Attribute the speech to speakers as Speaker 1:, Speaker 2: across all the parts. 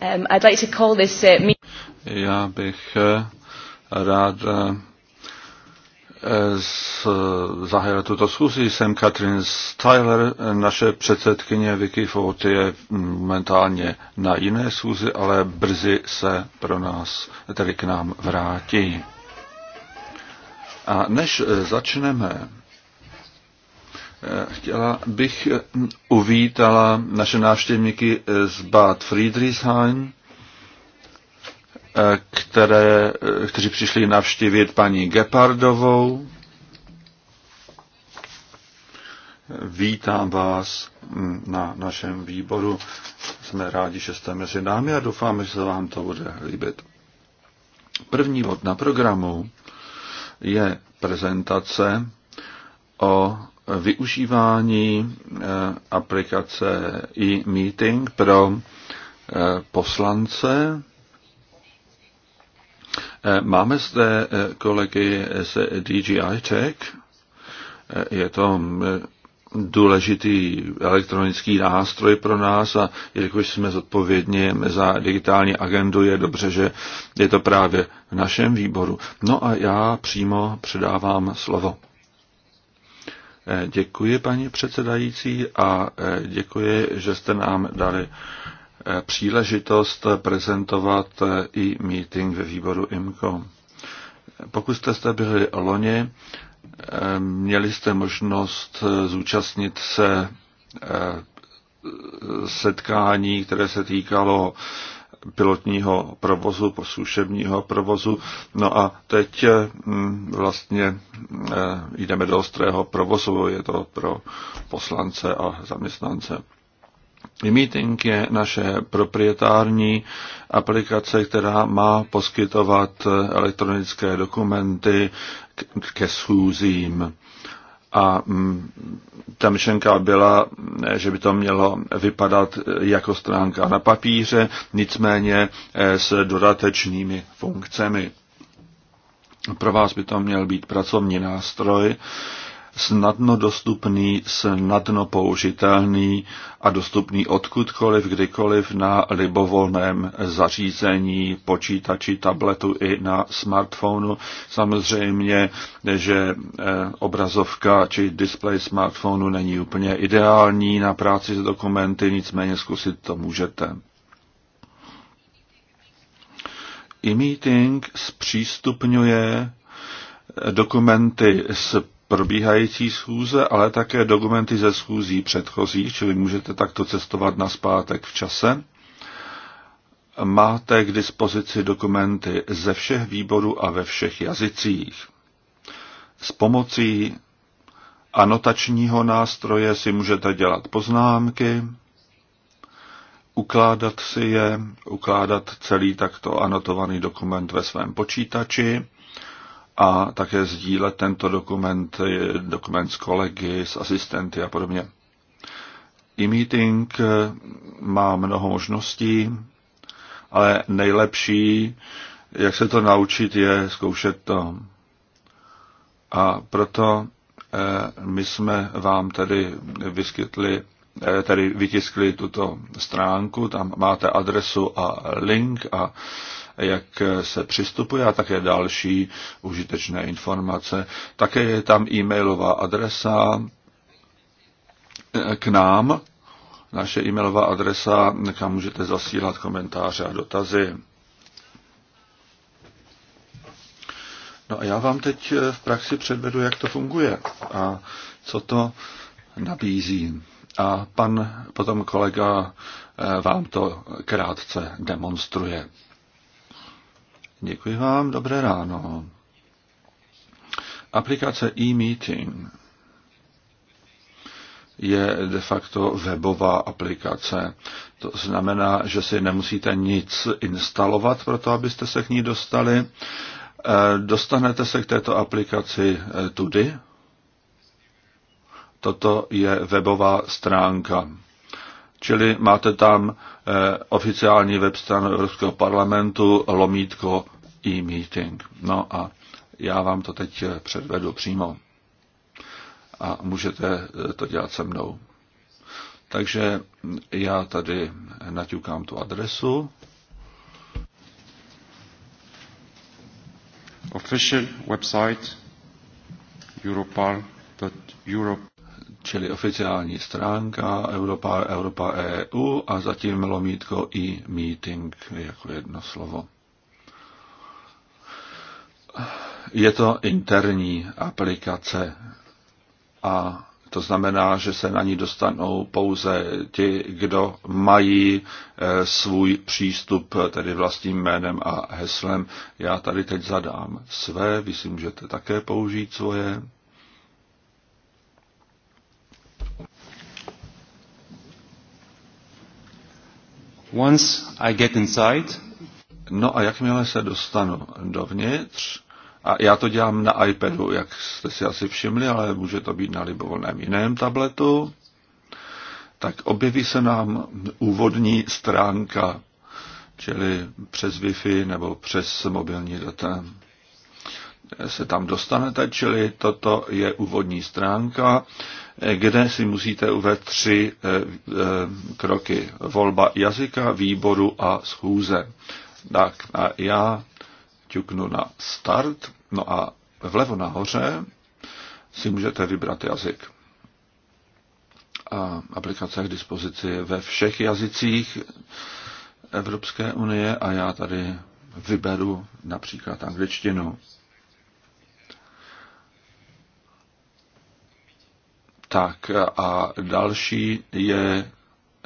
Speaker 1: Um, uh,
Speaker 2: Já bych eh, rád z, eh, eh, zahájil tuto schůzi. Jsem Katrin Styler, naše předsedkyně Vicky Ford je momentálně na jiné schůzi, ale brzy se pro nás, tedy k nám vrátí. A než začneme, Chtěla bych mm, uvítala naše návštěvníky z Bad Friedrichshain, eh, které, eh, kteří přišli navštívit paní Gepardovou. Vítám vás mm, na našem výboru. Jsme rádi, že jste mezi námi a doufáme, že se vám to bude líbit. První bod na programu je prezentace o využívání eh, aplikace e-meeting pro eh, poslance. Eh, máme zde kolegy z DGI Tech. Je to mm, důležitý elektronický nástroj pro nás a jelikož jsme zodpovědní za digitální agendu, je dobře, že je to právě v našem výboru. No a já přímo předávám slovo. Děkuji, paní předsedající, a e, děkuji, že jste nám dali e, příležitost prezentovat e, i meeting ve výboru IMCO. Pokud jste zde byli loni, měli jste možnost zúčastnit se setkání, které se týkalo pilotního provozu, poslušebního provozu. No a teď mm, vlastně eh, jdeme do ostrého provozu, je to pro poslance a zaměstnance. E-meeting je naše proprietární aplikace, která má poskytovat eh, elektronické dokumenty ke schůzím. A mm, ta myšlenka byla, že by to mělo vypadat jako stránka na papíře, nicméně e, s dodatečnými funkcemi. Pro vás by to měl být pracovní nástroj, snadno dostupný, snadno použitelný a dostupný odkudkoliv, kdykoliv na libovolném zařízení, počítači, tabletu i na smartphonu. Samozřejmě, že eh, obrazovka či displej smartphonu není úplně ideální na práci s dokumenty, nicméně zkusit to můžete. E-meeting zpřístupňuje dokumenty z probíhající schůze, ale také dokumenty ze schůzí předchozích, čili můžete takto cestovat na zpátek v čase. Máte k dispozici dokumenty ze všech výborů a ve všech jazycích. S pomocí anotačního nástroje si můžete dělat poznámky, ukládat si je, ukládat celý takto anotovaný dokument ve svém počítači a také sdílet tento dokument, dokument s kolegy, s asistenty a podobně. E-meeting eh, má mnoho možností, ale nejlepší, jak se to naučit, je zkoušet to. A proto eh, my jsme vám tedy vyskytli, eh, tedy vytiskli tuto stránku, tam máte adresu a link a jak se přistupuje a také další užitečné informace. Také je tam e-mailová adresa k nám, naše e-mailová adresa, kam můžete zasílat komentáře a dotazy. No a já vám teď v praxi předvedu, jak to funguje a co to nabízí. A pan potom kolega eh, vám to krátce demonstruje. Děkuji vám, dobré ráno. Aplikace e-meeting je de facto webová aplikace. To znamená, že si nemusíte nic instalovat pro to, abyste se k ní dostali. Eh, dostanete se k této aplikaci eh, tudy. Toto je webová stránka. Čili máte tam eh, oficiální web stranu Evropského parlamentu lomítko e-meeting. No a já vám to teď eh, předvedu přímo. A můžete eh, to dělat se mnou. Takže já tady naťukám tu adresu. Official website europarl.europe čili oficiální stránka Europa, Europa EU a zatím lomítko i meeting jako jedno slovo. Je to interní aplikace a to znamená, že se na ní dostanou pouze ti, kdo mají eh, svůj přístup, eh, tedy vlastním jménem a heslem. Já tady teď zadám své, vy si můžete také použít svoje. Once I get inside, No a jakmile se dostanu dovnitř, a já to dělám na iPadu, jak jste si asi všimli, ale může to být na libovolném jiném tabletu, tak objeví se nám úvodní stránka, čili přes Wi-Fi nebo přes mobilní data se tam dostanete, čili toto je úvodní stránka, kde si musíte uvést tři eh, eh, kroky. Volba jazyka, výboru a schůze. Tak a já ťuknu na start, no a vlevo nahoře si můžete vybrat jazyk. A aplikace je k dispozici ve všech jazycích Evropské unie a já tady vyberu například angličtinu. Tak a další je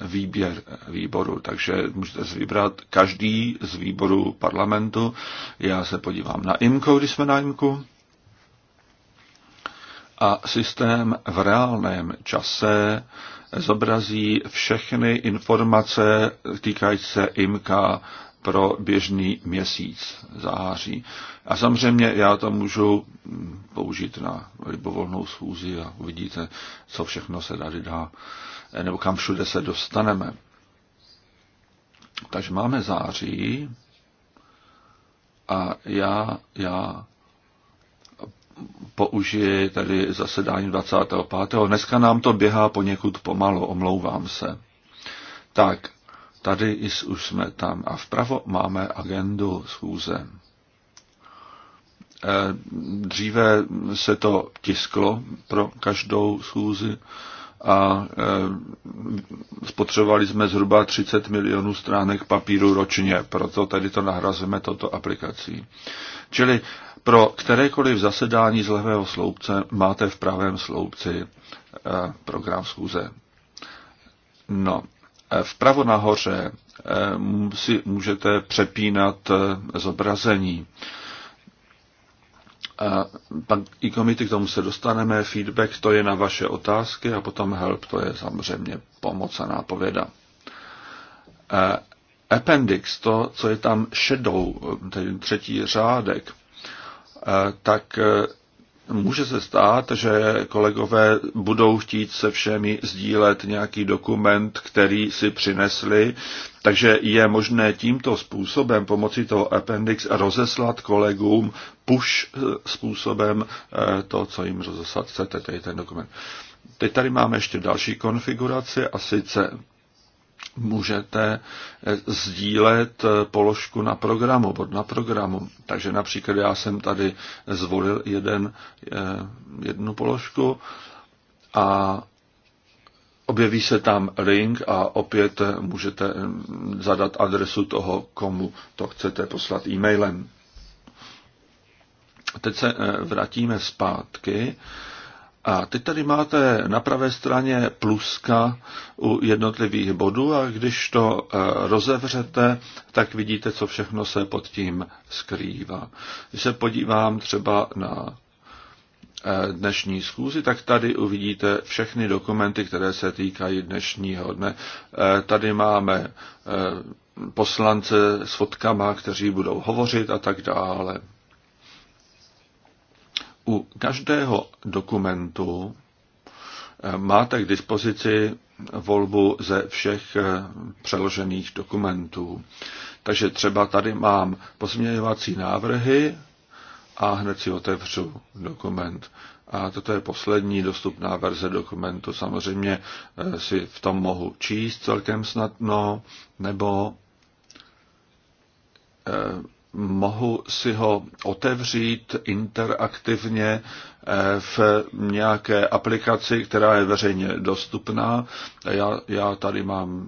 Speaker 2: výběr výboru, takže můžete si vybrat každý z výboru parlamentu. Já se podívám na IMKO, když jsme na IMKO. A systém v reálném čase zobrazí všechny informace týkající se IMKA pro běžný měsíc září. A samozřejmě já to můžu použít na libovolnou schůzi a uvidíte, co všechno se tady dá, nebo kam všude se dostaneme. Takže máme září a já, já použiji tady zasedání 25. Dneska nám to běhá poněkud pomalu, omlouvám se. Tak, Tady už jsme tam a vpravo máme agendu schůze. Eh, dříve se to tisklo pro každou schůzi a eh, spotřebovali jsme zhruba 30 milionů stránek papíru ročně, proto tady to nahrazujeme toto aplikací. Čili pro kterékoliv zasedání z levého sloupce máte v pravém sloupci eh, program schůze. No, Vpravo nahoře eh, si můžete přepínat eh, zobrazení. pak i komity k tomu se dostaneme, feedback to je na vaše otázky a potom help to je samozřejmě pomoc a nápověda. Eh, appendix, to, co je tam shadow, tedy třetí řádek, tak Může se stát, že kolegové budou chtít se všemi sdílet nějaký dokument, který si přinesli, takže je možné tímto způsobem pomocí toho appendix rozeslat kolegům push eh, způsobem eh, to, co jim rozeslat chcete, tedy ten dokument. Teď tady máme ještě další konfiguraci a sice můžete eh, sdílet eh, položku na programu, bod na programu. Takže například já jsem tady zvolil jeden, eh, jednu položku a objeví se tam link a opět můžete hm, zadat adresu toho, komu to chcete poslat e-mailem. Teď se vrátíme zpátky a teď tady máte na pravé straně pluska u jednotlivých bodů a když to eh, rozevřete, tak vidíte, co všechno se pod tím skrývá. Když se podívám třeba na eh, dnešní schůzi, tak tady uvidíte všechny dokumenty, které se týkají dnešního dne. Eh, tady máme poslance s fotkama, kteří budou hovořit a tak dále. U každého dokumentu eh, máte k dispozici volbu ze všech eh, přeložených dokumentů. Takže třeba tady mám pozměňovací návrhy a hned si otevřu dokument. A toto je poslední dostupná verze dokumentu. Samozřejmě eh, si v tom mohu číst celkem snadno, nebo mohu si ho otevřít interaktivně eh, v nějaké aplikaci, která je veřejně dostupná. Já, já tady mám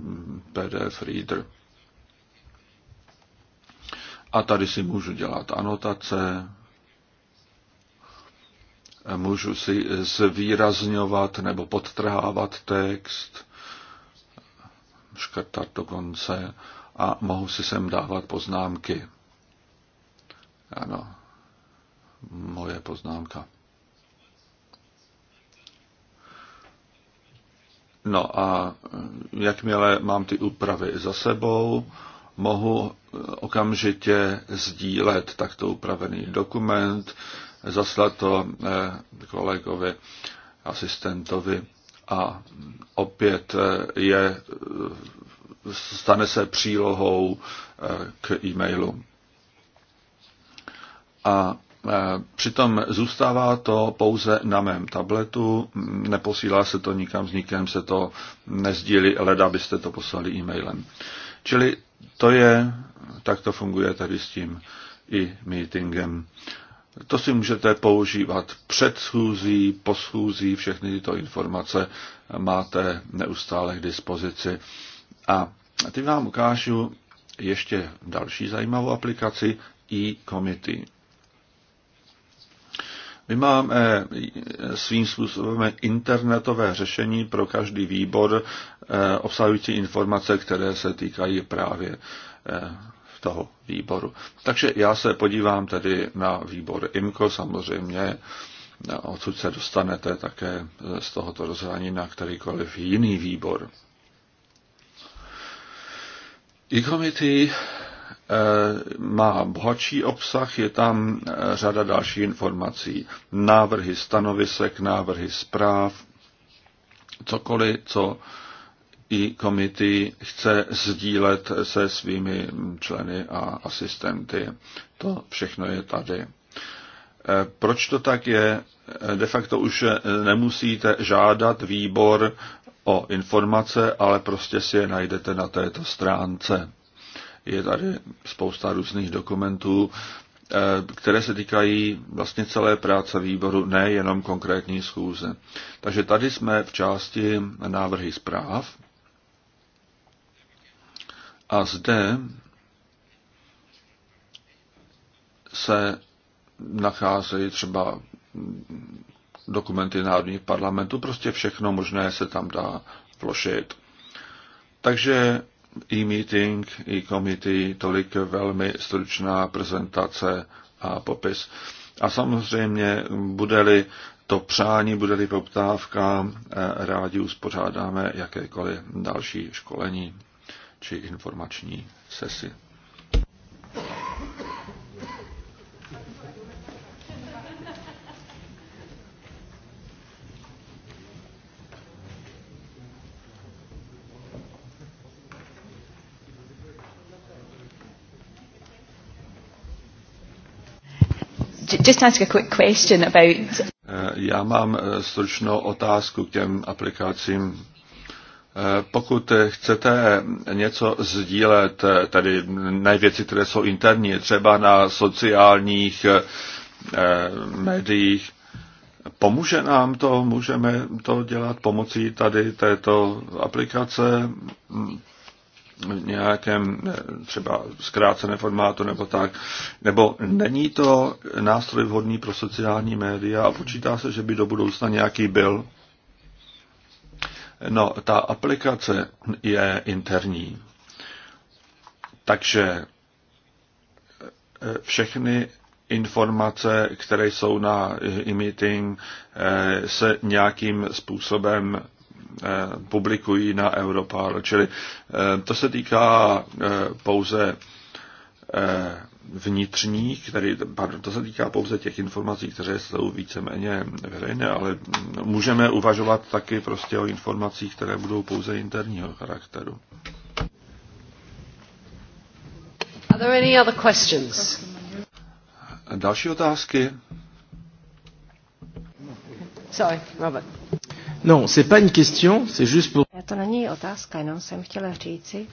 Speaker 2: PDF Reader. A tady si můžu dělat anotace, můžu si zvýrazňovat nebo podtrhávat text, škrtat dokonce a mohu si sem dávat poznámky. Ano, moje poznámka. No a jakmile mám ty úpravy za sebou, mohu okamžitě sdílet takto upravený dokument, zaslat to eh, kolegovi, asistentovi a opět eh, je, eh, stane se přílohou k e-mailu a e, Přitom zůstává to pouze na mém tabletu, neposílá se to nikam, s nikým se to nezdílí, leda byste to poslali e-mailem. Čili to je, tak to funguje tady s tím i meetingem. To si můžete používat před schůzí, po schůzí, všechny tyto informace máte neustále k dispozici. A teď vám ukážu ještě další zajímavou aplikaci e-committee. My máme eh, svým způsobem internetové řešení pro každý výbor eh, obsahující informace, které se týkají právě eh, toho výboru. Takže já se podívám tedy na výbor IMCO, samozřejmě odsud se dostanete také z tohoto rozhraní na kterýkoliv jiný výbor. E-committee Eh, má bohatší obsah, je tam eh, řada dalších informací, návrhy stanovisek, návrhy zpráv, cokoliv, co i komity chce sdílet se svými členy a asistenty. To všechno je tady. Eh, proč to tak je? De facto už nemusíte žádat výbor o informace, ale prostě si je najdete na této stránce. Je tady spousta různých dokumentů, eh, které se týkají vlastně celé práce výboru, ne jenom konkrétní schůze. Takže tady jsme v části návrhy zpráv. A zde se nacházejí třeba dokumenty národních parlamentů, prostě všechno možné se tam dá vložit. Takže e-meeting, e-committee, tolik velmi stručná prezentace a popis. A samozřejmě bude-li to přání, bude-li poptávka, eh, rádi uspořádáme jakékoliv další školení či informační sesi.
Speaker 3: just ask a quick question about...
Speaker 2: Eh, já mám eh, stručnou otázku k těm aplikacím. Eh, pokud chcete něco sdílet, tedy ne věci, které jsou interní, třeba na sociálních médiích, pomůže nám to, můžeme to dělat pomocí tady této aplikace, hmm v nějakém eh, třeba zkráceném formátu nebo tak. Nebo není to nástroj vhodný pro sociální média a počítá se, že by do budoucna nějaký byl. No, ta aplikace je interní. Takže eh, všechny informace, které jsou na e-meeting, eh, se nějakým způsobem Eh, publikují na Europarl, Čili eh, to se týká eh, pouze vnitřních, tedy, pardon, to se týká pouze těch informací, které jsou víceméně veřejné, ale můžeme uvažovat taky prostě o informacích, které budou pouze interního charakteru.
Speaker 4: Are there any other questions?
Speaker 2: Další otázky?
Speaker 1: Sorry, Robert. No, c'est pas une question, c'est juste pour... Já to není otázka, jenom jsem chtěla říci,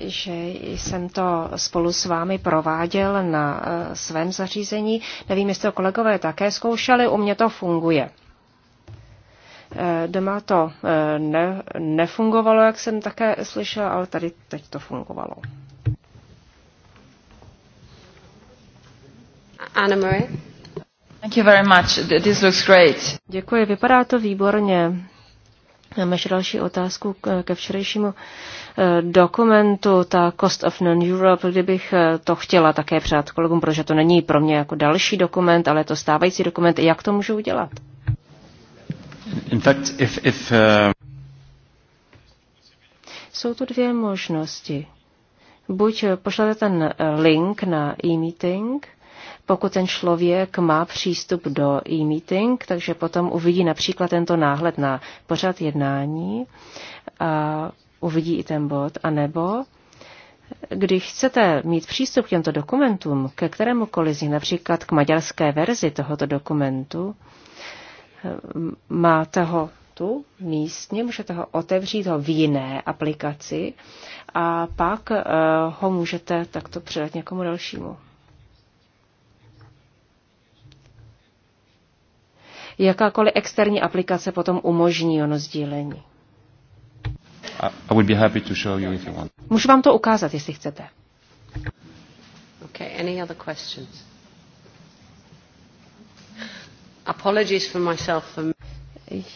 Speaker 1: že jsem to spolu s vámi prováděl na eh, svém zařízení. Nevím, jestli to kolegové také zkoušeli, u mě to funguje. Eh, doma to eh, ne, nefungovalo, jak jsem také slyšela, ale tady teď to fungovalo.
Speaker 2: Anna Marie.
Speaker 1: Thank you very much. This looks great. Děkuji, vypadá to výborně. Máme ještě další otázku ke včerejšímu eh, dokumentu, ta Cost of Non-Europe, kdybych eh, to chtěla také přát kolegům, protože to není pro mě jako další dokument, ale je to stávající dokument, jak to můžu udělat?
Speaker 2: In fact, if, if, uh...
Speaker 1: Jsou tu dvě možnosti. Buď pošlete ten link na e-meeting, pokud ten člověk má přístup do e-meeting, takže potom uvidí například tento náhled na pořad jednání a uvidí i ten bod, anebo když chcete mít přístup k těmto dokumentům, ke kterémukoliv z nich, například k maďarské verzi tohoto dokumentu, máte ho tu místně, můžete ho otevřít ho v jiné aplikaci a pak eh, ho můžete takto předat někomu dalšímu. jakákoliv externí aplikace potom umožní ono sdílení. Můžu vám to ukázat, jestli chcete. Okay, any other questions? Apologies for myself for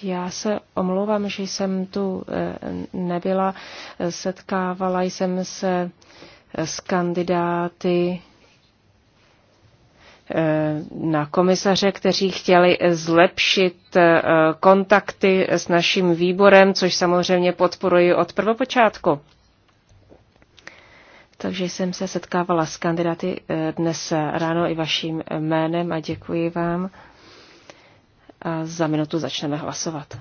Speaker 1: já se omlouvám, že jsem tu eh, nebyla. Setkávala jsem se eh, s kandidáty Eh, na komisaře, kteří chtěli zlepšit eh, kontakty s naším výborem, což samozřejmě podporuji od prvopočátku. Takže jsem se setkávala s kandidáty eh, dnes ráno i vaším jménem a děkuji vám. A za minutu začneme hlasovat.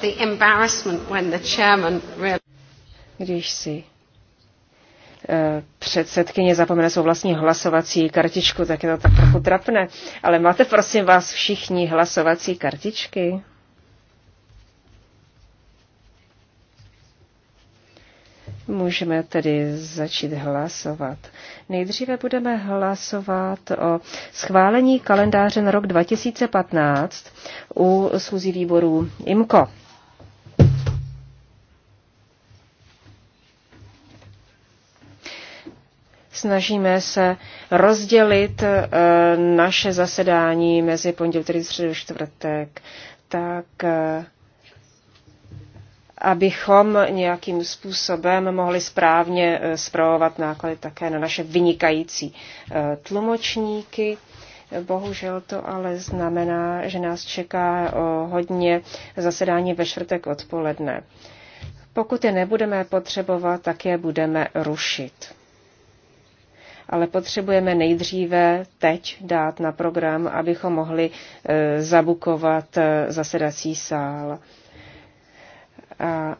Speaker 1: the embarrassment when the chairman really... Když si eh, předsedkyně zapomene svou vlastní hlasovací kartičku, tak je to tak trochu trapné. Ale máte prosím vás všichni hlasovací kartičky? Můžeme tedy začít hlasovat. Nejdříve budeme hlasovat o schválení kalendáře na rok 2015 u schůzí výboru IMCO. Snažíme se rozdělit eh, naše zasedání mezi pondělí, tedy středu, čtvrtek, tak eh, abychom nějakým způsobem mohli správně zpravovat eh, náklady také na naše vynikající tlumočníky. Bohužel to ale znamená, že nás čeká hodně zasedání ve čtvrtek odpoledne. Pokud je nebudeme potřebovat, tak je budeme rušit ale potřebujeme nejdříve teď dát na program, abychom mohli e, zabukovat e, zasedací sál. A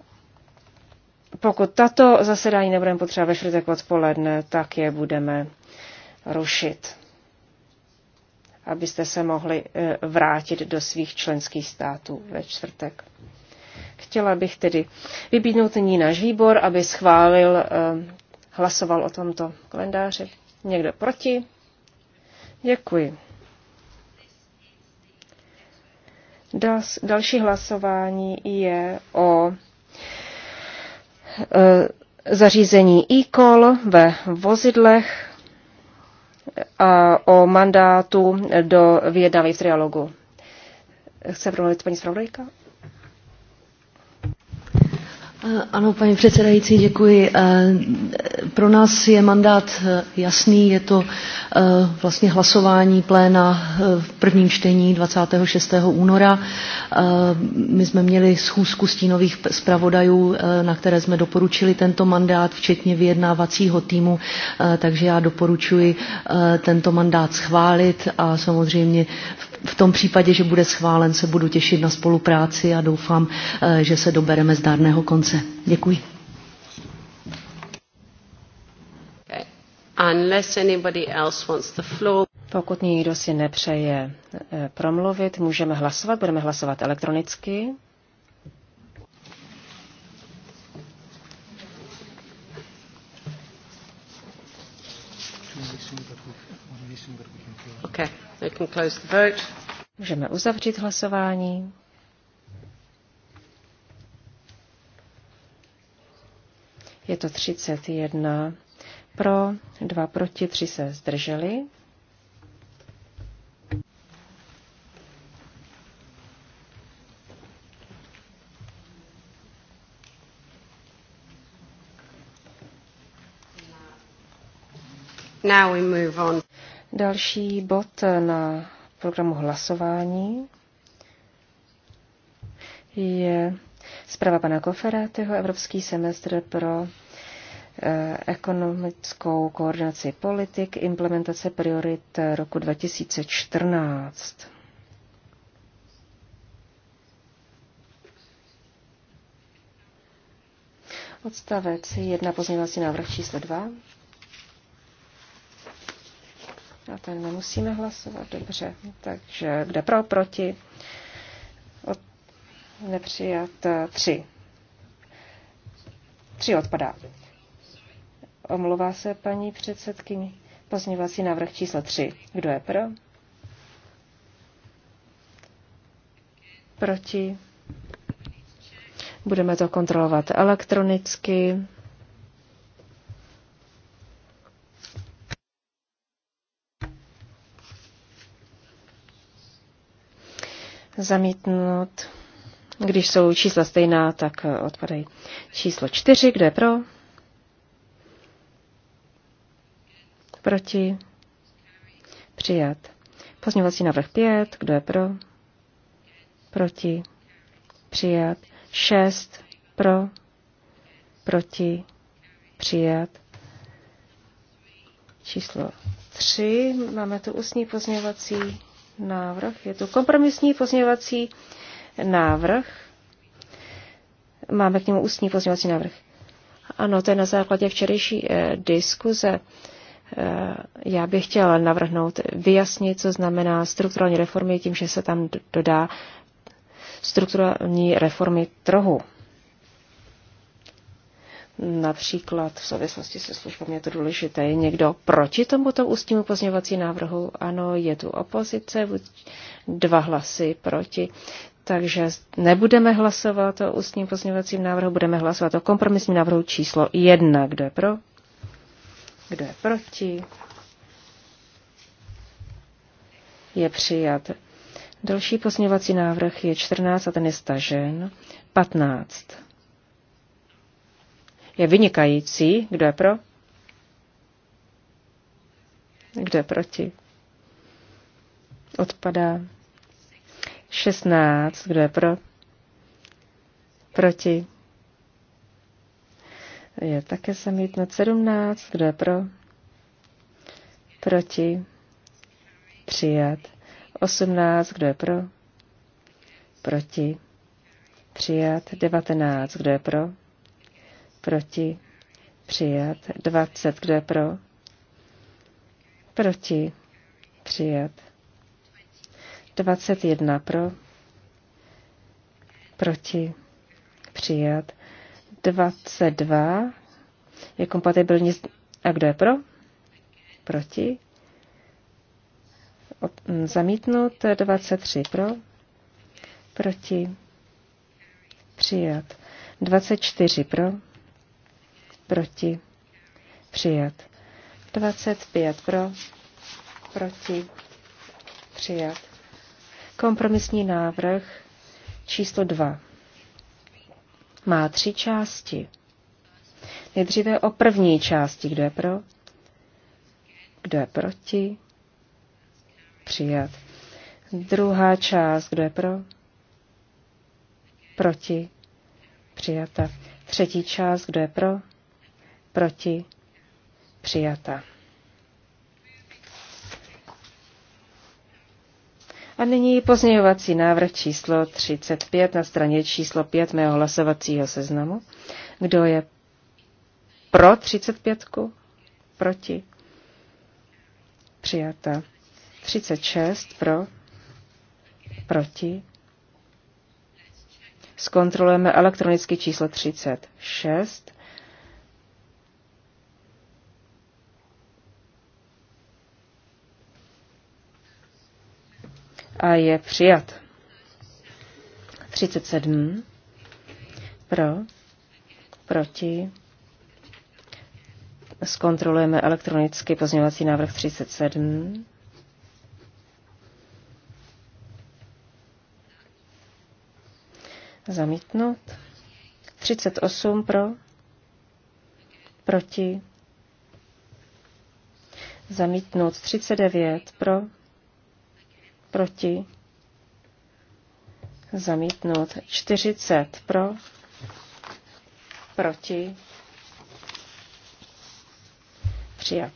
Speaker 1: pokud tato zasedání nebudeme potřeba ve čtvrtek odpoledne, tak je budeme rušit, abyste se mohli e, vrátit do svých členských států ve čtvrtek. Chtěla bych tedy vybídnout nyní náš výbor, aby schválil, hlasoval o tomto kalendáři. Někdo proti? Děkuji. Das, další hlasování je o e, zařízení e-call ve vozidlech a o mandátu do vyjednávání v trialogu. Chce promluvit paní zpravodajka?
Speaker 4: Eh, ano, paní předsedající, děkuji. Eh, pro nás je mandát eh, jasný, je to vlastně hlasování pléna v prvním čtení 26. února. My jsme měli schůzku stínových zpravodajů, na které jsme doporučili tento mandát, včetně vyjednávacího týmu, takže já doporučuji tento mandát schválit a samozřejmě v v tom případě, že bude schválen, se budu těšit na spolupráci a doufám, eh, že se dobereme z dárného konce. Děkuji.
Speaker 1: Pokud někdo si nepřeje eh, promluvit, můžeme hlasovat. Budeme hlasovat elektronicky. Můžeme uzavřít hlasování. Je to 31 pro, 2 proti, 3 se zdrželi. Now we move on. Další bod na programu hlasování je zpráva pana Koferátyho, Evropský semestr pro eh, ekonomickou koordinaci politik, implementace priorit roku 2014. Odstavec 1 pozměňovací návrh číslo 2 a ten nemusíme hlasovat. Dobře, takže kde pro, proti, od, nepřijat eh, tři. Tři odpadá. Omlouvá se paní předsedkyni. Pozněvací návrh číslo tři. Kdo je pro? Proti? Budeme to kontrolovat elektronicky. zamítnout. Když jsou čísla stejná, tak eh, odpadají. Číslo čtyři, kdo je pro? Proti? Přijat. Pozměňovací návrh pět. kdo je pro? Proti? Přijat. Šest. pro? Proti? Přijat. Číslo tři. máme tu ústní pozměňovací návrh. Je tu kompromisní pozměňovací návrh. Máme k němu ústní pozměňovací návrh. Ano, to je na základě včerejší eh, diskuze. Eh, já bych chtěla navrhnout vyjasnit, co znamená strukturální reformy tím, že se tam dodá strukturální reformy trhu například v souvislosti se službami je to důležité. Je někdo proti tomuto ústnímu pozměňovací návrhu? Ano, je tu opozice, dva hlasy proti. Takže nebudeme hlasovat o ústním pozměňovacím návrhu, budeme hlasovat o kompromisním návrhu číslo jedna. Kdo je pro? Kdo je proti? Je přijat. Další pozměňovací návrh je 14 a ten je stažen. 15 je vynikající. Kdo je pro? Kdo je proti? Odpadá. 16. Kdo je pro? Proti. Je také zamítnut 17. Kdo je pro? Proti. Přijat. 18. Kdo je pro? Proti. Přijat. 19. Kdo je pro? proti, přijat. 20, kdo je pro, proti, přijat. 21 pro, proti, přijat. 22 je kompatibilní A kdo je pro? Proti. Zamítnut 23 pro. Proti. Přijat. 24 pro proti, přijat. 25 pro, proti, přijat. Kompromisní návrh číslo 2 má tři části. Nejdříve o první části, kdo je pro, kdo je proti, přijat. Druhá část, kdo je pro, proti, přijata. Třetí část, kdo je pro, proti, přijata. A nyní pozměňovací návrh číslo 35 na straně číslo 5 mého hlasovacího seznamu. Kdo je pro 35? Proti? Přijata. 36 pro? Proti? Zkontrolujeme elektronicky číslo 36. a je přijat. 37. Pro, proti. Zkontrolujeme elektronicky pozměňovací návrh 37. Zamítnout. 38 pro, proti. Zamítnout 39 pro, proti, zamítnout 40 pro, proti, přijat.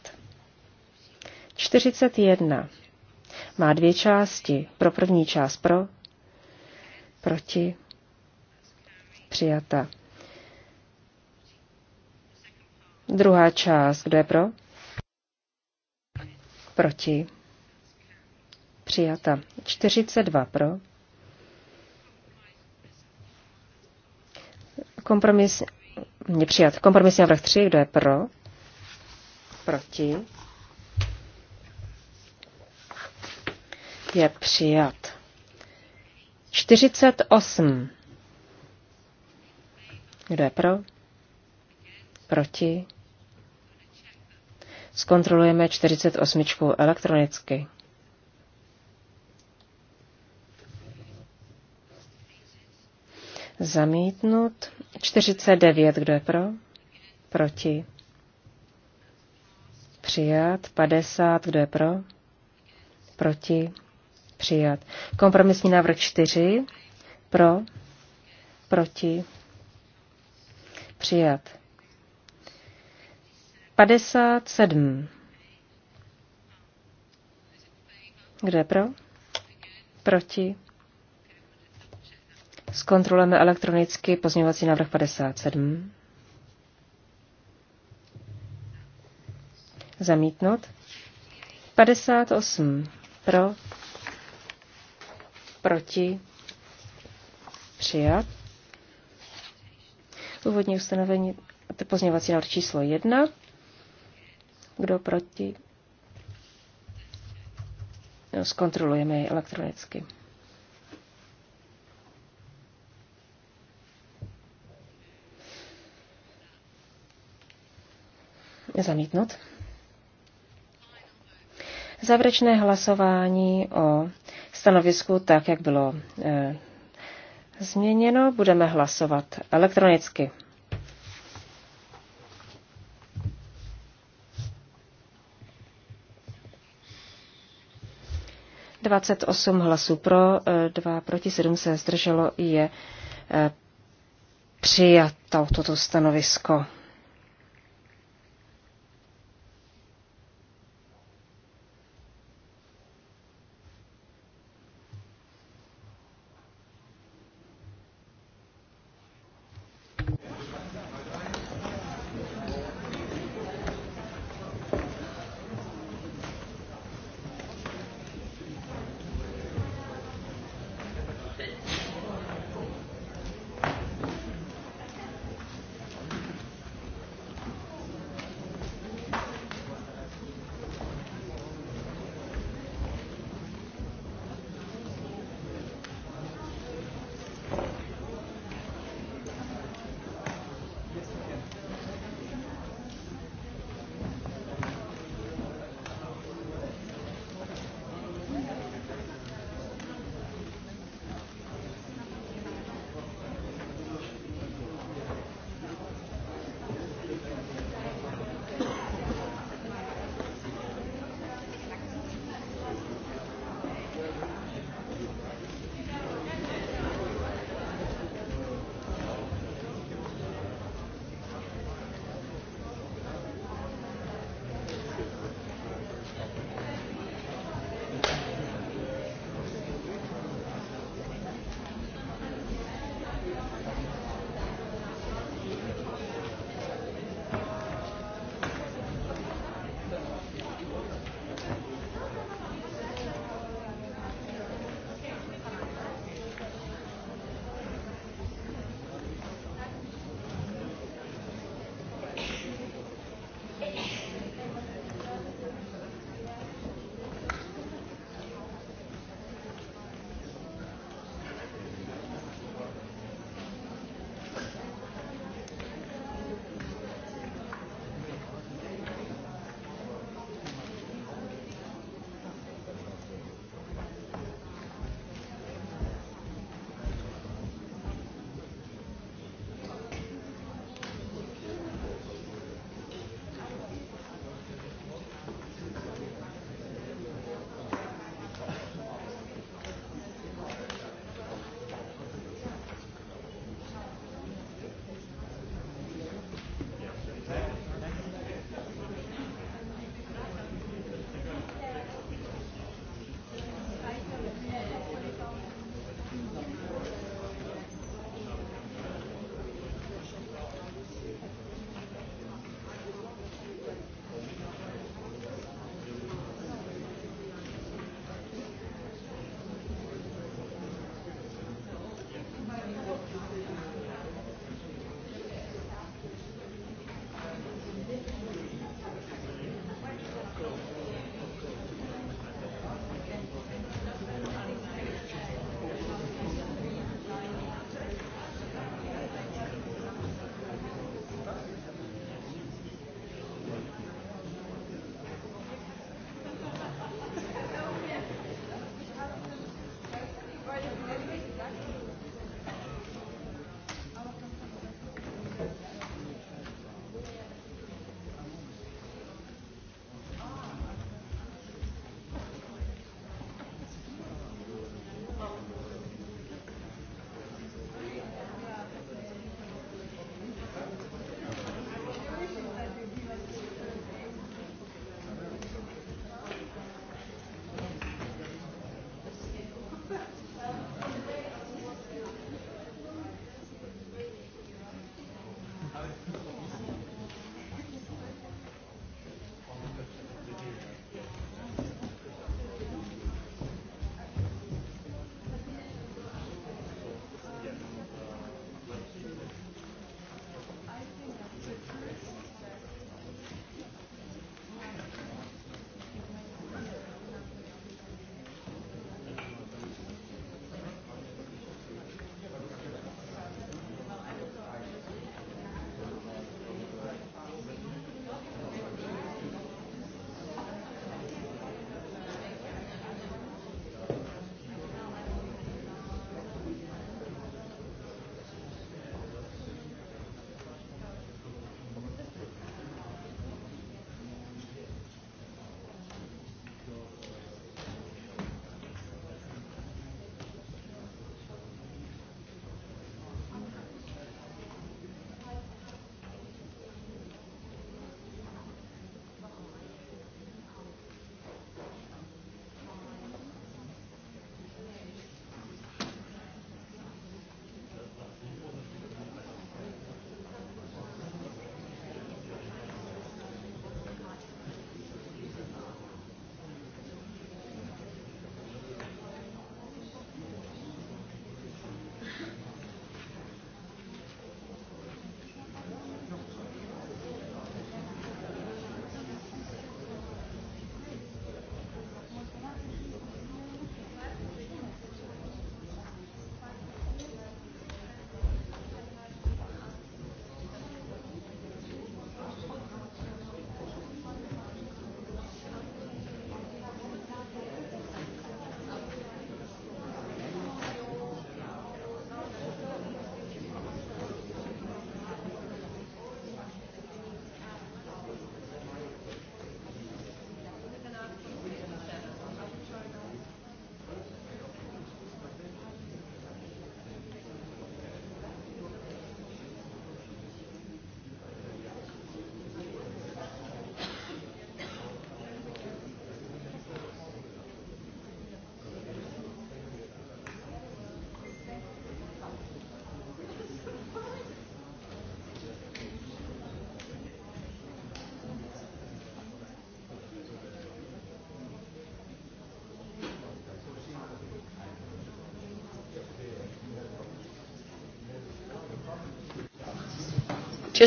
Speaker 1: 41 má dvě části. Pro první část pro, proti, přijata. Druhá část, kdo je pro? Proti. Přijata. 42 pro. Kompromis, mě přijat. Kompromisní návrh 3, kdo je pro? Proti. Je přijat. 48. Kdo je pro? Proti. Zkontrolujeme 48 elektronicky. Zamítnut. 49, kdo je pro? Proti. Přijat. 50, kdo je pro? Proti. Přijat. Kompromisní návrh 4. Pro. Proti. Přijat. 57. Kdo je pro? Proti. Zkontrolujeme elektronicky pozměňovací návrh 57. Zamítnout. 58 pro, proti, přijat. Úvodní ustanovení, pozměňovací návrh číslo 1. Kdo proti? No, zkontrolujeme ji elektronicky. Zamítnut. Závěrečné hlasování o stanovisku, tak jak bylo e, změněno, budeme hlasovat elektronicky. Dvacet osm hlasů pro, eh, dva proti sedm se zdrželo, je eh, přijato toto stanovisko.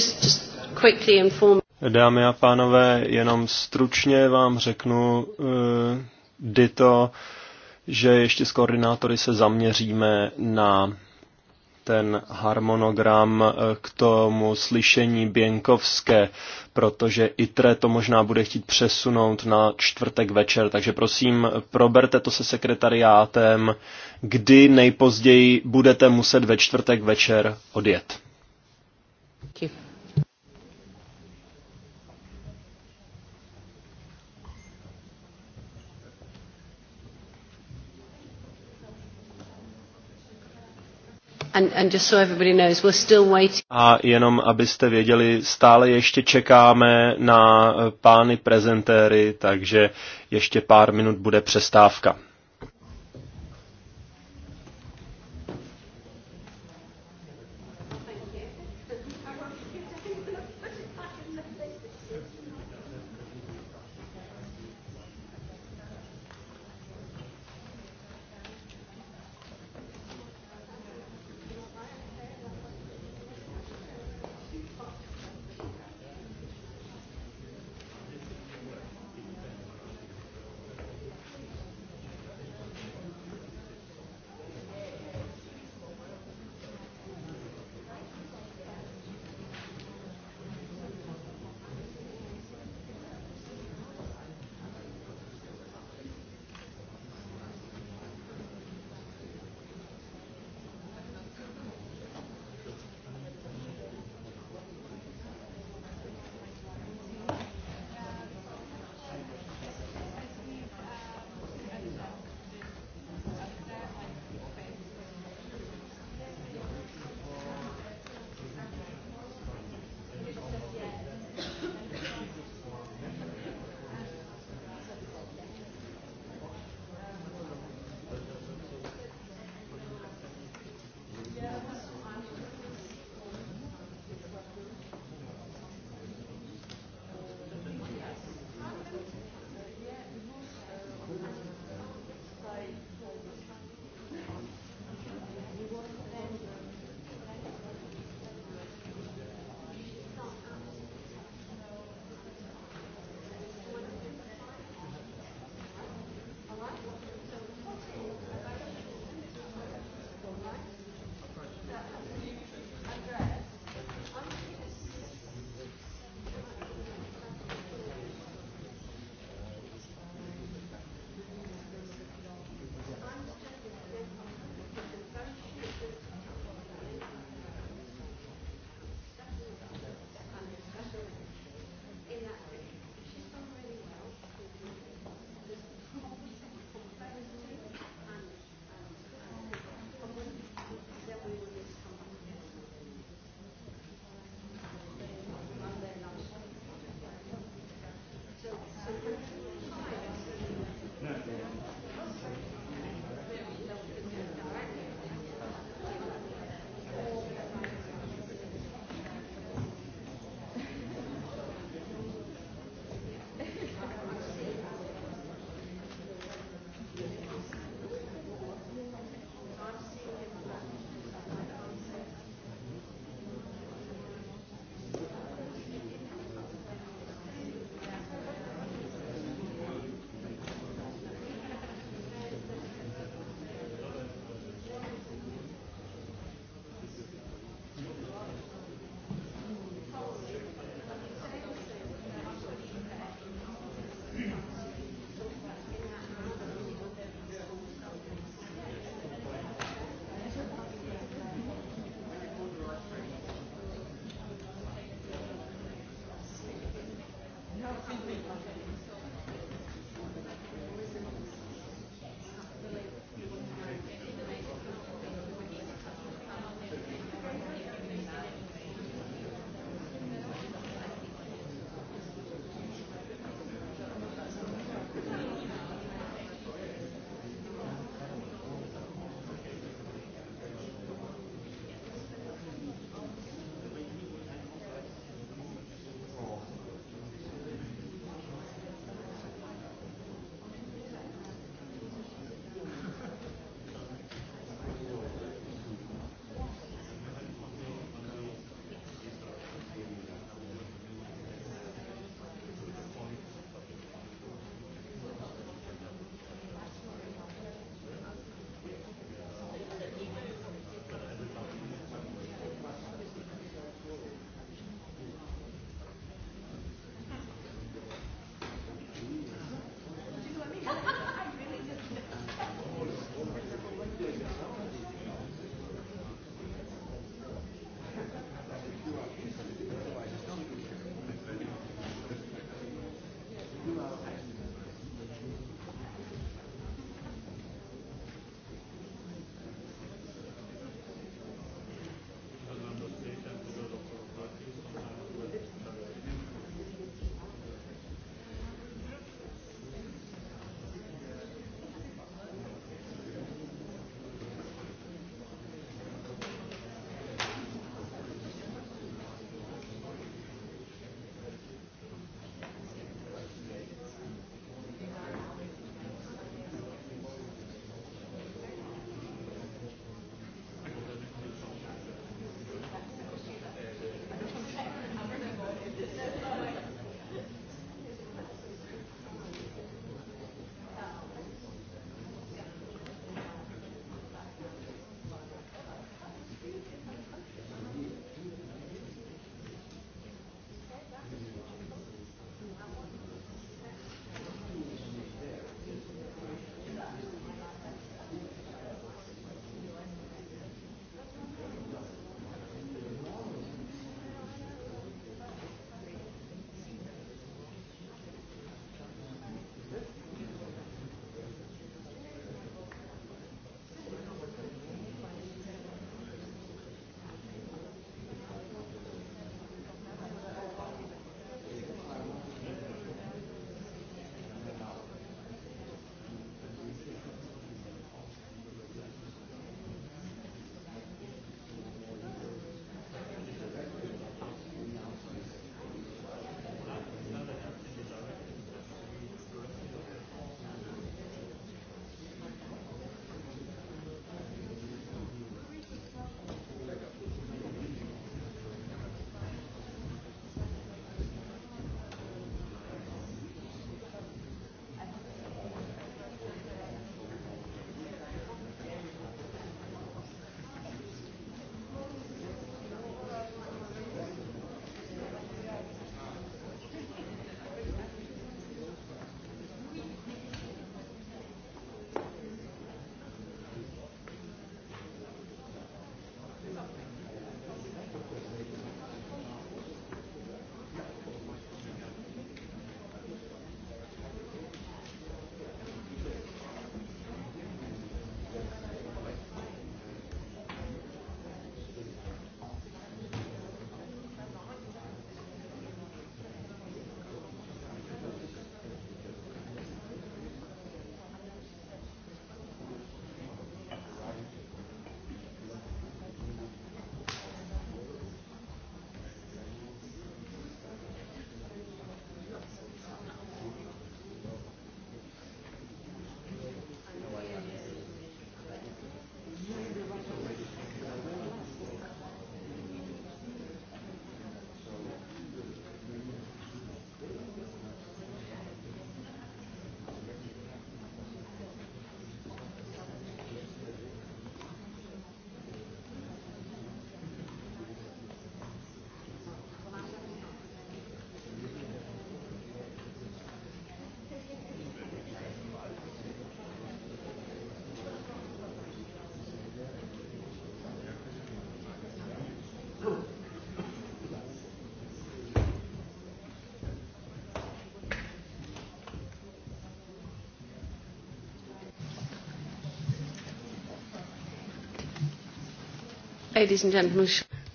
Speaker 5: just, quickly inform... Dámy a pánové, jenom stručně vám řeknu, uh, Dito, že ještě s koordinátory se zaměříme na ten harmonogram eh, k tomu slyšení Běnkovské, protože ITRE to možná bude chtít přesunout na čtvrtek večer. Takže prosím, proberte to se sekretariátem, kdy nejpozději budete muset ve čtvrtek večer
Speaker 2: odjet. Děkuji.
Speaker 5: A jenom abyste věděli, stále ještě čekáme na eh, pány prezentéry, takže ještě pár minut bude přestávka.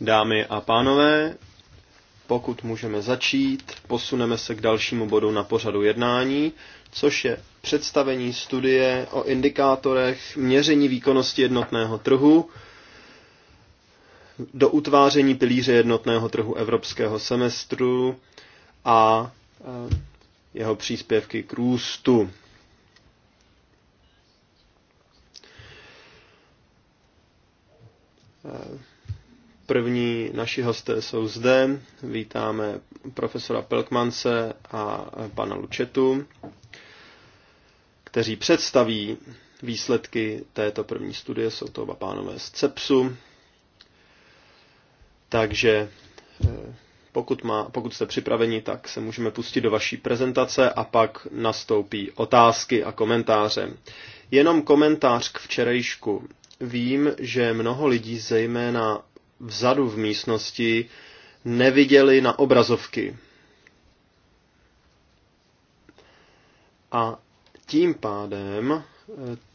Speaker 5: Dámy a pánové, pokud můžeme začít, posuneme se k dalšímu bodu na pořadu jednání, což je představení studie o indikátorech měření výkonnosti jednotného trhu do utváření pilíře jednotného trhu evropského semestru a e, jeho příspěvky k růstu. Naši hosté jsou zde. Vítáme profesora Pelkmance a pana Lučetu, kteří představí výsledky této první studie. Jsou to oba pánové z CEPSu. Takže eh, pokud, má, pokud jste připraveni, tak se můžeme pustit do vaší prezentace a pak nastoupí otázky a komentáře. Jenom komentář k včerejšku. Vím, že mnoho lidí, zejména vzadu v místnosti neviděli na obrazovky. A tím pádem eh,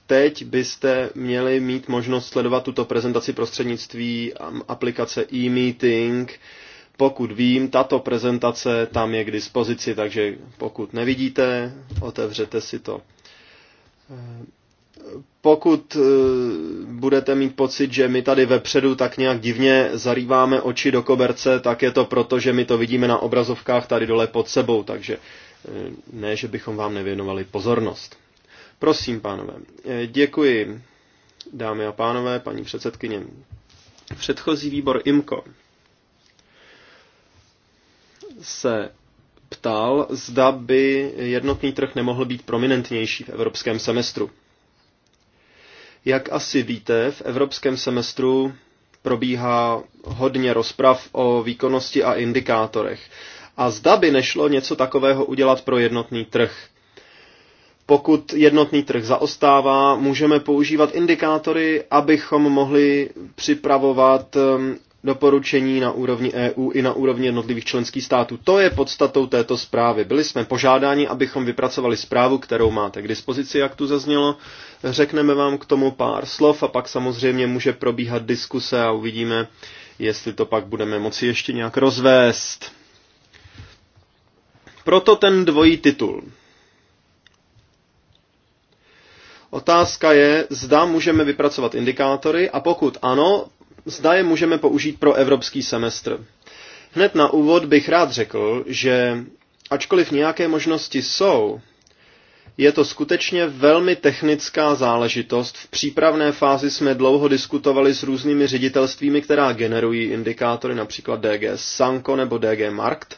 Speaker 5: teď byste měli mít možnost sledovat tuto prezentaci prostřednictví um, aplikace e-meeting. Pokud vím, tato prezentace tam je k dispozici, takže pokud nevidíte, otevřete si to. Eh, pokud e, budete mít pocit, že my tady vepředu tak nějak divně zarýváme oči do koberce, tak je to proto, že my to vidíme na obrazovkách tady dole pod sebou, takže e, ne, že bychom vám nevěnovali pozornost. Prosím, pánové. E, děkuji, dámy a pánové, paní předsedkyně. Předchozí výbor IMKO se ptal, zda by jednotný trh nemohl být prominentnější v evropském semestru. Jak asi víte, v evropském semestru probíhá hodně rozprav o výkonnosti a indikátorech. A zda by nešlo něco takového udělat pro jednotný trh. Pokud jednotný trh zaostává, můžeme používat indikátory, abychom mohli připravovat doporučení na úrovni EU i na úrovni jednotlivých členských států. To je podstatou této zprávy. Byli jsme požádáni, abychom vypracovali zprávu, kterou máte k dispozici, jak tu zaznělo. Řekneme vám k tomu pár slov a pak samozřejmě může probíhat diskuse a uvidíme, jestli to pak budeme moci ještě nějak rozvést. Proto ten dvojí titul. Otázka je, zda můžeme vypracovat indikátory a pokud ano, zda je můžeme použít pro evropský semestr. Hned na úvod bych rád řekl, že ačkoliv nějaké možnosti jsou, je to skutečně velmi technická záležitost. V přípravné fázi jsme dlouho diskutovali s různými ředitelstvími, která generují indikátory, například DG Sanko nebo DG Markt.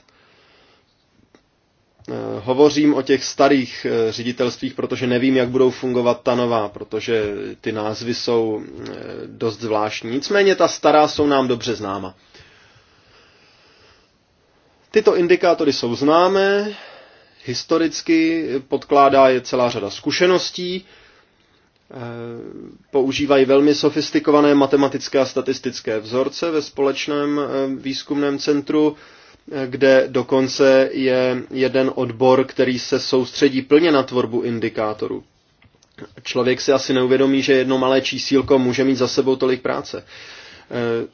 Speaker 5: Eh, hovořím o těch starých eh, ředitelstvích, protože nevím, jak budou fungovat ta nová, protože ty názvy jsou eh, dost zvláštní. Nicméně ta stará jsou nám dobře známa. Tyto indikátory jsou známé, historicky podkládá je celá řada zkušeností, používají velmi sofistikované matematické a statistické vzorce ve společném výzkumném centru, kde dokonce je jeden odbor, který se soustředí plně na tvorbu indikátorů. Člověk si asi neuvědomí, že jedno malé čísílko může mít za sebou tolik práce. E,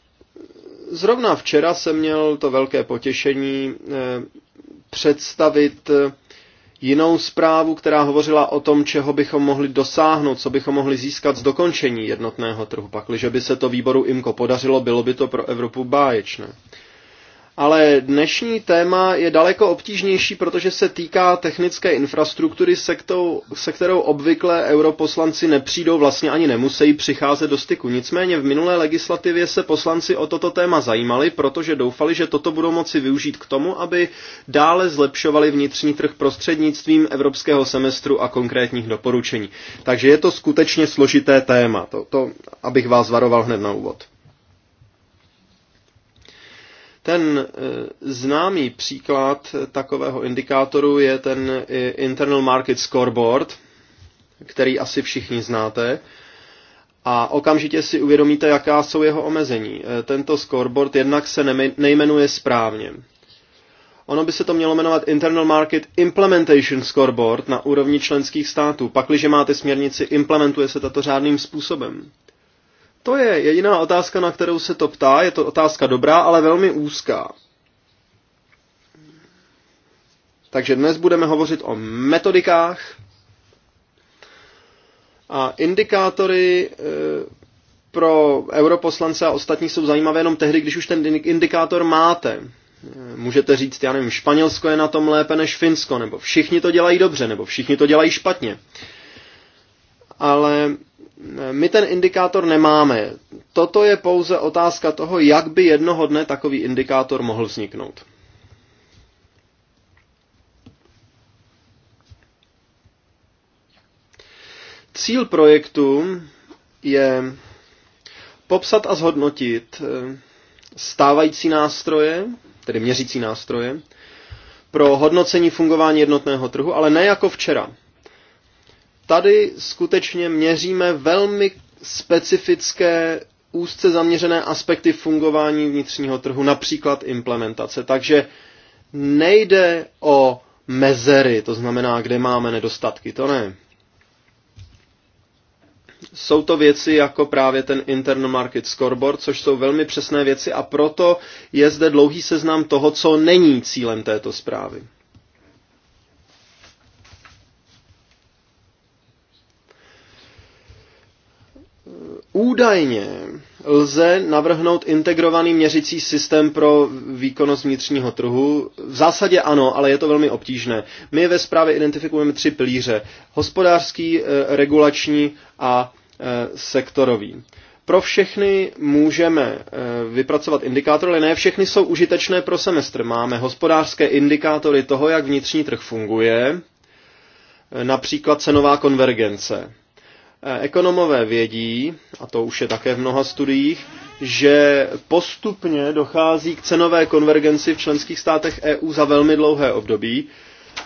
Speaker 5: zrovna včera jsem měl to velké potěšení e, představit e, jinou zprávu, která hovořila o tom, čeho bychom mohli dosáhnout, co bychom mohli získat z dokončení jednotného trhu. Pakliže by se to výboru IMKO podařilo, bylo by to pro Evropu báječné. Ale dnešní téma je daleko obtížnější, protože se týká technické infrastruktury, se kterou, se kterou obvykle europoslanci nepřijdou, vlastně ani nemusí přicházet do styku. Nicméně v minulé legislativě se poslanci o toto téma zajímali, protože doufali, že toto budou moci využít k tomu, aby dále zlepšovali vnitřní trh prostřednictvím evropského semestru a konkrétních doporučení. Takže je to skutečně složité téma, to, to abych vás varoval hned na úvod. Ten e, známý příklad takového indikátoru je ten e, Internal Market Scoreboard, který asi všichni znáte. A okamžitě si uvědomíte, jaká jsou jeho omezení. E, tento scoreboard jednak se nejmenuje správně. Ono by se to mělo jmenovat Internal Market Implementation Scoreboard na úrovni členských států. Pakliže máte směrnici, implementuje se tato řádným způsobem. To je jediná otázka, na kterou se to ptá. Je to otázka dobrá, ale velmi úzká. Takže dnes budeme hovořit o metodikách a indikátory eh, pro europoslance a ostatní jsou zajímavé jenom tehdy, když už ten indikátor máte. Eh, můžete říct, já nevím, Španělsko je na tom lépe než Finsko, nebo všichni to dělají dobře, nebo všichni to dělají špatně. Ale my ten indikátor nemáme. Toto je pouze otázka toho, jak by jednoho dne takový indikátor mohl vzniknout. Cíl projektu je popsat a zhodnotit eh, stávající nástroje, tedy měřící nástroje, pro hodnocení fungování jednotného trhu, ale ne jako včera tady skutečně měříme velmi specifické úzce zaměřené aspekty fungování vnitřního trhu, například implementace. Takže nejde o mezery, to znamená, kde máme nedostatky, to ne. Jsou to věci jako právě ten Internal Market Scoreboard, což jsou velmi přesné věci a proto je zde dlouhý seznam toho, co není cílem této zprávy. Údajně lze navrhnout integrovaný měřicí systém pro výkonnost vnitřního trhu. V zásadě ano, ale je to velmi obtížné. My ve zprávě identifikujeme tři pilíře. Hospodářský, eh, regulační a eh, sektorový. Pro všechny můžeme eh, vypracovat indikátory, ale ne všechny jsou užitečné pro semestr. Máme hospodářské indikátory toho, jak vnitřní trh funguje, například cenová konvergence E, ekonomové vědí, a to už je také v mnoha studiích, že postupně dochází k cenové konvergenci v členských státech EU za velmi dlouhé období,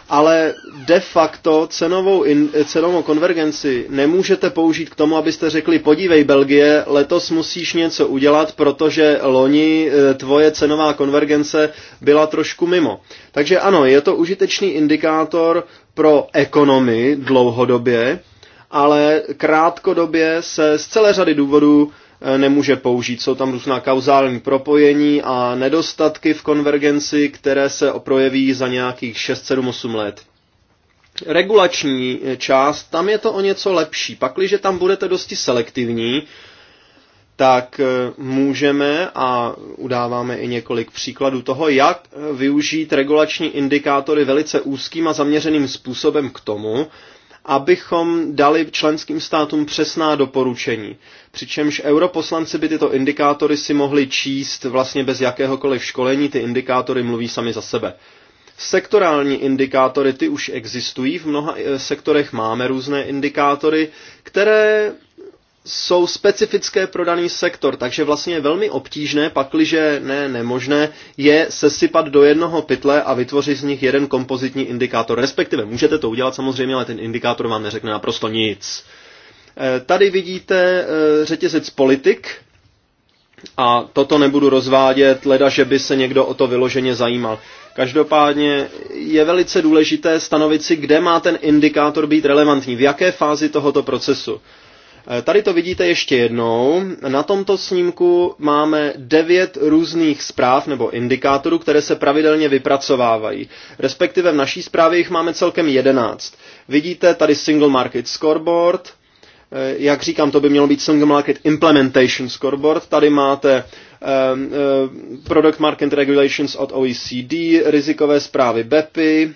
Speaker 5: ale de facto cenovou, in, cenovou konvergenci nemůžete použít k tomu, abyste řekli, podívej Belgie, letos musíš něco udělat, protože loni e, tvoje cenová konvergence byla trošku mimo. Takže ano, je to užitečný indikátor pro ekonomii dlouhodobě, ale krátkodobě se z celé řady důvodů eh, nemůže použít. Jsou tam různá kauzální propojení a nedostatky v konvergenci, které se projeví za nějakých 6, 7, 8 let. Regulační eh, část, tam je to o něco lepší. Pakliže tam budete dosti selektivní, tak eh, můžeme a udáváme i několik příkladů toho, jak využít regulační indikátory velice úzkým a zaměřeným způsobem k tomu, abychom dali členským státům přesná doporučení. Přičemž europoslanci by tyto indikátory si mohli číst vlastně bez jakéhokoliv školení, ty indikátory mluví sami za sebe. Sektorální indikátory, ty už existují, v mnoha eh, sektorech máme různé indikátory, které jsou specifické pro daný sektor, takže vlastně je velmi obtížné, pakliže ne nemožné, je sesypat do jednoho pytle a vytvořit z nich jeden kompozitní indikátor. Respektive můžete to udělat samozřejmě, ale ten indikátor vám neřekne naprosto nic. E, tady vidíte e, řetězec politik, a toto nebudu rozvádět, leda, že by se někdo o to vyloženě zajímal. Každopádně je velice důležité stanovit si, kde má ten indikátor být relevantní, v jaké fázi tohoto procesu. Eh, tady to vidíte ještě jednou. Na tomto snímku máme devět různých zpráv nebo indikátorů, které se pravidelně vypracovávají. Respektive v naší zprávě jich máme celkem jedenáct. Vidíte tady Single Market Scoreboard, eh, jak říkám, to by mělo být Single Market Implementation Scoreboard. Tady máte ehm, eh, Product Market Regulations od OECD, rizikové zprávy BEPI,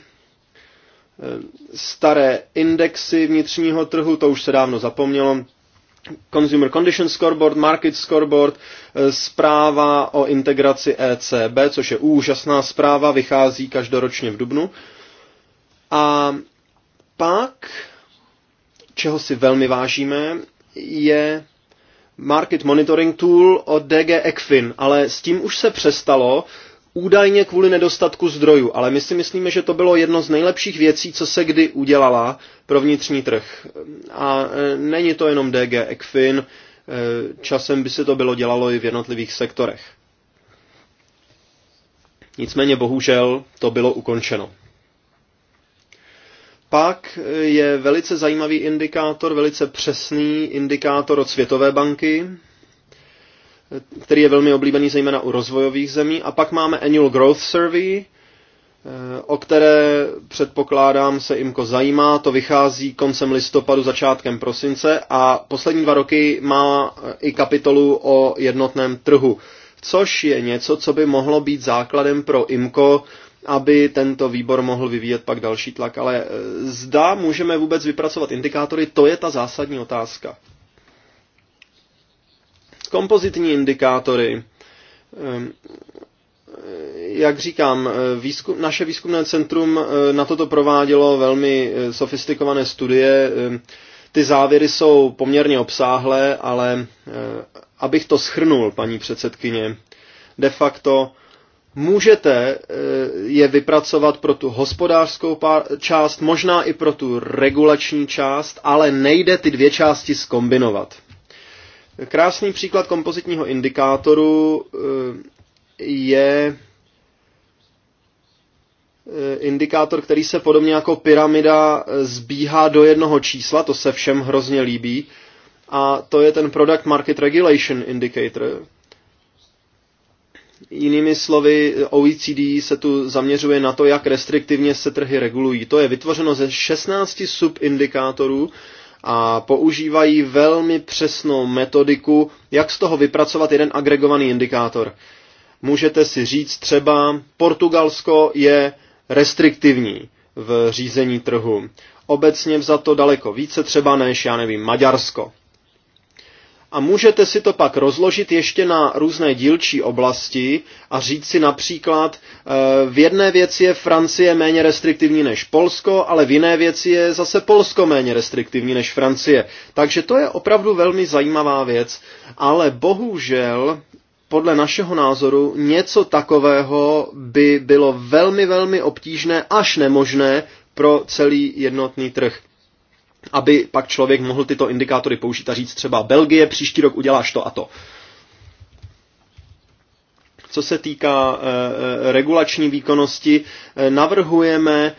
Speaker 5: staré indexy vnitřního trhu, to už se dávno zapomnělo, Consumer Condition Scoreboard, Market Scoreboard, eh, zpráva o integraci ECB, což je úžasná zpráva, vychází každoročně v Dubnu. A pak, čeho si velmi vážíme, je Market Monitoring Tool od DG ECFIN, ale s tím už se přestalo, údajně kvůli nedostatku zdrojů, ale my si myslíme, že to bylo jedno z nejlepších věcí, co se kdy udělala pro vnitřní trh. A e, není to jenom DG ECFIN, e, časem by se to bylo dělalo i v jednotlivých sektorech. Nicméně bohužel to bylo ukončeno. Pak e, je velice zajímavý indikátor, velice přesný indikátor od Světové banky, který je velmi oblíbený zejména u rozvojových zemí. A pak máme Annual Growth Survey, eh, o které předpokládám se IMKO zajímá. To vychází koncem listopadu, začátkem prosince a poslední dva roky má eh, i kapitolu o jednotném trhu, což je něco, co by mohlo být základem pro IMKO, aby tento výbor mohl vyvíjet pak další tlak. Ale eh, zda můžeme vůbec vypracovat indikátory, to je ta zásadní otázka kompozitní indikátory. Ehm, jak říkám, eh, výzkum, naše výzkumné centrum eh, na toto provádělo velmi eh, sofistikované studie. Ehm, ty závěry jsou poměrně obsáhlé, ale abych to schrnul, paní předsedkyně, de facto můžete je vypracovat pro tu hospodářskou část, možná i pro tu regulační část, ale nejde ty dvě části skombinovat. Krásný příklad kompozitního indikátoru eh, je eh, indikátor, který se podobně jako pyramida eh, zbíhá do jednoho čísla, to se všem hrozně líbí, a to je ten Product Market Regulation Indicator. Jinými slovy, OECD se tu zaměřuje na to, jak restriktivně se trhy regulují. To je vytvořeno ze 16 subindikátorů, a používají velmi přesnou metodiku, jak z toho vypracovat jeden agregovaný indikátor. Můžete si říct třeba, Portugalsko je restriktivní v řízení trhu. Obecně vzato daleko více třeba než, já nevím, Maďarsko a můžete si to pak rozložit ještě na různé dílčí oblasti a říct si například, eh, v jedné věci je Francie méně restriktivní než Polsko, ale v jiné věci je zase Polsko méně restriktivní než Francie. Takže to je opravdu velmi zajímavá věc, ale bohužel podle našeho názoru něco takového by bylo velmi, velmi obtížné až nemožné pro celý jednotný trh aby pak člověk mohl tyto indikátory použít a říct třeba Belgie, příští rok uděláš to a to. Co se týká eh, eh, regulační výkonnosti, eh, navrhujeme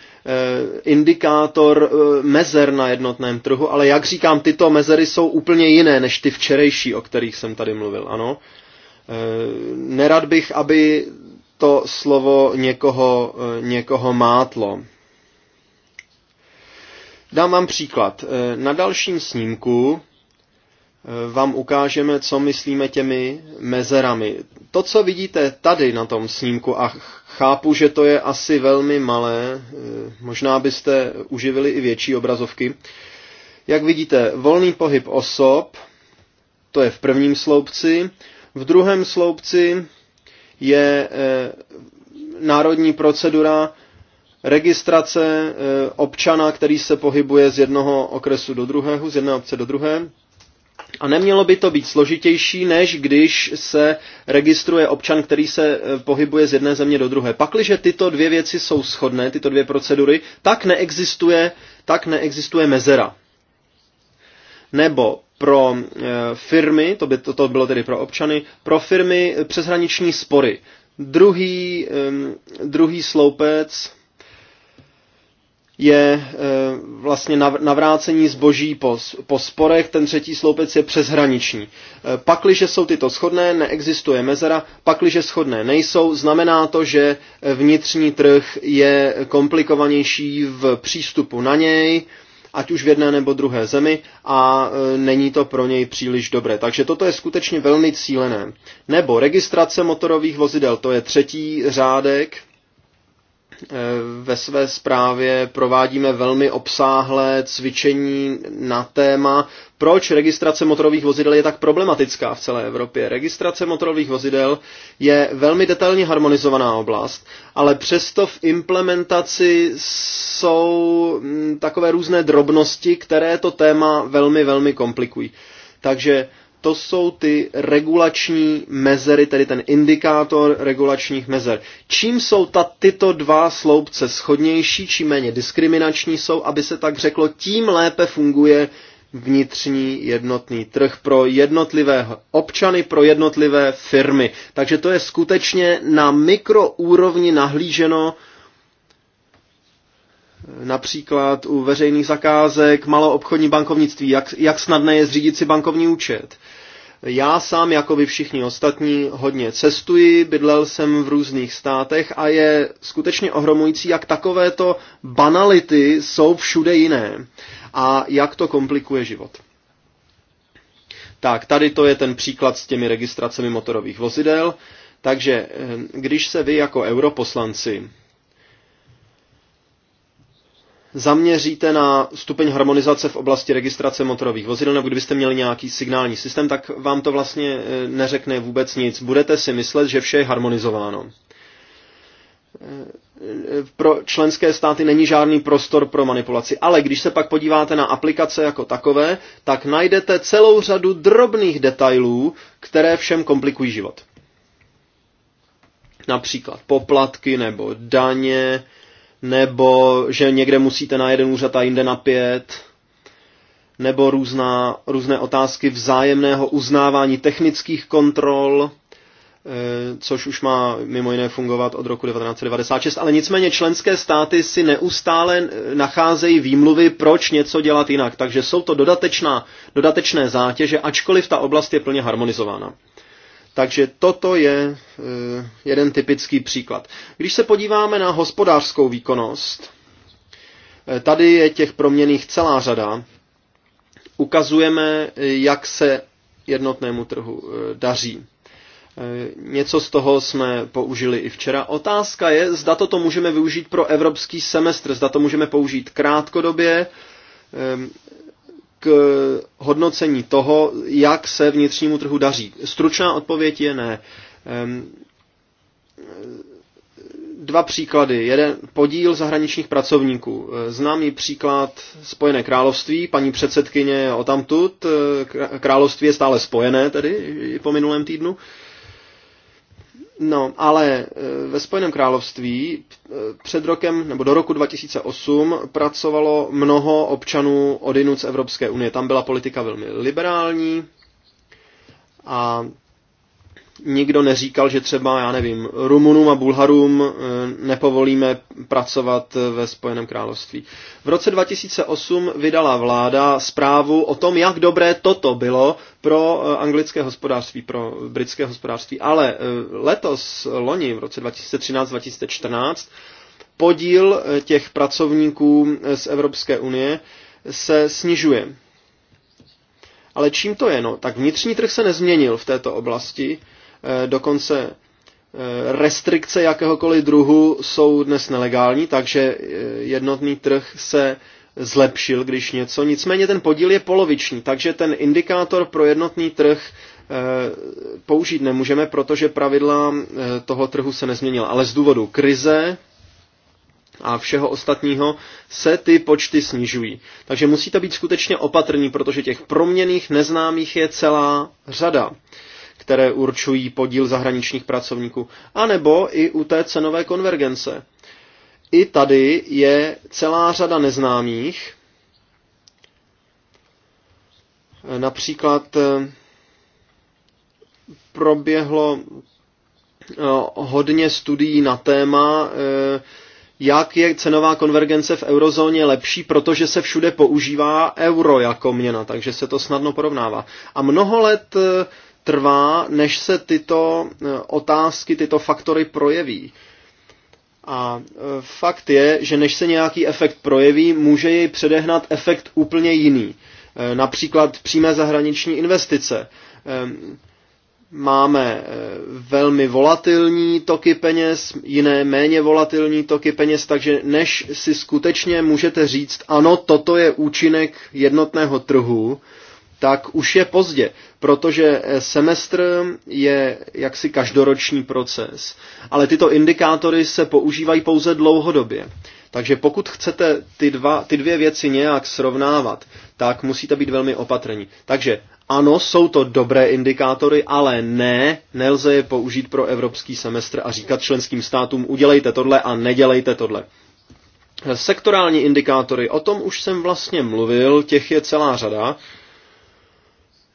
Speaker 5: indikátor mezer na jednotném trhu, ale jak říkám, tyto mezery jsou úplně jiné než ty včerejší, o kterých jsem tady mluvil, ano. Nerad bych, aby to slovo někoho, někoho mátlo. Dám vám příklad. Eh, na dalším snímku eh, vám ukážeme, co myslíme těmi mezerami. To, co vidíte tady na tom snímku, a chápu, že to je asi velmi malé, eh, možná byste uživili i větší obrazovky. Jak vidíte, volný pohyb osob, to je v prvním sloupci, v druhém sloupci je národní procedura registrace eh, občana, který se pohybuje z jednoho okresu do druhého, z jedné obce do druhé. A nemělo by to být složitější, než když se registruje občan, který se eh, pohybuje z jedné země do druhé. Pakliže tyto dvě věci jsou shodné, tyto dvě procedury, tak neexistuje, tak neexistuje mezera. Nebo pro eh, firmy, to by to, to bylo tedy pro občany, pro firmy přeshraniční spory. Druhý, druhý sloupec je eh, vlastně navrácení zboží po, po sporech, ten třetí sloupec je přeshraniční. Eh, pakliže jsou tyto schodné, neexistuje mezera, pakliže schodné nejsou, znamená to, že eh, vnitřní trh je komplikovanější v přístupu na něj, ať už v jedné nebo druhé zemi a není to pro něj příliš dobré. Takže toto je skutečně velmi cílené. Nebo registrace motorových vozidel, to je třetí řádek, Eh, ve své zprávě provádíme velmi obsáhlé cvičení na téma, proč registrace motorových vozidel je tak problematická v celé Evropě. Registrace motorových vozidel je velmi detailně harmonizovaná oblast, ale přesto v implementaci jsou mm, takové různé drobnosti, které to téma velmi, velmi komplikují. Takže to jsou ty regulační mezery, tedy ten indikátor regulačních mezer. Čím jsou ta, tyto dva sloupce schodnější, čím méně diskriminační jsou, aby se tak řeklo, tím lépe funguje vnitřní jednotný trh pro jednotlivé občany, pro jednotlivé firmy. Takže to je skutečně na mikroúrovni nahlíženo například u veřejných zakázek, maloobchodní bankovnictví, jak, jak snadné je zřídit si bankovní účet. Já sám, jako vy všichni ostatní, hodně cestuji, bydlel jsem v různých státech a je skutečně ohromující, jak takovéto banality jsou všude jiné a jak to komplikuje život. Tak, tady to je ten příklad s těmi registracemi motorových vozidel. Takže eh, když se vy jako europoslanci zaměříte na stupeň harmonizace v oblasti registrace motorových vozidel, nebo kdybyste měli nějaký signální systém, tak vám to vlastně eh, neřekne vůbec nic. Budete si myslet, že vše je harmonizováno. Eh, eh, pro členské státy není žádný prostor pro manipulaci, ale když se pak podíváte na aplikace jako takové, tak najdete celou řadu drobných detailů, které všem komplikují život. Například poplatky nebo daně, nebo že někde musíte na jeden úřad a jinde na pět, nebo různá, různé otázky vzájemného uznávání technických kontrol, eh, což už má mimo jiné fungovat od roku 1996, ale nicméně členské státy si neustále nacházejí výmluvy, proč něco dělat jinak. Takže jsou to dodatečná, dodatečné zátěže, ačkoliv ta oblast je plně harmonizována. Takže toto je e, jeden typický příklad. Když se podíváme na hospodářskou výkonnost, e, tady je těch proměných celá řada. Ukazujeme, e, jak se jednotnému trhu daří. Něco z toho jsme použili i včera. Otázka je, zda toto můžeme využít pro evropský semestr, zda to můžeme použít krátkodobě, k hodnocení toho, jak se vnitřnímu trhu daří. Stručná odpověď je ne. Ehm, dva příklady. Jeden podíl zahraničních pracovníků. Známý příklad Spojené království, paní předsedkyně o tamtud. Království je stále spojené, tedy i po minulém týdnu. No, ale e, ve Spojeném království e, před rokem, nebo do roku 2008, pracovalo mnoho občanů odinut z Evropské unie. Tam byla politika velmi liberální a nikdo neříkal, že třeba, já nevím, Rumunům a Bulharům eh, nepovolíme pracovat eh, ve Spojeném království. V roce 2008 vydala vláda zprávu o tom, jak dobré toto bylo pro eh, anglické hospodářství, pro britské hospodářství, ale letos, loni, v roce 2013-2014, podíl těch pracovníků z Evropské unie se snižuje. Ale čím to je? No, tak vnitřní trh se nezměnil v této oblasti, Eh, dokonce eh, restrikce jakéhokoliv druhu jsou dnes nelegální, takže eh, jednotný trh se zlepšil, když něco. Nicméně ten podíl je poloviční, takže ten indikátor pro jednotný trh použít nemůžeme, protože pravidla toho trhu se nezměnila. Ale z důvodu krize a všeho ostatního se ty počty snižují. Takže musíte být skutečně opatrní, protože těch proměných neznámých je celá řada které určují podíl zahraničních pracovníků, anebo i u té cenové konvergence. I tady je celá řada neznámých, Například eh, proběhlo eh, hodně studií na téma, eh, jak je cenová konvergence v eurozóně lepší, protože se všude používá euro jako měna, takže se to snadno porovnává. A mnoho let trvá, než se tyto eh, otázky, tyto faktory projeví. A eh, fakt je, že než se nějaký efekt projeví, může jej předehnat efekt úplně jiný. Eh, například přímé zahraniční investice. Ehm, máme velmi volatilní toky peněz, jiné méně volatilní toky peněz, takže než si skutečně můžete říct, ano, toto je účinek jednotného trhu, tak už je pozdě protože eh, semestr je jaksi každoroční proces, ale tyto indikátory se používají pouze dlouhodobě. Takže pokud chcete ty, dva, ty dvě věci nějak srovnávat, tak musíte být velmi opatrní. Takže ano, jsou to dobré indikátory, ale ne, nelze je použít pro evropský semestr a říkat členským státům, udělejte tohle a nedělejte tohle. Eh, sektorální indikátory, o tom už jsem vlastně mluvil, těch je celá řada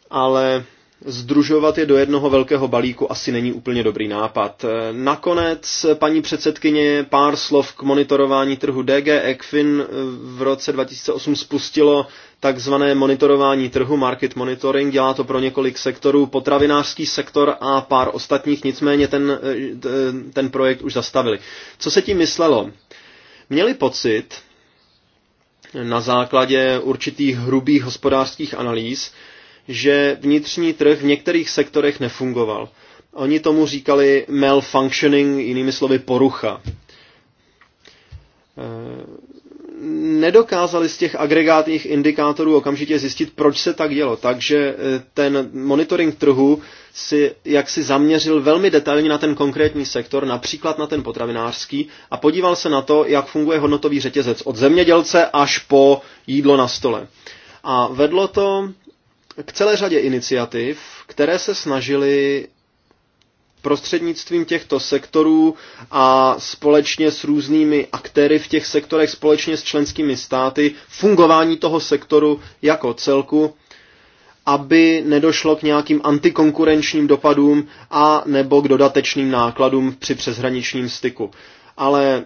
Speaker 5: ale združovat je do jednoho velkého balíku asi není úplně dobrý nápad. Nakonec, paní předsedkyně, pár slov k monitorování trhu DG Ekfin v roce 2008 spustilo takzvané monitorování trhu, market monitoring, dělá to pro několik sektorů, potravinářský sektor a pár ostatních, nicméně ten, ten projekt už zastavili. Co se tím myslelo? Měli pocit, na základě určitých hrubých hospodářských analýz, že vnitřní trh v některých sektorech nefungoval. Oni tomu říkali malfunctioning, jinými slovy porucha. E, nedokázali z těch agregátních indikátorů okamžitě zjistit, proč se tak dělo. Takže e, ten monitoring trhu si jak si zaměřil velmi detailně na ten konkrétní sektor, například na ten potravinářský, a podíval se na to, jak funguje hodnotový řetězec od zemědělce až po jídlo na stole. A vedlo to k celé řadě iniciativ, které se snažily prostřednictvím těchto sektorů a společně s různými aktéry v těch sektorech, společně s členskými státy, fungování toho sektoru jako celku, aby nedošlo k nějakým antikonkurenčním dopadům a nebo k dodatečným nákladům při přeshraničním styku. Ale,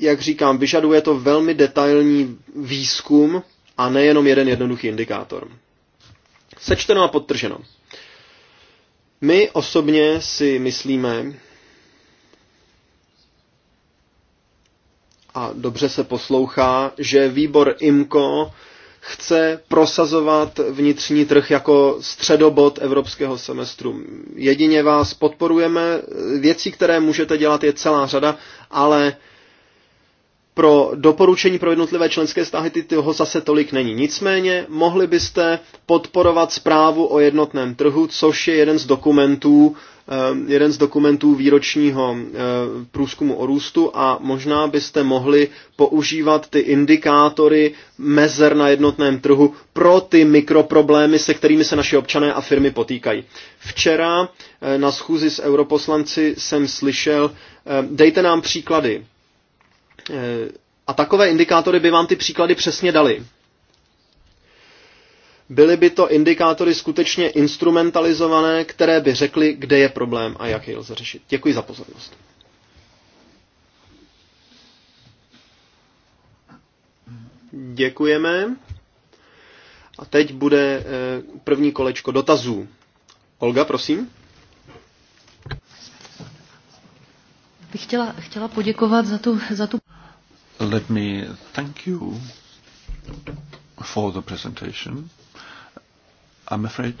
Speaker 5: jak říkám, vyžaduje to velmi detailní výzkum a nejenom jeden jednoduchý indikátor. Sečteno a podtrženo. My osobně si myslíme, a dobře se poslouchá, že výbor IMCO chce prosazovat vnitřní trh jako středobod evropského semestru. Jedině vás podporujeme, věcí, které můžete dělat, je celá řada, ale pro doporučení pro jednotlivé členské státy toho zase tolik není. Nicméně mohli byste podporovat zprávu o jednotném trhu, což je jeden z dokumentů, eh, jeden z dokumentů výročního eh, průzkumu o růstu a možná byste mohli používat ty indikátory mezer na jednotném trhu pro ty mikroproblémy, se kterými se naše občané a firmy potýkají. Včera eh, na schůzi s europoslanci jsem slyšel, dejte nám příklady Eh, a takové indikátory by vám ty příklady přesně dali. Byly by to indikátory skutečně instrumentalizované, které by řekly, kde je problém a jak jej lze řešit. Děkuji za pozornost. Děkujeme. A teď bude eh, první kolečko dotazů. Olga, prosím.
Speaker 4: Bych chtěla, chtěla poděkovat za tu, za tu
Speaker 2: Let me thank you for the presentation. I'm afraid.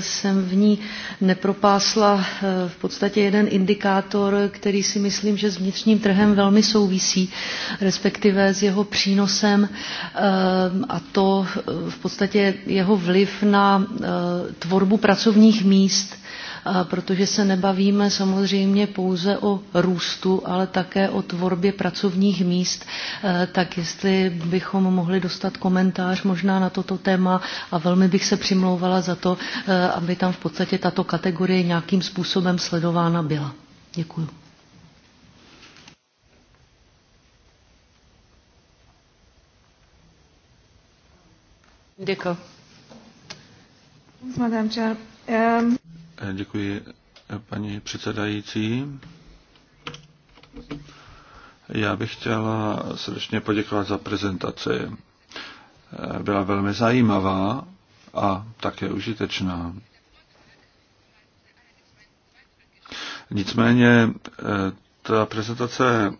Speaker 4: Jsem v ní nepropásla eh, v podstatě jeden indikátor, který si myslím, že s vnitřním trhem velmi souvisí, respektive s jeho přínosem eh, a to eh, v podstatě jeho vliv na tvorbu pracovních míst protože se nebavíme samozřejmě pouze o růstu, ale také o tvorbě pracovních míst, tak jestli bychom mohli dostat komentář možná na toto téma a velmi bych se přimlouvala za to, aby tam v podstatě tato kategorie nějakým způsobem sledována byla. Děkuji. Děkuji. Madam Chair. Um...
Speaker 2: Eh, děkuji, eh, paní předsedající. Já bych chtěla srdečně poděkovat za prezentaci. Eh, byla velmi zajímavá a také užitečná. Nicméně ta prezentace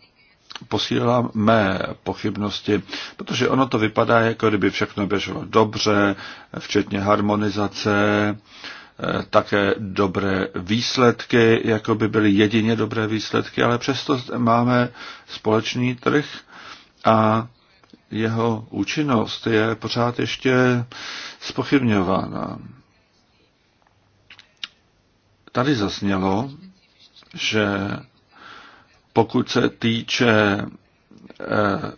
Speaker 2: posílila mé pochybnosti, protože ono to vypadá, jako kdyby všechno běželo dobře, včetně harmonizace, také dobré výsledky, jako by byly jedině dobré výsledky, ale přesto máme společný trh a jeho účinnost je pořád ještě spochybňována. Tady zasnělo, že pokud se týče eh,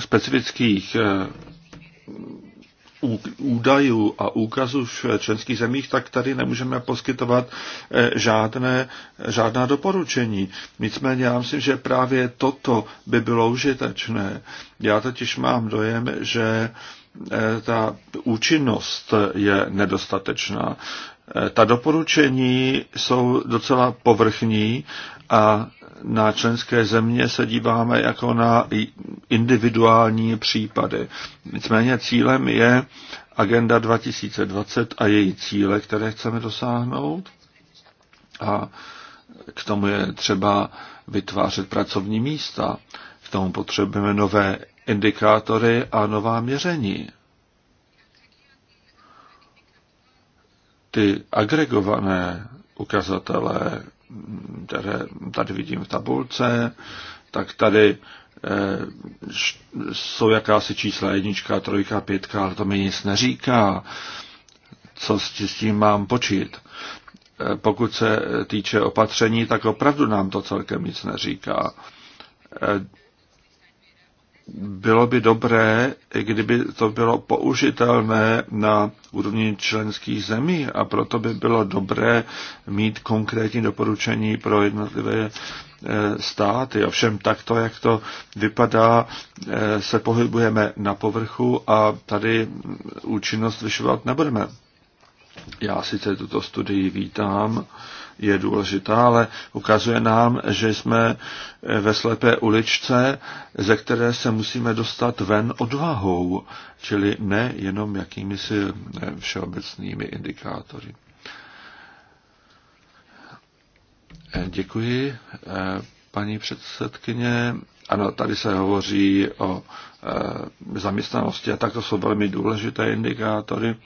Speaker 2: specifických eh, údajů a úkazů v členských zemích, tak tady nemůžeme poskytovat eh, žádné, žádná doporučení. Nicméně já myslím, že právě toto by bylo užitečné. Já totiž mám dojem, že eh, ta účinnost je nedostatečná. Eh, ta doporučení jsou docela povrchní a na členské země se díváme jako na individuální případy. Nicméně cílem je agenda 2020 a její cíle, které chceme dosáhnout. A k tomu je třeba vytvářet pracovní místa. K tomu potřebujeme nové indikátory a nová měření. Ty agregované ukazatele které tady vidím v tabulce, tak tady eh, jsou jakási čísla jednička, trojka, pětka, ale to mi nic neříká, co s tím mám počít. Eh, pokud se týče opatření, tak opravdu nám to celkem nic neříká. Eh, bylo by dobré, kdyby to bylo použitelné na úrovni členských zemí a proto by bylo dobré mít konkrétní doporučení pro jednotlivé eh, státy. Ovšem takto, jak to vypadá, eh, se pohybujeme na povrchu a tady mm, účinnost vyšovat nebudeme. Já sice tuto studii vítám, je důležitá, ale ukazuje nám, že jsme ve slepé uličce, ze které se musíme dostat ven odvahou, čili ne jenom jakými si eh, všeobecnými indikátory. Eh, děkuji, eh, paní předsedkyně. Ano, tady se hovoří o zaměstnanosti a tak to jsou velmi důležité indikátory.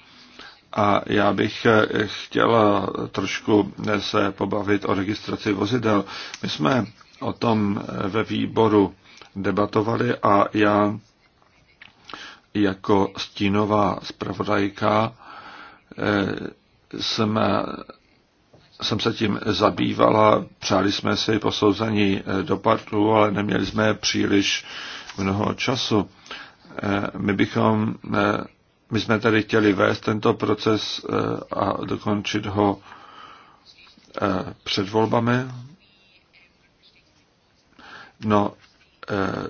Speaker 2: A já bych eh, chtěla eh, trošku eh, se pobavit o registraci vozidel. My jsme o tom ve výboru debatovali a já jako stínová zpravodajka jsem, jsem se tím zabývala. Přáli jsme si posouzení dopadu, ale neměli jsme příliš mnoho času. My bychom my jsme tady chtěli vést tento proces eh, a dokončit ho eh, před volbami. No, eh,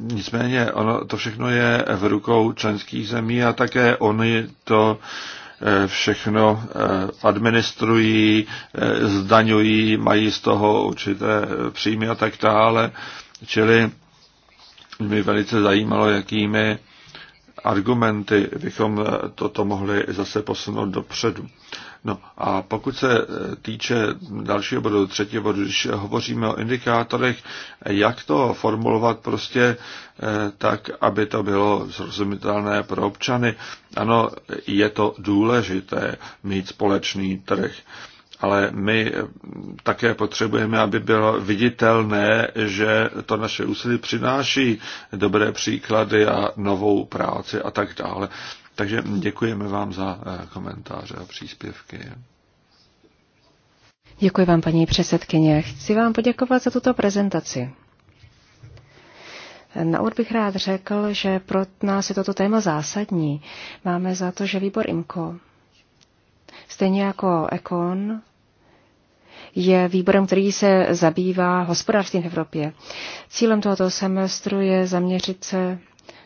Speaker 2: nicméně ono, to všechno je v rukou členských zemí a také oni to všechno administrují, zdaňují, mají z toho určité příjmy a tak dále. Čili mě velice zajímalo, jakými argumenty bychom eh, toto mohli zase posunout dopředu. No a pokud se eh, týče dalšího bodu, třetího bodu, když hovoříme o indikátorech, jak to formulovat prostě eh, tak, aby to bylo zrozumitelné pro občany, ano, je to důležité mít společný trh ale my také potřebujeme, aby bylo viditelné, že to naše úsilí přináší dobré příklady a novou práci a tak dále. Takže děkujeme vám za eh, komentáře a příspěvky.
Speaker 1: Děkuji vám, paní předsedkyně. Chci vám poděkovat za tuto prezentaci. Na úvod bych rád řekl, že pro nás je toto téma zásadní. Máme za to, že výbor IMCO, stejně jako EKON, je výborem, který se zabývá hospodářstvím v Evropě. Cílem tohoto semestru je zaměřit se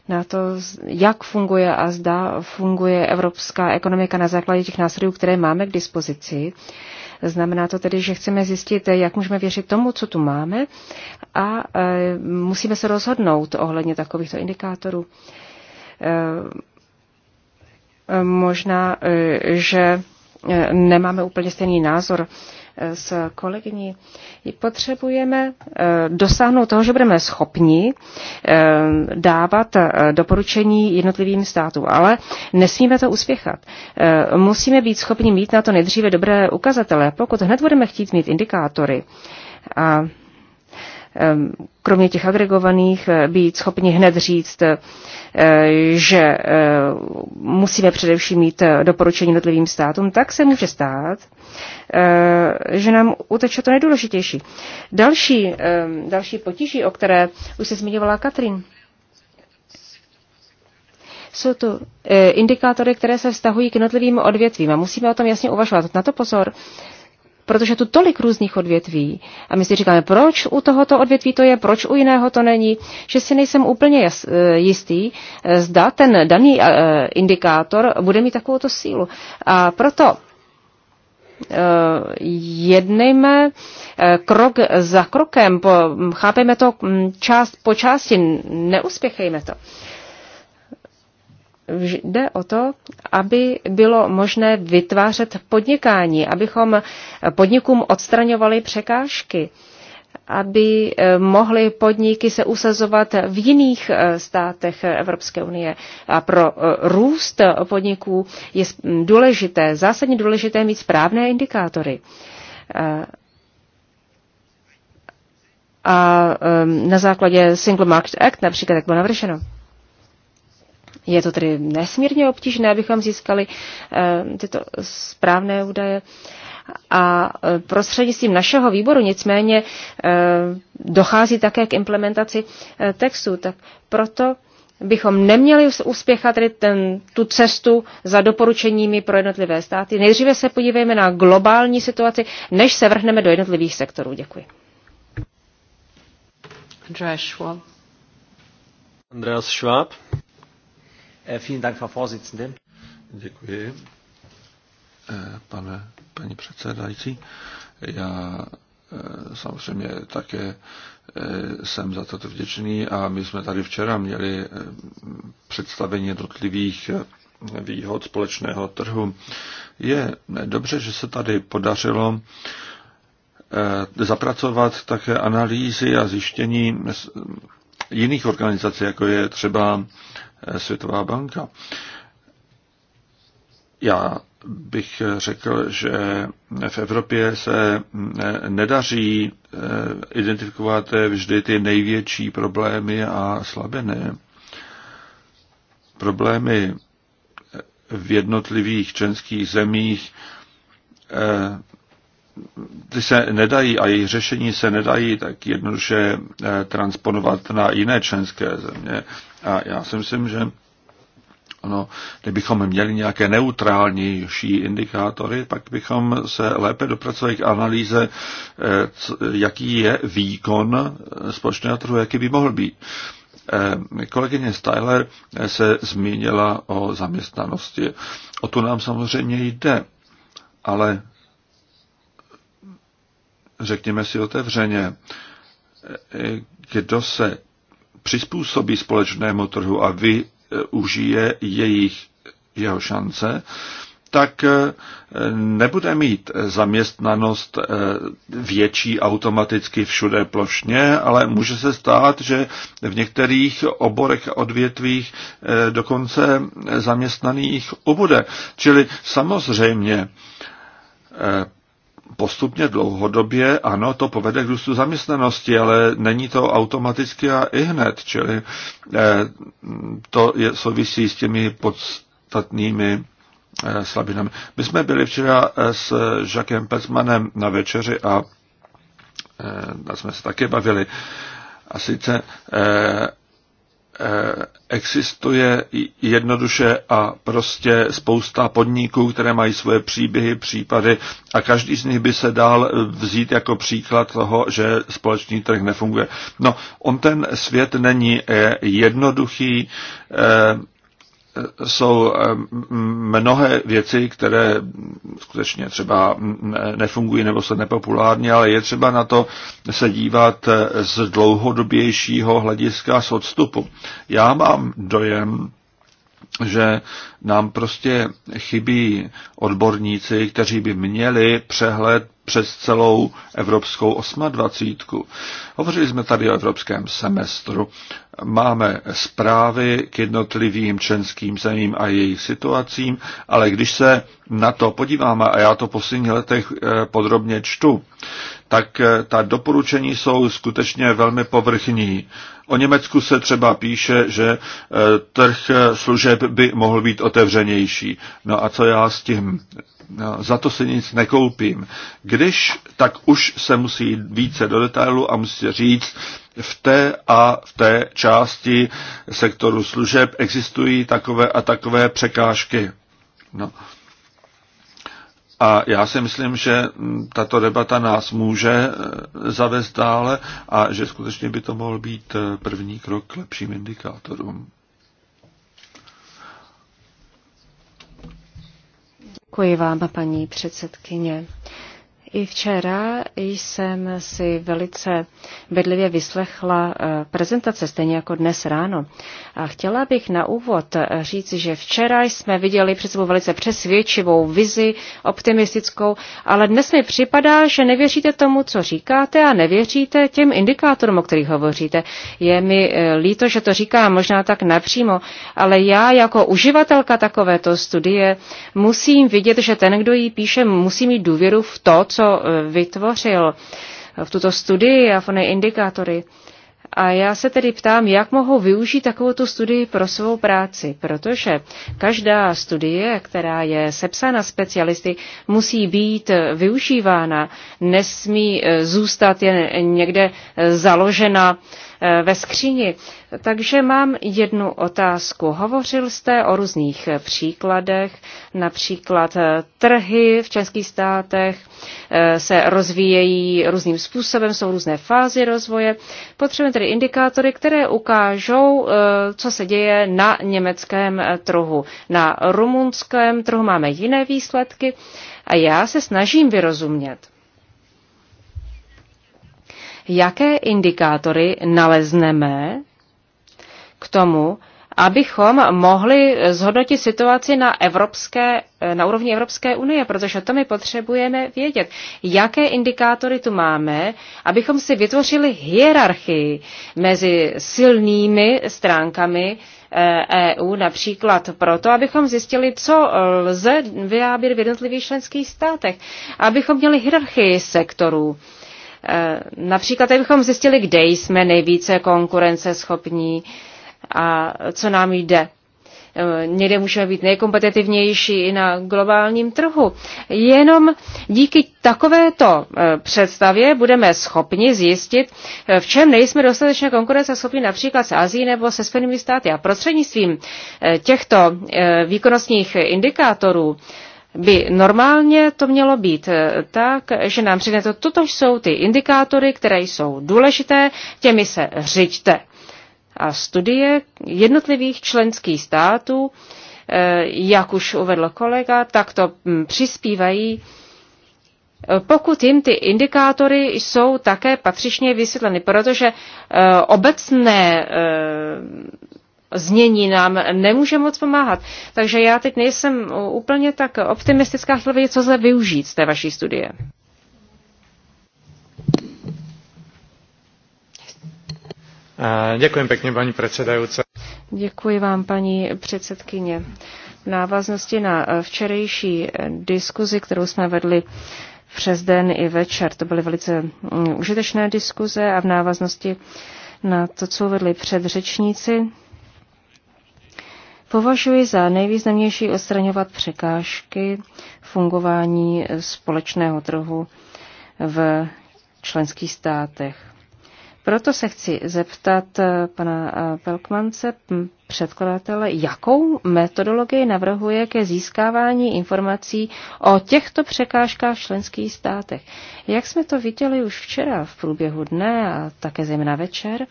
Speaker 1: na to, jak funguje a zda funguje evropská ekonomika na základě těch nástrojů, které máme k dispozici. Znamená to tedy, že chceme zjistit, jak můžeme věřit tomu, co tu máme a e, musíme se rozhodnout ohledně takovýchto indikátorů. E, e, možná, že nemáme úplně stejný názor s kolegyní. Potřebujeme eh, dosáhnout toho, že budeme schopni eh, dávat eh, doporučení jednotlivým státům, ale nesmíme to uspěchat. Musíme být schopni mít na to nejdříve dobré ukazatele. Pokud hned budeme chtít mít indikátory a kromě těch agregovaných být schopni hned říct, Eh, že eh, musíme především mít eh, doporučení jednotlivým státům, tak se může stát, že nám uteče to nejdůležitější. Další, další potíží, o které už se zmiňovala Katrin, jsou to indikátory, které se vztahují k jednotlivým odvětvím a musíme o tom jasně uvažovat. Na to pozor, protože tu tolik různých odvětví. A my si říkáme, proč u tohoto odvětví to je, proč u jiného to není, že si nejsem úplně eh, jistý, eh, zda ten daný eh, indikátor bude mít takovouto sílu. A proto jednejme krok za krokem, chápejme to hm, část po části, neuspěchejme to. Jde o to, aby bylo možné vytvářet podnikání, abychom podnikům odstraňovali překážky, aby eh, mohly podniky se usazovat v jiných eh, státech Evropské unie. A pro eh, růst podniků je důležité, zásadně důležité mít správné indikátory. A na základě Single Market Act například jak bylo navrženo. Je to tedy nesmírně obtížné, abychom získali eh, tyto správné údaje. A eh, prostřednictvím našeho výboru nicméně eh, dochází také k implementaci textu. Tak proto bychom neměli uspěchat tedy ten, tu cestu za doporučeními pro jednotlivé státy. Nejdříve se podívejme na globální situaci, než se vrhneme do jednotlivých sektorů. Děkuji.
Speaker 4: Andreas Schwab.
Speaker 2: Andreas Schwab. Eh, Děkuji, eh, pane, paní předsedající. Já eh, samozřejmě také jsem za toto vděčný a my jsme tady včera měli představení jednotlivých výhod společného trhu. Je dobře, že se tady podařilo zapracovat také analýzy a zjištění jiných organizací, jako je třeba eh, Světová banka. Já bych řekl, že v Evropě se eh, nedaří eh, identifikovat vždy ty největší problémy a slabiny. Problémy v jednotlivých členských zemích ty se nedají a jejich řešení se nedají tak jednoduše eh, transponovat na jiné členské země. A já si myslím, že ono, kdybychom měli nějaké neutrálnější indikátory, pak bychom se lépe dopracovali k analýze, eh, jaký je výkon eh, společného trhu, jaký by mohl být. Kolegyně Styler se zmínila o zaměstnanosti. O tu nám samozřejmě jde, ale řekněme si otevřeně, kdo se přizpůsobí společnému trhu a využije e, jejich, jeho šance, tak e, nebude mít zaměstnanost e, větší automaticky všude plošně, ale může se stát, že v některých oborech odvětvích dokonce zaměstnaných ubude. Čili samozřejmě postupně dlouhodobě, ano, to povede k růstu zaměstnanosti, ale není to automaticky a i hned, čili eh, to je, souvisí s těmi podstatnými eh, slabinami. My jsme byli včera eh, s Žakem Pecmanem na večeři a jsme se také bavili. A sice Eh, existuje jednoduše a prostě spousta podniků, které mají svoje příběhy, případy a každý z nich by se dal vzít jako příklad toho, že společný trh nefunguje. No, on ten svět není eh, jednoduchý, eh, jsou eh, mnohé věci, které skutečně třeba nefungují nebo jsou nepopulární, ale je třeba na to se dívat eh, z dlouhodobějšího hlediska s odstupu. Já mám dojem, že nám prostě chybí odborníci, kteří by měli přehled přes celou evropskou 28. Hovořili jsme tady o evropském semestru máme zprávy k jednotlivým členským zemím a jejich situacím, ale když se na to podíváme, a já to v posledních letech eh, podrobně čtu, tak eh, ta doporučení jsou skutečně velmi povrchní. O Německu se třeba píše, že eh, trh eh, služeb by mohl být otevřenější. No a co já s tím? No, za to si nic nekoupím. Když, tak už se musí jít více do detailu a musí říct, v té a v té části sektoru služeb existují takové a takové překážky. No. A já si myslím, že mm, tato debata nás může e, zavést dále a že skutečně by to mohl být e, první krok k lepším indikátorům.
Speaker 1: Děkuji vám, paní předsedkyně. I včera jsem si velice bedlivě vyslechla eh, prezentace, stejně jako dnes ráno. A chtěla bych na úvod eh, říct, že včera jsme viděli před sebou velice přesvědčivou vizi, optimistickou, ale dnes mi připadá, že nevěříte tomu, co říkáte a nevěříte těm indikátorům, o kterých hovoříte. Je mi eh, líto, že to říkám možná tak napřímo, ale já jako uživatelka takovéto studie musím vidět, že ten, kdo ji píše, musí mít důvěru v to, co eh, vytvořil eh, v tuto studii a v ony indikátory. A já se tedy ptám, jak mohou využít takovou tu studii pro svou práci, protože každá studie, která je sepsána specialisty, musí být eh, využívána, nesmí zůstat jen někde založena Eh, ve skříni. Takže mám jednu otázku. Hovořil jste o různých příkladech, například eh, trhy v českých státech eh, se rozvíjejí různým způsobem, jsou různé fázy rozvoje. Potřebujeme tedy indikátory, které ukážou, co se děje na německém trhu. Na rumunském trhu máme jiné výsledky a já se snažím vyrozumět jaké indikátory nalezneme k tomu, abychom mohli zhodnotit situaci na, evropské, na úrovni Evropské unie, protože to my potřebujeme vědět. Jaké indikátory tu máme, abychom si vytvořili hierarchii mezi silnými stránkami EU, eh, e například proto, abychom zjistili, co eh, lze vyrábět v jednotlivých členských státech, abychom měli hierarchii sektorů Eh, například, abychom zjistili, kde jsme nejvíce konkurenceschopní a co nám jde. Eh, někde můžeme být nejkompetitivnější i na globálním trhu. Jenom díky takovéto eh, představě budeme schopni zjistit, v čem nejsme dostatečně konkurenceschopní například s Azí nebo se Spojenými státy. A prostřednictvím těchto výkonnostních indikátorů by normálně to mělo být eh, tak, že nám řekne to, toto jsou ty indikátory, které jsou důležité, těmi se řiďte. A studie jednotlivých členských států, eh, jak už uvedl kolega, tak to mm, přispívají eh, pokud jim ty indikátory jsou také patřičně vysvětleny, protože obecné znění nám nemůže moc pomáhat. Takže já teď nejsem úplně tak optimistická, chtěla vědět, co lze využít z té vaší studie.
Speaker 4: Eh, děkuji pěkně, paní předsedající.
Speaker 1: Děkuji vám, paní předsedkyně. V návaznosti na včerejší diskuzi, kterou jsme vedli přes den i večer, to byly velice mm, užitečné diskuze a v návaznosti na to, co vedli předřečníci, Považuji za nejvýznamnější odstraňovat překážky fungování společného trhu v členských státech. Proto se chci zeptat eh, pana eh, Pelkmance, předkladatele, jakou metodologii navrhuje ke získávání informací o těchto překážkách v členských státech. Jak jsme to viděli už včera v průběhu dne a také zejména večer,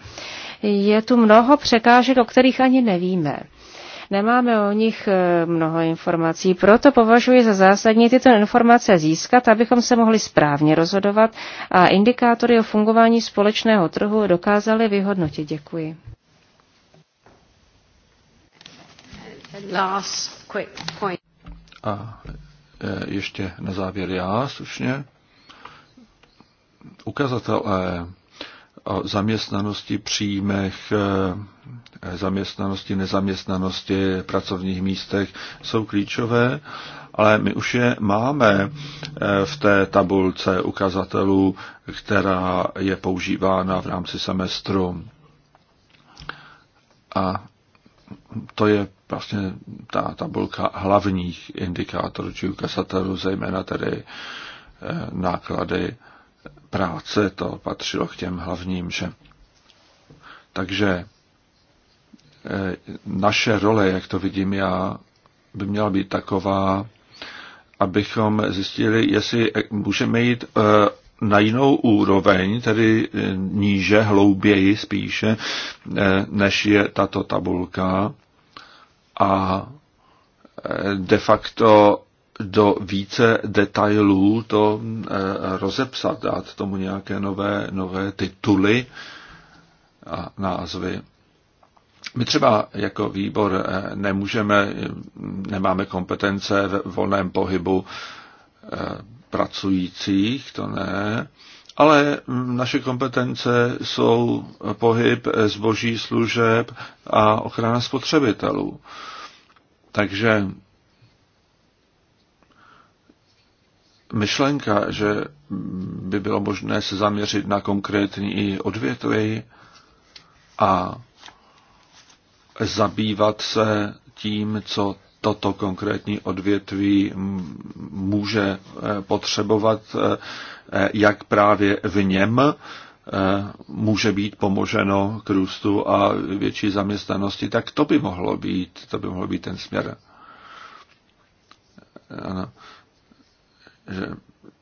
Speaker 1: je tu mnoho překážek, o kterých ani nevíme. Nemáme o nich eh, mnoho informací, proto považuji za zásadní tyto informace získat, abychom se mohli správně rozhodovat a indikátory o fungování společného trhu dokázali vyhodnotit. Děkuji.
Speaker 4: Last quick point.
Speaker 2: A eh, ještě na závěr já slušně. ukazatel. E o zaměstnanosti, příjmech, eh, zaměstnanosti, nezaměstnanosti, pracovních místech jsou klíčové, ale my už je máme eh, v té tabulce ukazatelů, která je používána v rámci semestru. A to je vlastně ta tabulka hlavních indikátorů či ukazatelů, zejména tedy eh, náklady práce, to patřilo k těm hlavním, že. Takže eh, naše role, jak to vidím já, by měla být taková, abychom zjistili, jestli eh, můžeme jít eh, na jinou úroveň, tedy níže, hlouběji spíše, než je tato tabulka. A de facto do více detailů to eh, rozepsat, dát tomu nějaké nové, nové tituly a názvy. My třeba jako výbor eh, nemůžeme, nemáme kompetence v volném pohybu eh, pracujících, to ne, ale naše kompetence jsou pohyb zboží služeb a ochrana spotřebitelů. Takže myšlenka, že by bylo možné se zaměřit na konkrétní odvětví a zabývat se tím, co toto konkrétní odvětví může eh, potřebovat, eh, eh, jak právě v něm může být pomoženo k růstu a větší zaměstnanosti, tak to by mohlo být, to by mohlo být ten směr. Ano že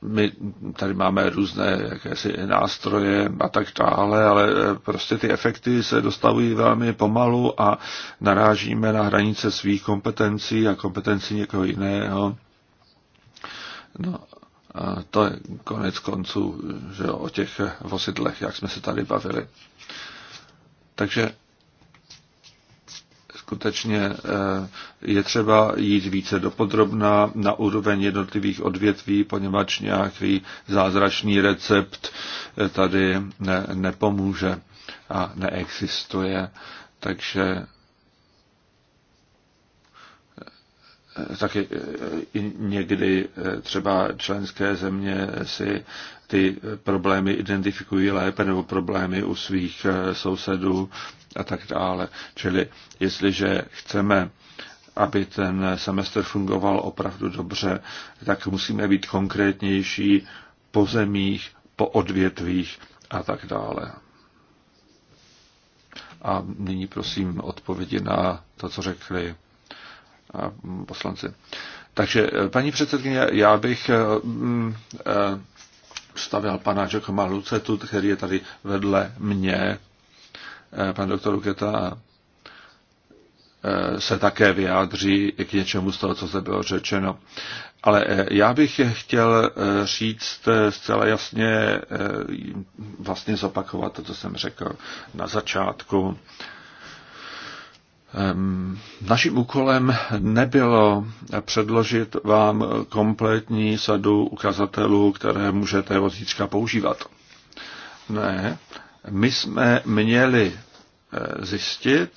Speaker 2: my tady máme různé jakési nástroje a tak dále, ale eh, prostě ty efekty se dostavují velmi pomalu a narážíme na hranice svých kompetencí a kompetencí někoho jiného. No, a to je konec konců že o těch vozidlech, jak jsme se tady bavili. Takže skutečně eh, je třeba jít více dopodrobná na úroveň jednotlivých odvětví, poněvadž nějaký zázračný recept eh, tady ne, nepomůže a neexistuje. Takže eh, taky někdy třeba členské země si ty problémy identifikují lépe nebo problémy u svých eh, sousedů a tak dále. Čili jestliže chceme aby ten semestr fungoval opravdu dobře, tak musíme být konkrétnější po zemích, po odvětvích a tak dále. A nyní prosím odpovědi na to, co řekli eh, poslanci. Takže, eh, paní předsedkyně, já bych mm, Stavěl pana Giacomo Lucetu, který je tady vedle mě, eh, pan doktor Luketa eh, se také vyjádří k něčemu z toho, co se bylo řečeno. Ale eh, já bych chtěl říct zcela jasně, vlastně zopakovat to, co jsem řekl na začátku. Naším úkolem nebylo předložit vám kompletní sadu ukazatelů, které můžete od zítřka používat. Ne, my jsme měli eh, zjistit,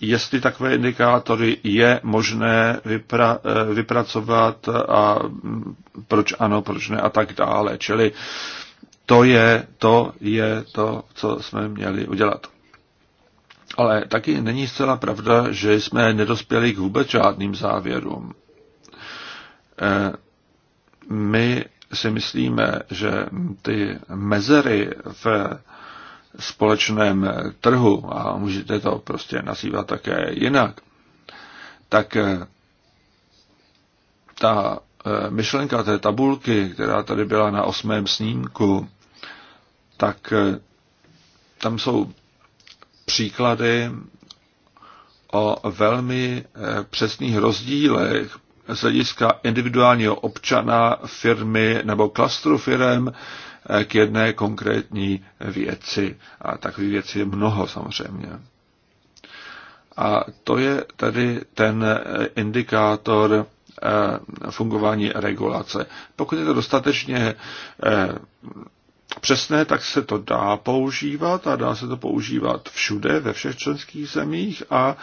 Speaker 2: jestli takové indikátory je možné vypra- eh, vypracovat a mm, proč ano, proč ne a tak dále. Čili to je to, je to, co jsme měli udělat. Ale taky není zcela pravda, že jsme nedospěli k vůbec žádným závěrům. E, my si myslíme, že ty mezery v společném trhu, a můžete to prostě nazývat také jinak, tak e, ta e, myšlenka té tabulky, která tady byla na osmém snímku, tak tam jsou příklady o velmi eh, přesných rozdílech z hlediska individuálního občana, firmy nebo klastru firm eh, k jedné konkrétní věci. A takových věcí je mnoho samozřejmě. A to je tedy ten eh, indikátor fungování regulace. Pokud je to dostatečně přesné, tak se to dá používat a dá se to používat všude, ve všech členských zemích a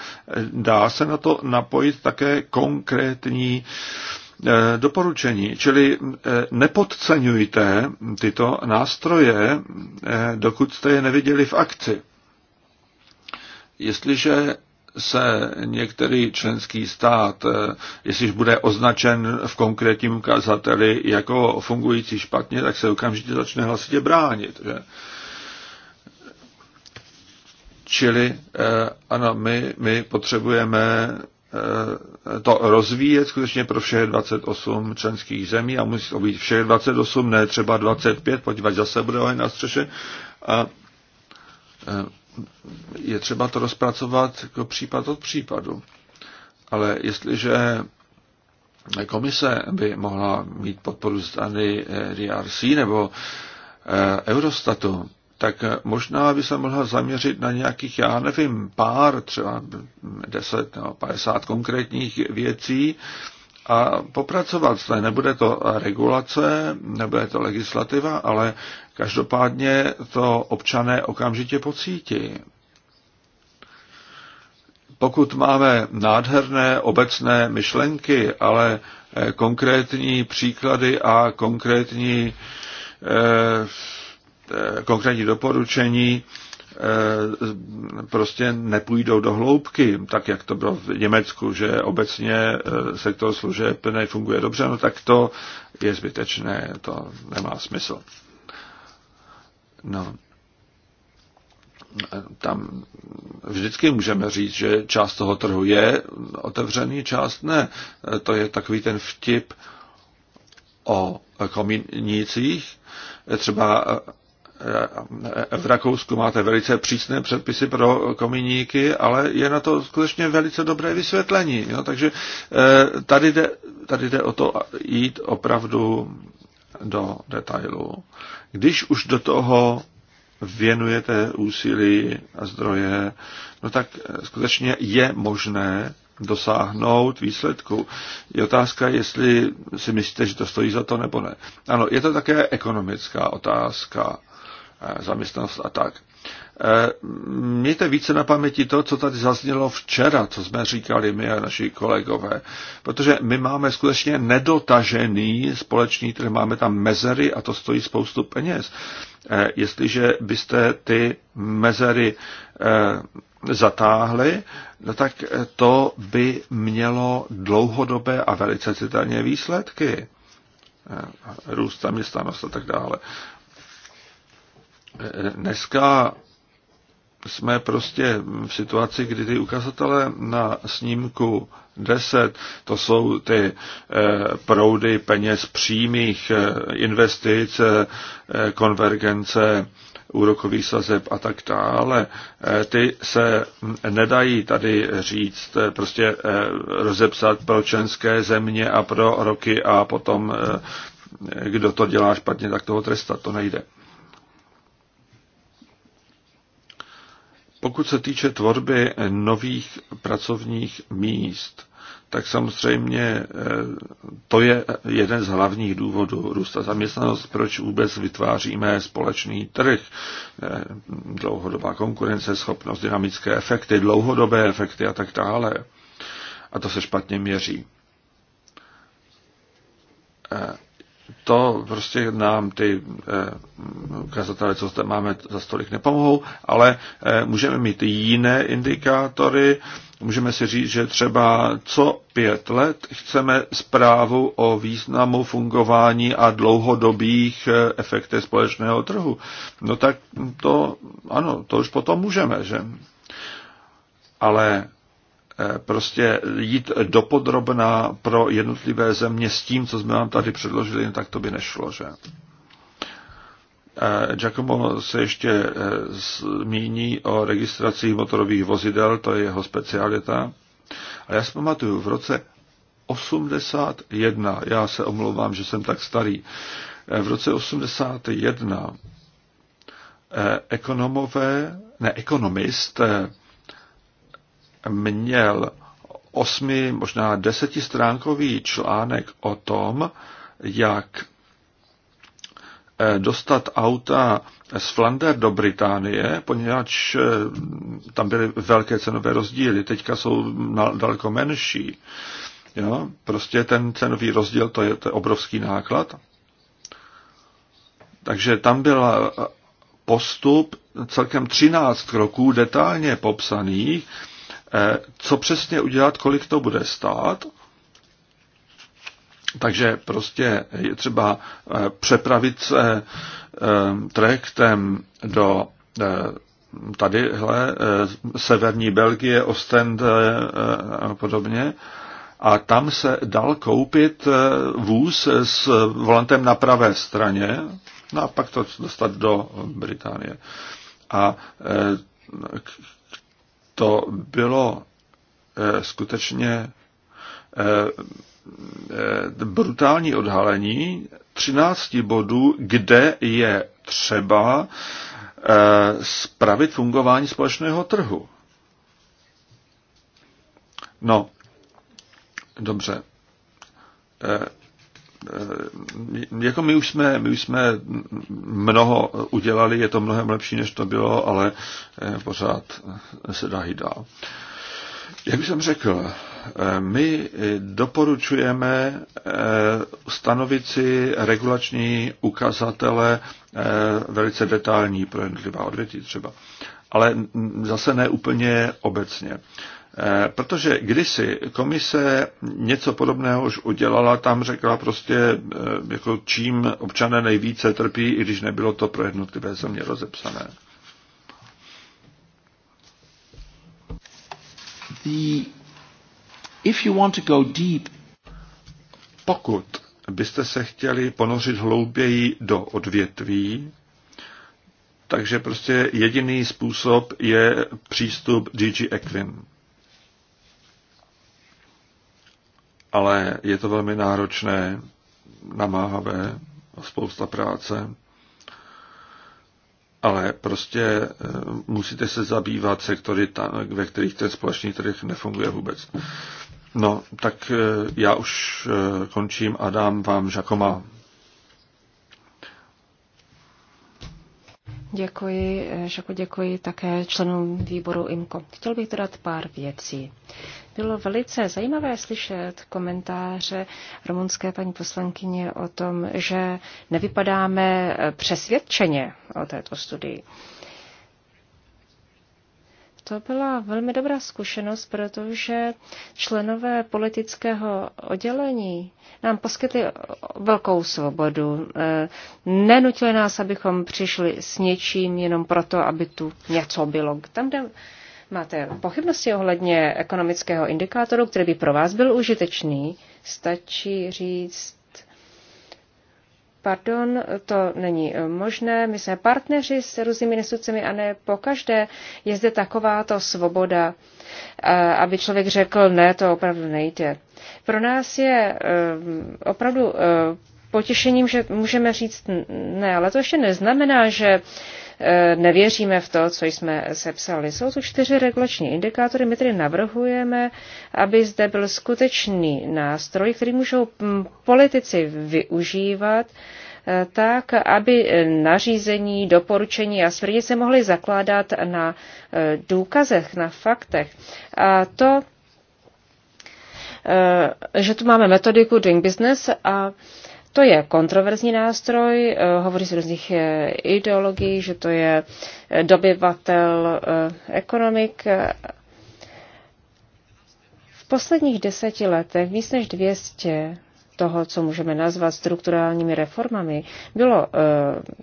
Speaker 2: dá se na to napojit také konkrétní eh, doporučení. Čili eh, nepodceňujte tyto nástroje, eh, dokud jste je neviděli v akci. Jestliže se některý členský stát, eh, jestliž bude označen v konkrétním ukazateli jako fungující špatně, tak se okamžitě začne hlasitě bránit. Že? Čili eh, ano, my, my potřebujeme eh, to rozvíjet skutečně pro všech 28 členských zemí a musí to být všech 28, ne třeba 25, podívat zase bude oheň na střeše. A je třeba to rozpracovat jako případ od případu. Ale jestliže komise by mohla mít podporu strany eh, DRC nebo eh, Eurostatu, tak eh, možná by se mohla zaměřit na nějakých, já nevím, pár, třeba 10 nebo 50 konkrétních věcí, a popracovat se. Nebude to regulace, nebude to legislativa, ale každopádně to občané okamžitě pocítí. Pokud máme nádherné obecné myšlenky, ale eh, konkrétní příklady a konkrétní, eh, eh, konkrétní doporučení Eh, prostě nepůjdou do hloubky, tak jak to bylo v Německu, že obecně eh, sektor služeb nefunguje dobře, no tak to je zbytečné, to nemá smysl. No. Tam vždycky můžeme říct, že část toho trhu je otevřený, část ne. To je takový ten vtip o komínících. Třeba v Rakousku máte velice přísné předpisy pro kominíky, ale je na to skutečně velice dobré vysvětlení. Jo? Takže eh, tady jde, tady jde o to jít opravdu do detailu. Když už do toho věnujete úsilí a zdroje, no tak eh, skutečně je možné dosáhnout výsledku. Je otázka, jestli si myslíte, že to stojí za to nebo ne. Ano, je to také ekonomická otázka zaměstnanost a tak. E, mějte více na paměti to, co tady zaznělo včera, co jsme říkali my a naši kolegové, protože my máme skutečně nedotažený společný trh, máme tam mezery a to stojí spoustu peněz. E, jestliže byste ty mezery e, zatáhli, no tak to by mělo dlouhodobé a velice citelně výsledky růst zaměstnanost a tak dále. Dneska jsme prostě v situaci, kdy ty ukazatele na snímku 10, to jsou ty eh, proudy peněz přímých eh, investic, eh, konvergence úrokových sazeb a tak dále, ty se nedají tady říct, prostě rozepsat pro členské země a pro roky a potom kdo to dělá špatně, tak toho trestat, to nejde. Pokud se týče tvorby nových pracovních míst, tak samozřejmě eh, to je jeden z hlavních důvodů růsta zaměstnanost, proč vůbec vytváříme společný trh, eh, dlouhodobá konkurence, schopnost dynamické efekty, dlouhodobé efekty a tak dále. A to se špatně měří eh, to prostě nám ty eh, ukazatele, co zde máme, za stolik nepomohou, ale eh, můžeme mít jiné indikátory. Můžeme si říct, že třeba co pět let chceme zprávu o významu fungování a dlouhodobých eh, efektech společného trhu. No tak to, ano, to už potom můžeme, že? Ale prostě jít dopodrobná pro jednotlivé země s tím, co jsme vám tady předložili, tak to by nešlo, že? Eh, Giacomo se ještě eh, zmíní o registraci motorových vozidel, to je jeho specialita. A já si pamatuju, v roce 81, já se omlouvám, že jsem tak starý, eh, v roce 81 ekonomové, ne, ekonomist měl osmi, možná desetistránkový článek o tom, jak eh, dostat auta z Flander do Británie, poněvadž eh, tam byly velké cenové rozdíly, teďka jsou daleko menší. Jo? Prostě ten cenový rozdíl, to je, to je obrovský náklad. Takže tam byl eh, postup celkem 13 kroků detailně popsaných, Eh, co přesně udělat, kolik to bude stát. Takže prostě je třeba eh, přepravit se eh, trajektem do tadyhle severní Belgie, Ostend a podobně. A tam se dal koupit vůz s volantem na pravé straně, no a pak to dostat do Británie. A to bylo eh, skutečně eh, eh, brutální odhalení 13 bodů, kde je třeba spravit fungování společného trhu. No, dobře. Eh, jako my už, jsme, my už jsme mnoho udělali, je to mnohem lepší, než to bylo, ale eh, pořád se dá i dál. Jak jsem řekl, eh, my doporučujeme stanovit si regulační ukazatele velice detailní pro jednotlivá odvětví třeba, ale zase ne úplně obecně. Eh, protože kdysi komise něco podobného už udělala, tam řekla prostě, eh, jako čím občané nejvíce trpí, i když nebylo to pro jednotlivé země rozepsané. The, if you want to go deep, pokud byste se chtěli ponořit hlouběji do odvětví, takže prostě jediný způsob je přístup DG Equim. ale je to velmi náročné, namáhavé, spousta práce. Ale prostě eh, musíte se zabývat sektory, tam, ve kterých ten společný trh nefunguje vůbec. No, tak eh, já už eh, končím a dám vám Žakoma.
Speaker 1: Děkuji, Žako, děkuji také členům výboru IMCO. Chtěl bych dodat pár věcí. Bylo velice zajímavé slyšet komentáře rumunské paní poslankyně o tom, že nevypadáme přesvědčeně o této studii. To byla velmi dobrá zkušenost, protože členové politického oddělení nám poskytli velkou svobodu. Eh, nenutili nás, abychom přišli s něčím jenom proto, aby tu něco bylo. Tam, kde máte pochybnosti ohledně ekonomického indikátoru, který by pro vás byl užitečný, stačí říct, pardon, to není možné, my jsme partneři s různými institucemi a ne pokaždé je zde takováto svoboda, aby člověk řekl, ne, to opravdu nejde. Pro nás je eh, opravdu eh, potěšením, že můžeme říct ne, ale to ještě neznamená, že E, nevěříme v to, co jsme sepsali. Jsou tu čtyři regulační indikátory, my tedy navrhujeme, aby zde byl skutečný nástroj, který můžou politici využívat, e, tak, aby e, nařízení, doporučení a se mohly zakládat na důkazech, na faktech. A to, že tu máme metodiku Doing Business a to je kontroverzní nástroj, eh, hovoří se různých eh, ideologií, že to je eh, dobyvatel ekonomik. V posledních deseti letech víc než 200 toho, co můžeme nazvat strukturálními reformami, bylo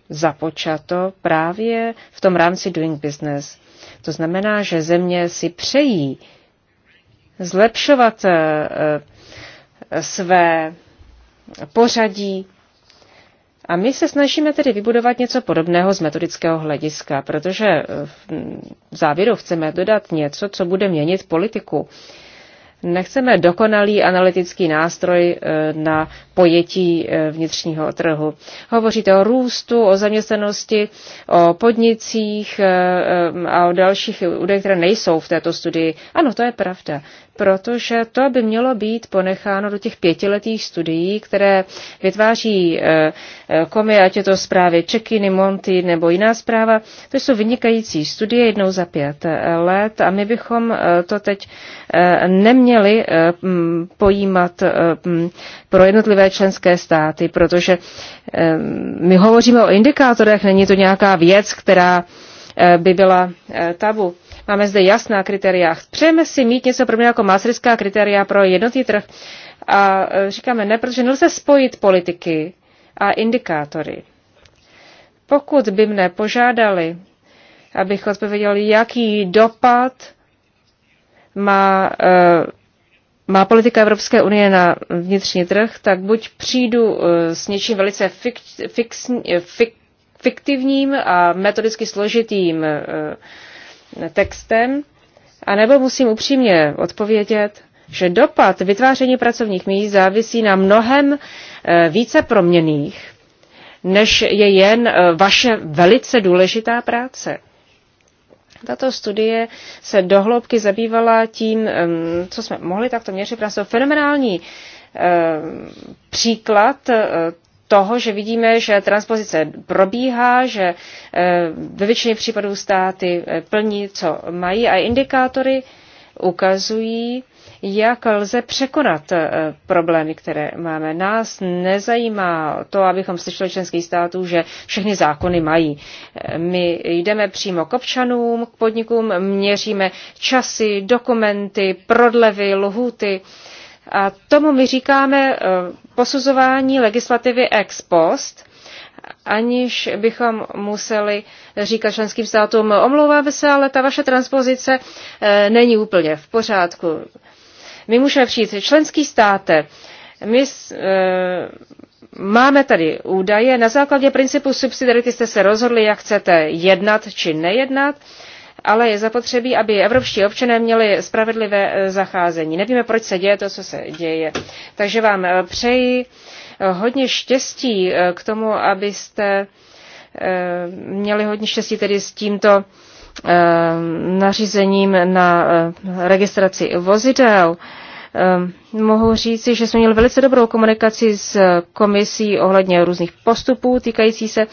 Speaker 1: započato právě v tom rámci doing business. To znamená, že země si přejí zlepšovat své pořadí. A my se snažíme tedy vybudovat něco podobného z metodického hlediska, protože eh, v závěru chceme dodat něco, co bude měnit politiku. Nechceme dokonalý analytický nástroj eh, na pojetí eh, vnitřního trhu. Hovoříte o růstu, o zaměstnanosti, o podnicích a o dalších údajích, které nejsou v této studii. Ano, to je pravda protože to by mělo být ponecháno do těch pětiletých studií, které vytváří eh, eh, komi, ať je to zprávy Čekiny, Monty nebo jiná zpráva. To jsou vynikající studie jednou za pět eh, let a my bychom to teď neměli pojímat pro jednotlivé členské státy, protože my hovoříme o indikátorech, není to nějaká věc, která by byla tabu. Máme zde jasná kritéria. Přejeme si mít něco mě jako masrická kritéria pro jednotný trh. A e, říkáme ne, protože nelze spojit politiky a indikátory. Pokud by mne požádali, abych odpověděl, jaký dopad má, e, má politika Evropské unie na vnitřní trh, tak buď přijdu e, s něčím velice fik, fik, fik, fiktivním a metodicky složitým textem, anebo musím upřímně odpovědět, že dopad vytváření pracovních míst závisí na mnohem eh, více proměných, než je jen eh, vaše velice důležitá práce. Tato studie se dohloubky zabývala tím, co jsme mohli takto měřit, protože fenomenální eh, příklad toho, že vidíme, že transpozice probíhá, že eh, ve většině případů státy eh, plní, co mají a indikátory ukazují, jak lze překonat eh, problémy, které máme. Nás nezajímá to, abychom slyšeli členských států, že všechny zákony mají. My jdeme přímo k občanům, k podnikům, měříme časy, dokumenty, prodlevy, lhuty a tomu my říkáme eh, posuzování legislativy ex post, aniž bychom museli říkat členským státům, omlouváme se, ale ta vaše transpozice eh, není úplně v pořádku. My můžeme přijít, členský státe, my eh, máme tady údaje, na základě principu subsidiarity jste se rozhodli, jak chcete jednat či nejednat, ale je zapotřebí, aby evropští občané měli spravedlivé eh, zacházení. Nevíme, proč se děje to, co se děje. Takže vám eh, přeji eh, hodně štěstí k tomu, abyste měli hodně štěstí tedy s tímto nařízením na registraci vozidel. Ehm, mohu říci, že jsme měli velice dobrou komunikaci s komisí ohledně různých postupů týkající se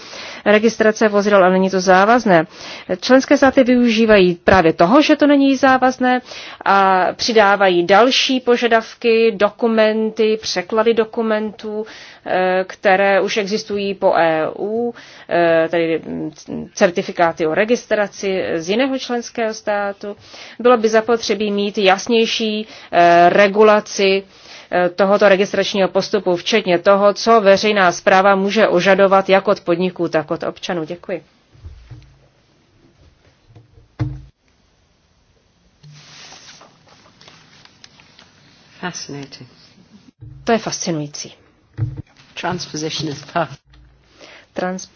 Speaker 1: registrace vozidel, ale není to závazné. Členské státy využívají právě toho, že to není závazné a přidávají další požadavky, dokumenty, překlady dokumentů, Eh, které už existují po EU, eh, tedy certifikáty o registraci z jiného členského státu. Bylo by zapotřebí mít jasnější eh, regulaci tohoto registračního postupu, včetně toho, co veřejná zpráva může ožadovat jak od podniků, tak od občanů. Děkuji. To je fascinující. Transposition is perfect. Trans,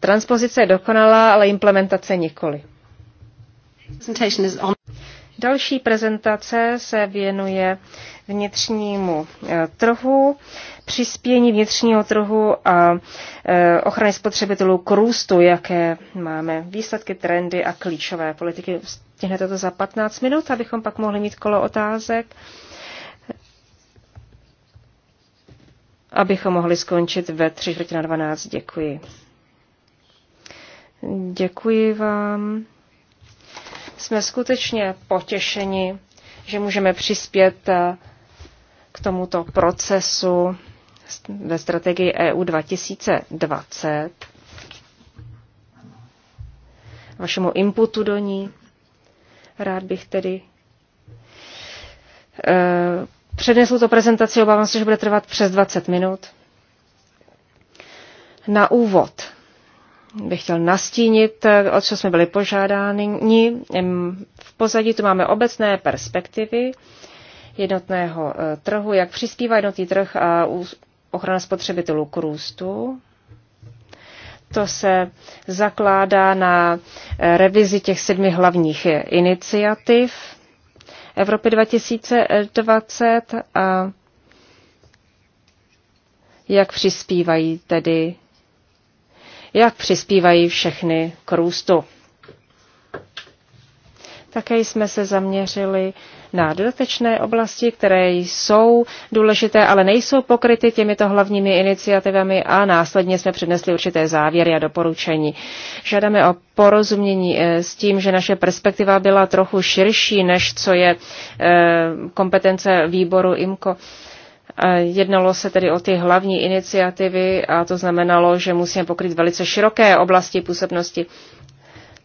Speaker 1: transpozice je dokonalá, ale implementace nikoli. Další prezentace se věnuje vnitřnímu eh, trhu, přispění vnitřního trhu a eh, ochrany spotřebitelů k růstu, jaké máme výsledky, trendy a klíčové politiky. Stihnete to za 15 minut, abychom pak mohli mít kolo otázek. abychom mohli skončit ve 3 čtvrtě na 12. Děkuji. Děkuji vám. Jsme skutečně potěšeni, že můžeme přispět eh, k tomuto procesu ve strategii EU 2020, vašemu inputu do ní. Rád bych tedy eh, přednesu to prezentaci obávám se, že bude trvat přes 20 minut. Na úvod bych chtěl nastínit, eh, o co jsme byli požádáni. V pozadí tu máme obecné perspektivy jednotného eh, trhu, jak přispívá jednotný trh a ochrana spotřebitelů k růstu. To se zakládá na eh, revizi těch sedmi hlavních iniciativ Evropy 2020 a jak přispívají tedy, jak přispívají všechny k růstu. Také jsme se zaměřili na dodatečné oblasti, které jsou důležité, ale nejsou pokryty těmito hlavními iniciativami a následně jsme přednesli určité závěry a doporučení. Žádáme o porozumění eh, s tím, že naše perspektiva byla trochu širší, než co je eh, kompetence výboru IMCO. Eh, jednalo se tedy o ty hlavní iniciativy a to znamenalo, že musíme pokryt velice široké oblasti působnosti.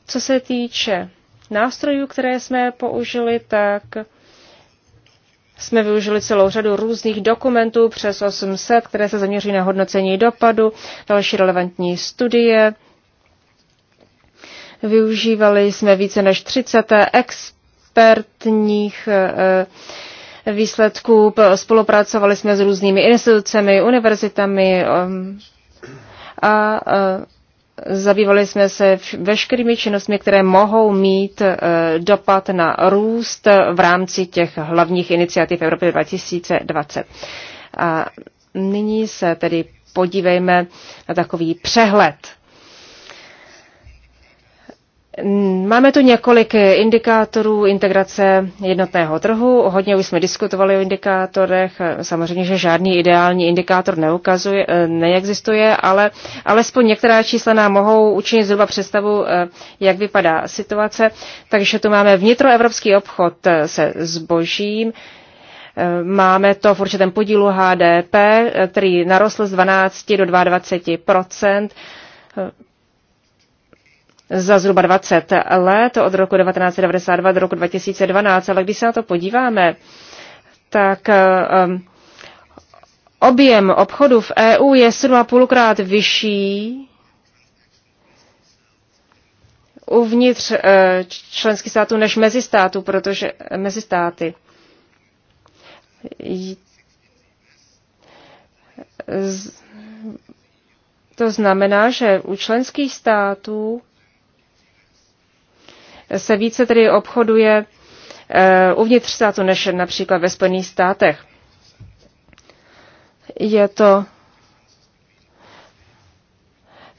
Speaker 1: Co se týče nástrojů, které jsme použili, tak jsme využili celou řadu různých dokumentů, přes 800, které se zaměří na hodnocení dopadu, další relevantní studie. Využívali jsme více než 30 expertních eh, výsledků, spolupracovali jsme s různými institucemi, univerzitami eh, a eh, Zabývali jsme se veškerými činnostmi, které mohou mít e, dopad na růst v rámci těch hlavních iniciativ Evropy 2020. A nyní se tedy podívejme na takový přehled Máme tu několik indikátorů integrace jednotného trhu. Hodně už jsme diskutovali o indikátorech. Samozřejmě, že žádný ideální indikátor neukazuje, e, neexistuje, ale alespoň některá čísla nám mohou učinit zhruba představu, e, jak vypadá situace. Takže tu máme vnitroevropský obchod e, se zbožím. Máme to v určitém podílu HDP, který narostl z 12 do 22 za zhruba 20 let od roku 1992 do roku 2012, ale když se na to podíváme, tak eh, eh, objem obchodu v EU je 7,5 krát vyšší uvnitř eh, členských států než mezi států, protože mezi státy. To znamená, že u členských států se více tedy obchoduje eh, uvnitř státu než například ve Spojených státech. Je to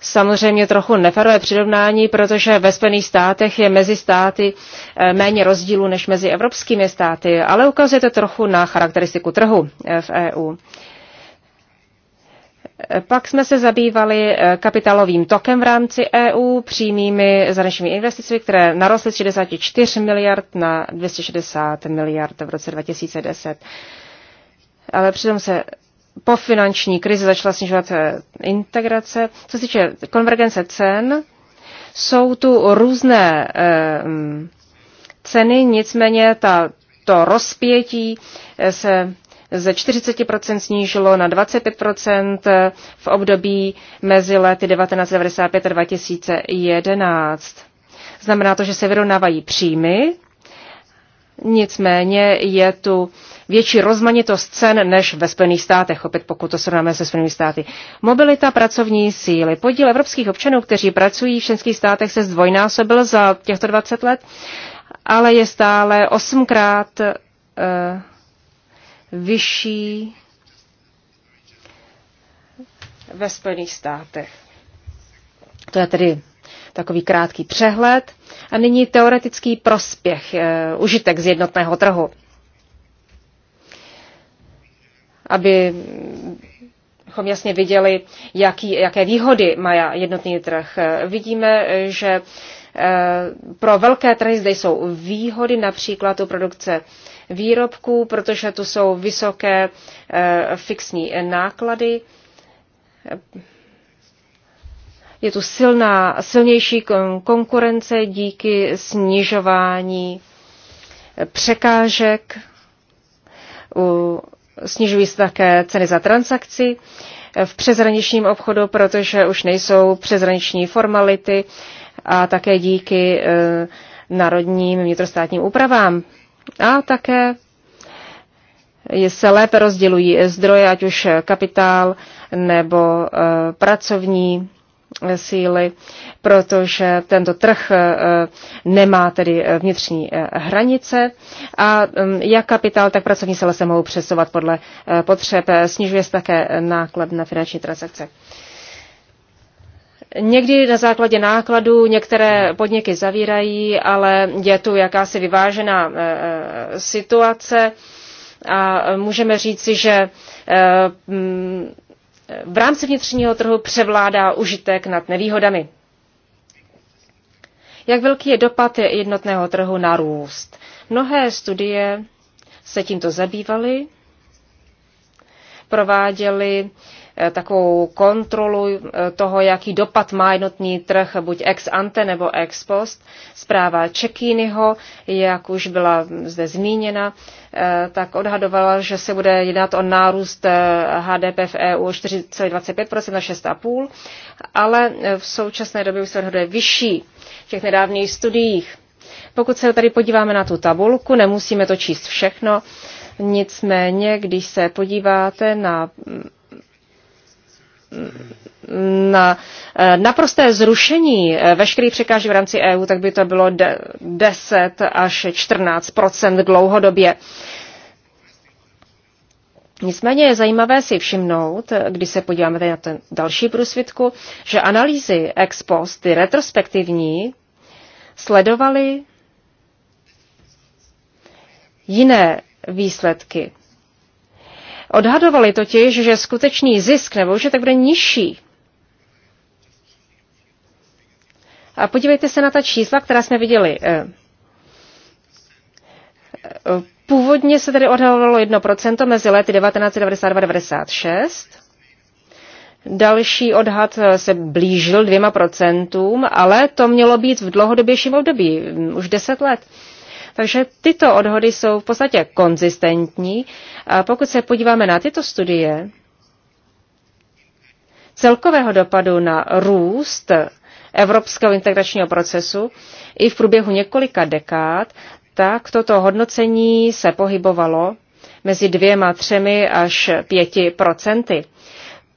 Speaker 1: samozřejmě trochu neferové přirovnání, protože ve Spojených státech je mezi státy eh, méně rozdílů než mezi evropskými státy, ale ukazuje to trochu na charakteristiku trhu eh, v EU. Pak jsme se zabývali eh, kapitálovým tokem v rámci EU, přímými zahraničními investicemi, které narostly z 64 miliard na 260 miliard v roce 2010. Ale přitom se po finanční krizi začala snižovat eh, integrace. Co se týče konvergence cen, jsou tu různé eh, mm, ceny, nicméně ta, to rozpětí se ze 40% snížilo na 25% v období mezi lety 1995 a 2011. Znamená to, že se vyrovnávají příjmy, nicméně je tu větší rozmanitost cen než ve Spojených státech, opět pokud to srovnáme se Spojenými státy. Mobilita pracovní síly. Podíl evropských občanů, kteří pracují v členských státech, se zdvojnásobil za těchto 20 let, ale je stále osmkrát eh, vyšší ve Spojených státech. To je tedy takový krátký přehled. A nyní teoretický prospěch, e, užitek z jednotného trhu. Aby abychom jasně viděli, jaký, jaké výhody má jednotný trh. Eh, vidíme, že eh, pro velké trhy zde jsou výhody například u produkce výrobků, protože tu jsou vysoké eh, fixní náklady. Je tu silná, silnější konkurence díky snižování překážek. Snižují se také ceny za transakci eh, v přezraničním obchodu, protože už nejsou přezraniční formality a také díky eh, národním vnitrostátním úpravám a také se lépe rozdělují zdroje, ať už kapitál nebo eh, pracovní síly, protože tento trh eh, nemá tedy eh, vnitřní hranice a mm, jak kapitál, tak pracovní síly se mohou přesovat podle potřeb. Snižuje se také náklad na finanční transakce. Někdy na základě nákladů některé podniky zavírají, ale je tu jakási vyvážená eh, eh, situace a můžeme říci, že eh, mm, v rámci vnitřního trhu převládá užitek nad nevýhodami. Jak velký je dopad jednotného trhu na růst? Mnohé studie se tímto zabývaly, prováděly Eh, takovou kontrolu eh, toho, jaký dopad má jednotný trh, buď ex ante nebo ex post. Zpráva Čekýnyho, jak už byla zde zmíněna, eh, tak odhadovala, že se bude jednat o nárůst HDP v EU 4,25% na 6,5%, ale v současné době už se odhaduje vyšší v těch nedávných studiích. Pokud se tady podíváme na tu tabulku, nemusíme to číst všechno, nicméně, když se podíváte na mm, na eh, naprosté zrušení eh, veškerých překážek v rámci EU, tak by to bylo 10 až 14 dlouhodobě. Nicméně je zajímavé si všimnout, eh, když se podíváme tady na ten další průsvitku, že analýzy ex post, ty retrospektivní, sledovaly jiné výsledky. Odhadovali totiž, že skutečný zisk nebo že tak bude nižší. A podívejte se na ta čísla, která jsme viděli. Eh, eh, původně se tedy odhadovalo 1% mezi lety 1992-96. Další odhad eh, se blížil dvěma procentům, ale to mělo být v dlouhodobějším období, už deset let. Takže tyto odhody jsou v podstatě konzistentní. A pokud se podíváme na tyto studie, celkového dopadu na růst evropského integračního procesu i v průběhu několika dekád, tak toto hodnocení se pohybovalo mezi dvěma, třemi až pěti procenty.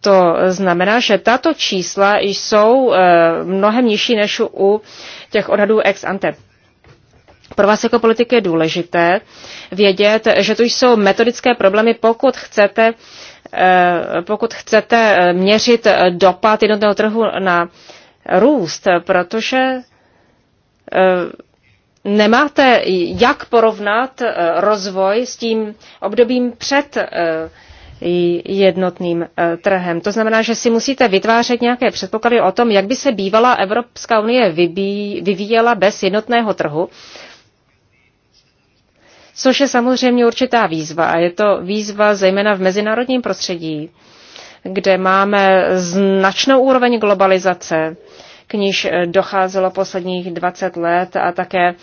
Speaker 1: To znamená, že tato čísla jsou eh, mnohem nižší než u těch odhadů ex ante pro vás jako politiky je důležité vědět, že tu jsou metodické problémy, pokud chcete, eh, pokud chcete eh, měřit dopad jednotného trhu na růst, protože eh, nemáte jak porovnat rozvoj s tím obdobím před jednotným trhem. To znamená, že si musíte vytvářet nějaké předpoklady o tom, jak by se bývala Evropská unie vyvíjela bez jednotného trhu což je samozřejmě určitá výzva a je to výzva zejména v mezinárodním prostředí, kde máme značnou úroveň globalizace, k níž eh, docházelo posledních 20 let a také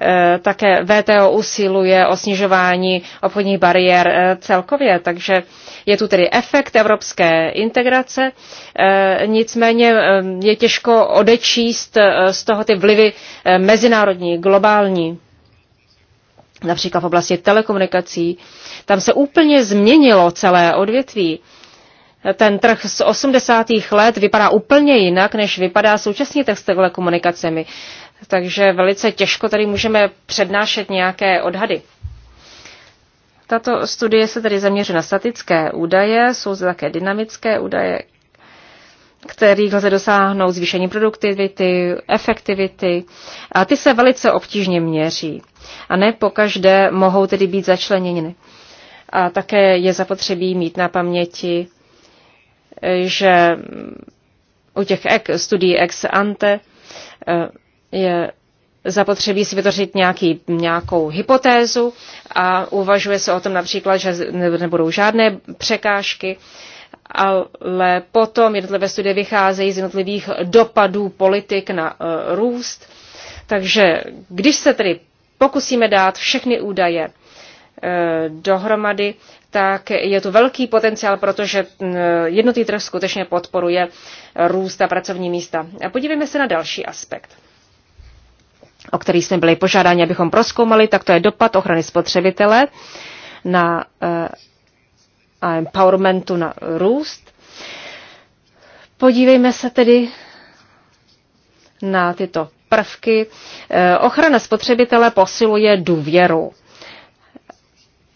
Speaker 1: eh, také VTO usiluje o snižování obchodních bariér eh, celkově, takže je tu tedy efekt evropské integrace, nicméně je těžko odečíst z toho ty vlivy mezinárodní, globální například v oblasti telekomunikací. Tam se úplně změnilo celé odvětví. Ten trh z 80. let vypadá úplně jinak, než vypadá současný trh s telekomunikacemi. Takže velice těžko tady můžeme přednášet nějaké odhady. Tato studie se tedy zaměří na statické údaje, jsou zde také dynamické údaje, kterých lze dosáhnout zvýšení produktivity, efektivity a ty se velice obtížně měří a ne pokaždé mohou tedy být začleněny. A také je zapotřebí mít na paměti, že u těch studií ex ante eh, je zapotřebí si vytvořit nějaký, nějakou hypotézu a uvažuje se o tom například, že nebudou žádné překážky, ale potom jednotlivé studie vycházejí z jednotlivých dopadů politik na eh, růst. Takže když se tedy pokusíme dát všechny údaje eh, dohromady, tak je tu velký potenciál, protože eh, jednotý trh skutečně podporuje růst a pracovní místa. A podívejme se na další aspekt o který jsme byli požádáni, abychom proskoumali, tak to je dopad ochrany spotřebitele na eh, a empowermentu na růst. Podívejme se tedy na tyto prvky. E, ochrana spotřebitele posiluje důvěru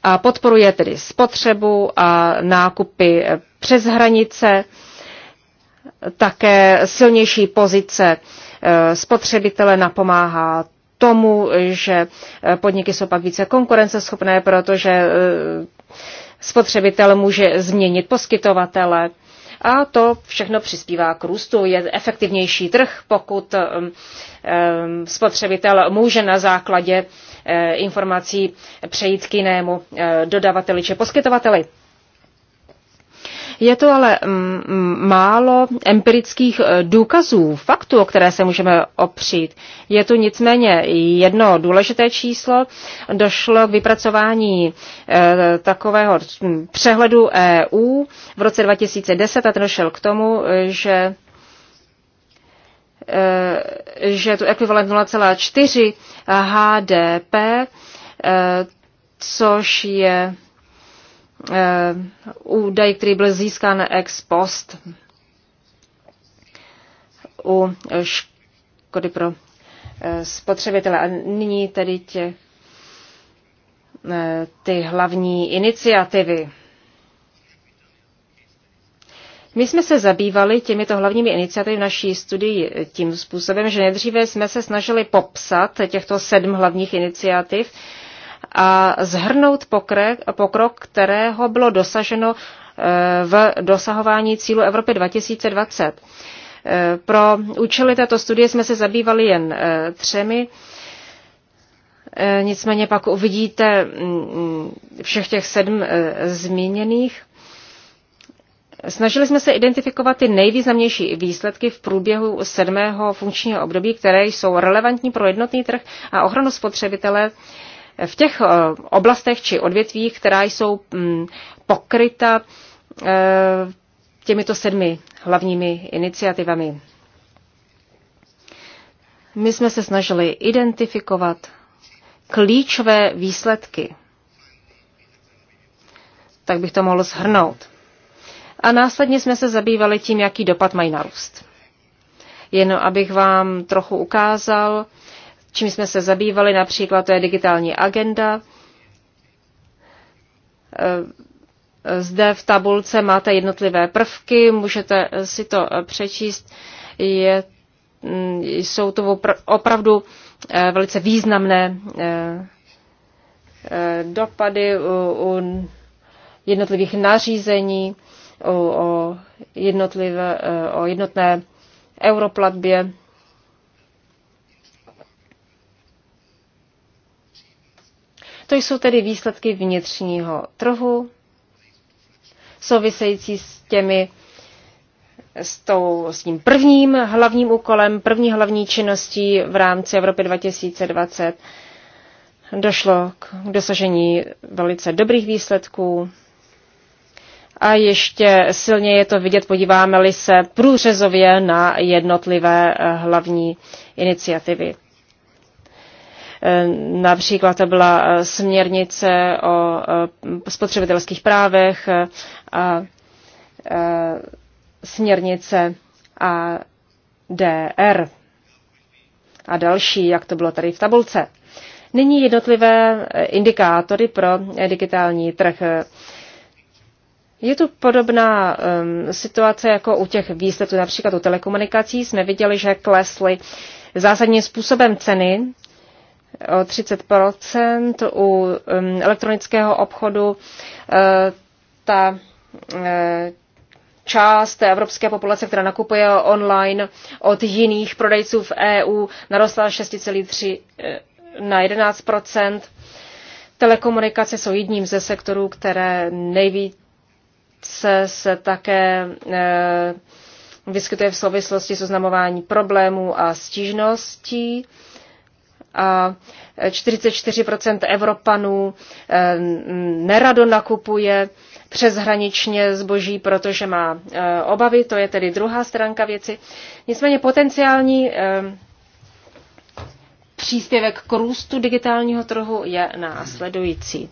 Speaker 1: a podporuje tedy spotřebu a nákupy e, přes hranice, také silnější pozice e, spotřebitele napomáhá tomu, že podniky jsou pak více konkurenceschopné, protože spotřebitel může změnit poskytovatele a to všechno přispívá k růstu. Je efektivnější trh, pokud um, um, spotřebitel může na základě eh, informací přejít k jinému eh, dodavateli či poskytovateli. Je to ale mm, mm, málo empirických eh, důkazů, faktů, o které se můžeme opřít. Je tu nicméně jedno důležité číslo. Došlo k vypracování eh, takového mm, přehledu EU v roce 2010 a ten došel k tomu, eh, že že tu ekvivalent 0,4 HDP, což je Eh, údaj, který byl získán ex post u škody pro eh, spotřebitele. A nyní tedy tě, eh, ty hlavní iniciativy. My jsme se zabývali těmito hlavními iniciativy v naší studii tím způsobem, že nejdříve jsme se snažili popsat těchto sedm hlavních iniciativ, a zhrnout pokrok, pokrok kterého bylo dosaženo e, v dosahování cílu Evropy 2020. E, pro účely této studie jsme se zabývali jen e, třemi. Nicméně pak uvidíte mm, všech těch sedm zmíněných. Snažili jsme se identifikovat ty nejvýznamnější výsledky v průběhu sedmého funkčního období, které jsou relevantní pro jednotný trh a ochranu spotřebitele v těch eh, oblastech či odvětvích, která jsou mm, pokryta eh, těmito sedmi hlavními iniciativami. My jsme se snažili identifikovat klíčové výsledky. Tak bych to mohl shrnout. A následně jsme se zabývali tím, jaký dopad mají růst. Jen abych vám trochu ukázal, čím jsme se zabývali, například to je digitální agenda. Eh, zde v tabulce máte jednotlivé prvky, můžete si to eh, přečíst. Je, mm, jsou to opravdu eh, velice významné dopady u jednotlivých nařízení, o, jednotlivé, o jednotné europlatbě. To jsou tedy výsledky vnitřního trhu, související s těmi s, tou, s tím prvním hlavním úkolem, první hlavní činností v rámci Evropy 2020 došlo k dosažení velice dobrých výsledků. A ještě silně je to vidět, podíváme-li se průřezově na jednotlivé hlavní iniciativy. Eh, například to byla eh, směrnice o eh, spotřebitelských právech a směrnice ADR a další, jak to bylo tady v tabulce. Nyní jednotlivé indikátory pro digitální trh. Je tu podobná um, situace jako u těch výsledků, například u telekomunikací. Jsme viděli, že klesly zásadním způsobem ceny o 30 u um, elektronického obchodu. Uh, ta uh, část té evropské populace, která nakupuje online od jiných prodejců v EU, narostla 6,3 na 11 eh, Telekomunikace jsou jedním ze sektorů, které nejvíce se také eh, vyskytuje v souvislosti s oznamováním problémů a stížností a 44% Evropanů eh, nerado nakupuje přeshraničně zboží, protože má eh, obavy, to je tedy druhá stránka věci. Nicméně potenciální eh, příspěvek k růstu digitálního trhu je následující.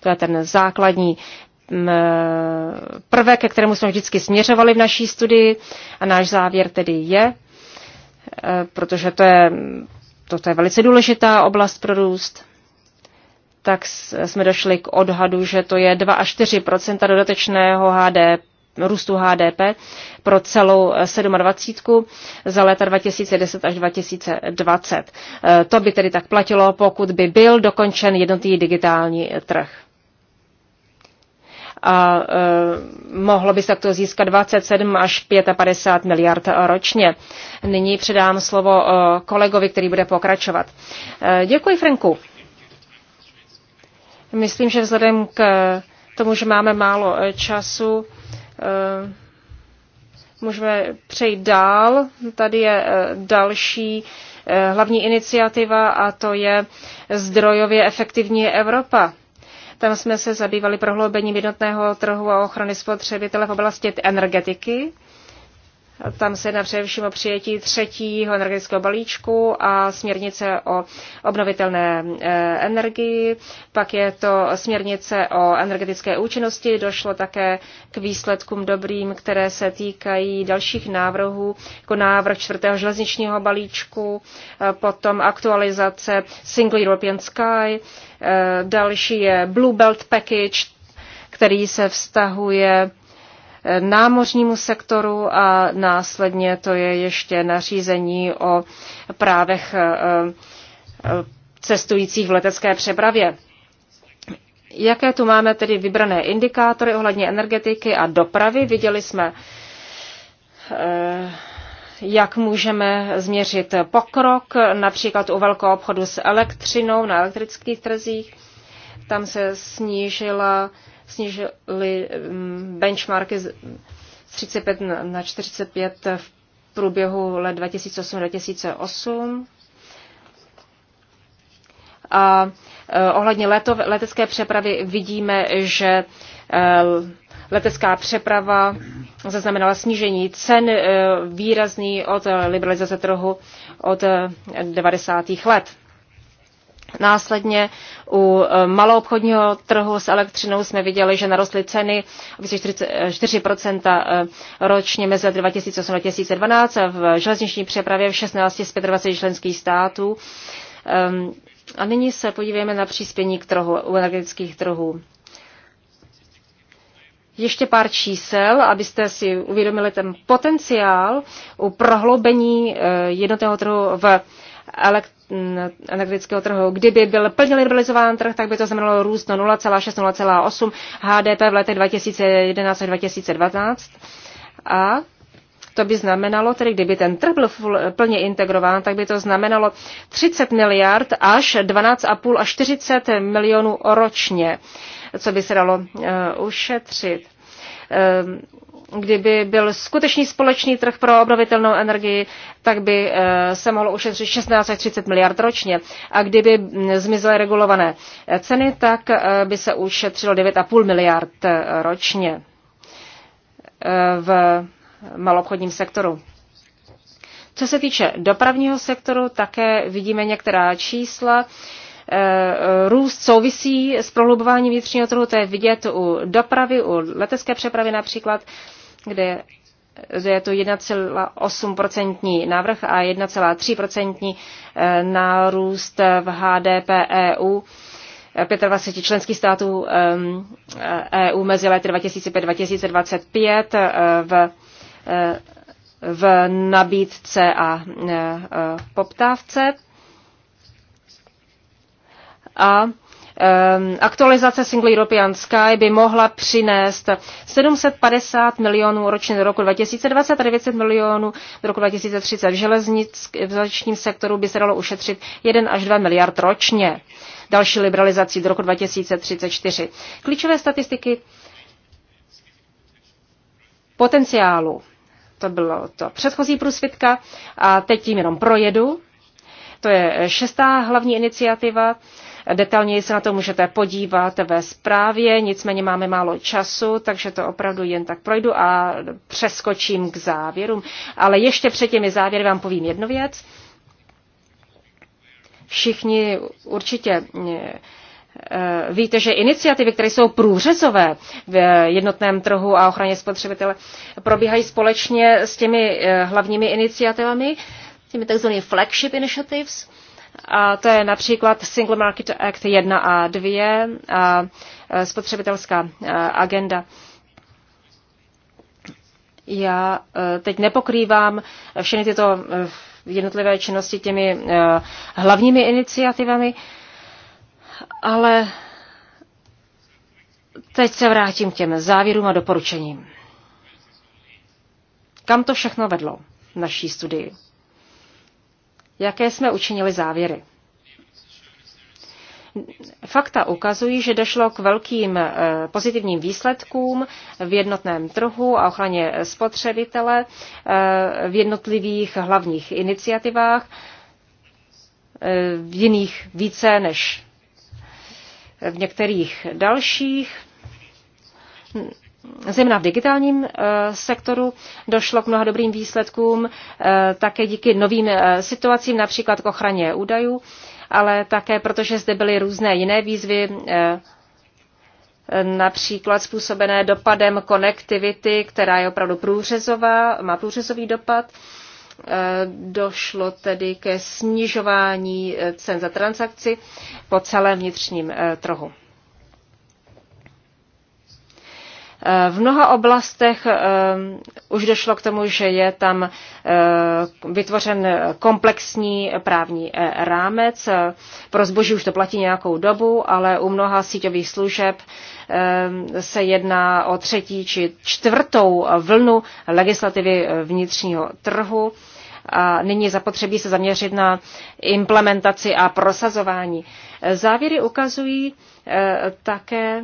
Speaker 1: To je ten základní mm, prvek, ke kterému jsme vždycky směřovali v naší studii a náš závěr tedy je, protože to je toto je velice důležitá oblast pro růst, tak jsme došli k odhadu, že to je 2 až 4 dodatečného HDP růstu HDP pro celou 27 eh, za léta 2010 až 2020. Eh, to by tedy tak platilo, pokud by byl dokončen jednotný digitální trh a e, mohlo by se takto získat 27 až 55 miliard ročně. Nyní předám slovo e, kolegovi, který bude pokračovat. E, děkuji, Franku. Myslím, že vzhledem k tomu, že máme málo času, můžeme přejít dál. Tady je další hlavní iniciativa a to je zdrojově efektivní Evropa. Tam jsme se zabývali prohloubením jednotného trhu a ochrany spotřebitele v oblasti energetiky tam se jedná především o přijetí třetího energetického balíčku a směrnice o obnovitelné eh, energii. Pak je to směrnice o energetické účinnosti. Došlo také k výsledkům dobrým, které se týkají dalších návrhů, jako návrh čtvrtého železničního balíčku, eh, potom aktualizace Single European Sky, eh, další je Blue Belt Package, který se vztahuje námořnímu sektoru a následně to je ještě nařízení o právech eh, eh, cestujících v letecké přepravě. Jaké tu máme tedy vybrané indikátory ohledně energetiky a dopravy? Viděli jsme, eh, jak můžeme změřit pokrok, například u velkého obchodu s elektřinou na elektrických trzích. Tam se snížila snížili mm, benchmarky z 35 na 45 v průběhu let 2008-2008. A e, ohledně letov, letecké přepravy vidíme, že e, letecká přeprava zaznamenala snížení cen e, výrazný od liberalizace trhu od 90. let. Následně u e, maloobchodního trhu s elektřinou jsme viděli, že narostly ceny o více 4 e, e, ročně mezi 2008 a 2012 v železniční přepravě v 16 z 25 členských států. Ehm, a nyní se podívejme na příspění k trhu, u energetických trhů. Ještě pár čísel, abyste si uvědomili ten potenciál u prohloubení jednotného trhu v elektrických energetického trhu. Kdyby byl plně liberalizován trh, tak by to znamenalo růst na 0,6-0,8 HDP v letech 2011 až 2012. A to by znamenalo, tedy kdyby ten trh byl plně integrován, tak by to znamenalo 30 miliard až 12,5 až 40 milionů ročně, co by se dalo eh, ušetřit ehm, kdyby byl skutečný společný trh pro obnovitelnou energii, tak by eh, se mohlo ušetřit 16 až 30 miliard ročně. A kdyby hm, zmizely regulované eh, ceny, tak eh, by se ušetřilo 9,5 miliard ročně v malobchodním sektoru. Co se týče dopravního sektoru, také vidíme některá čísla. Růst souvisí s prohlubováním vnitřního trhu, to je vidět u dopravy, u letecké přepravy například kde je to 1,8% návrh a 1,3% eh, nárůst v HDP EU 25 členských států EU eh, e mezi lety 2005-2025 eh, v, v nabídce a poptávce. A Ehm, aktualizace Single European Sky by mohla přinést 750 milionů ročně do roku 2020 a 900 milionů do roku 2030. V, železnic, v železničním sektoru by se dalo ušetřit 1 až 2 miliard ročně. Další liberalizací do roku 2034. Klíčové statistiky potenciálu. To bylo to předchozí průsvitka a teď tím jenom projedu. To je šestá hlavní iniciativa Detailněji se na to můžete podívat ve zprávě, nicméně máme málo času, takže to opravdu jen tak projdu a přeskočím k závěrům. Ale ještě před těmi závěry vám povím jednu věc. Všichni určitě eh, eh, Víte, že iniciativy, které jsou průřezové v jednotném trhu a ochraně spotřebitele, probíhají společně s těmi eh, hlavními iniciativami, těmi takzvanými flagship initiatives. A to je například Single Market Act 1 a 2 a e, spotřebitelská e, agenda. Já e, teď nepokrývám všechny tyto jednotlivé činnosti těmi hlavními iniciativami, ale teď se vrátím k těm závěrům a doporučením. Kam to všechno vedlo v naší studii? jaké jsme učinili závěry. Fakta ukazují, že došlo k velkým eh, pozitivním výsledkům v jednotném trhu a ochraně spotřebitele eh, v jednotlivých hlavních iniciativách, eh, v jiných více než v některých dalších zejména v digitálním eh, sektoru došlo k mnoha dobrým výsledkům, eh, také díky novým eh, situacím, například k ochraně údajů, ale také protože zde byly různé jiné výzvy, například způsobené dopadem konektivity, která je opravdu průřezová, má průřezový dopad. Došlo tedy ke snižování cen za transakci po celém vnitřním trhu. V mnoha oblastech eh, už došlo k tomu, že je tam eh, vytvořen komplexní právní eh, rámec. Pro zboží už to platí nějakou dobu, ale u mnoha síťových služeb se jedná o třetí či čtvrtou vlnu legislativy vnitřního trhu. A nyní zapotřebí se zaměřit na implementaci a prosazování. Závěry ukazují také,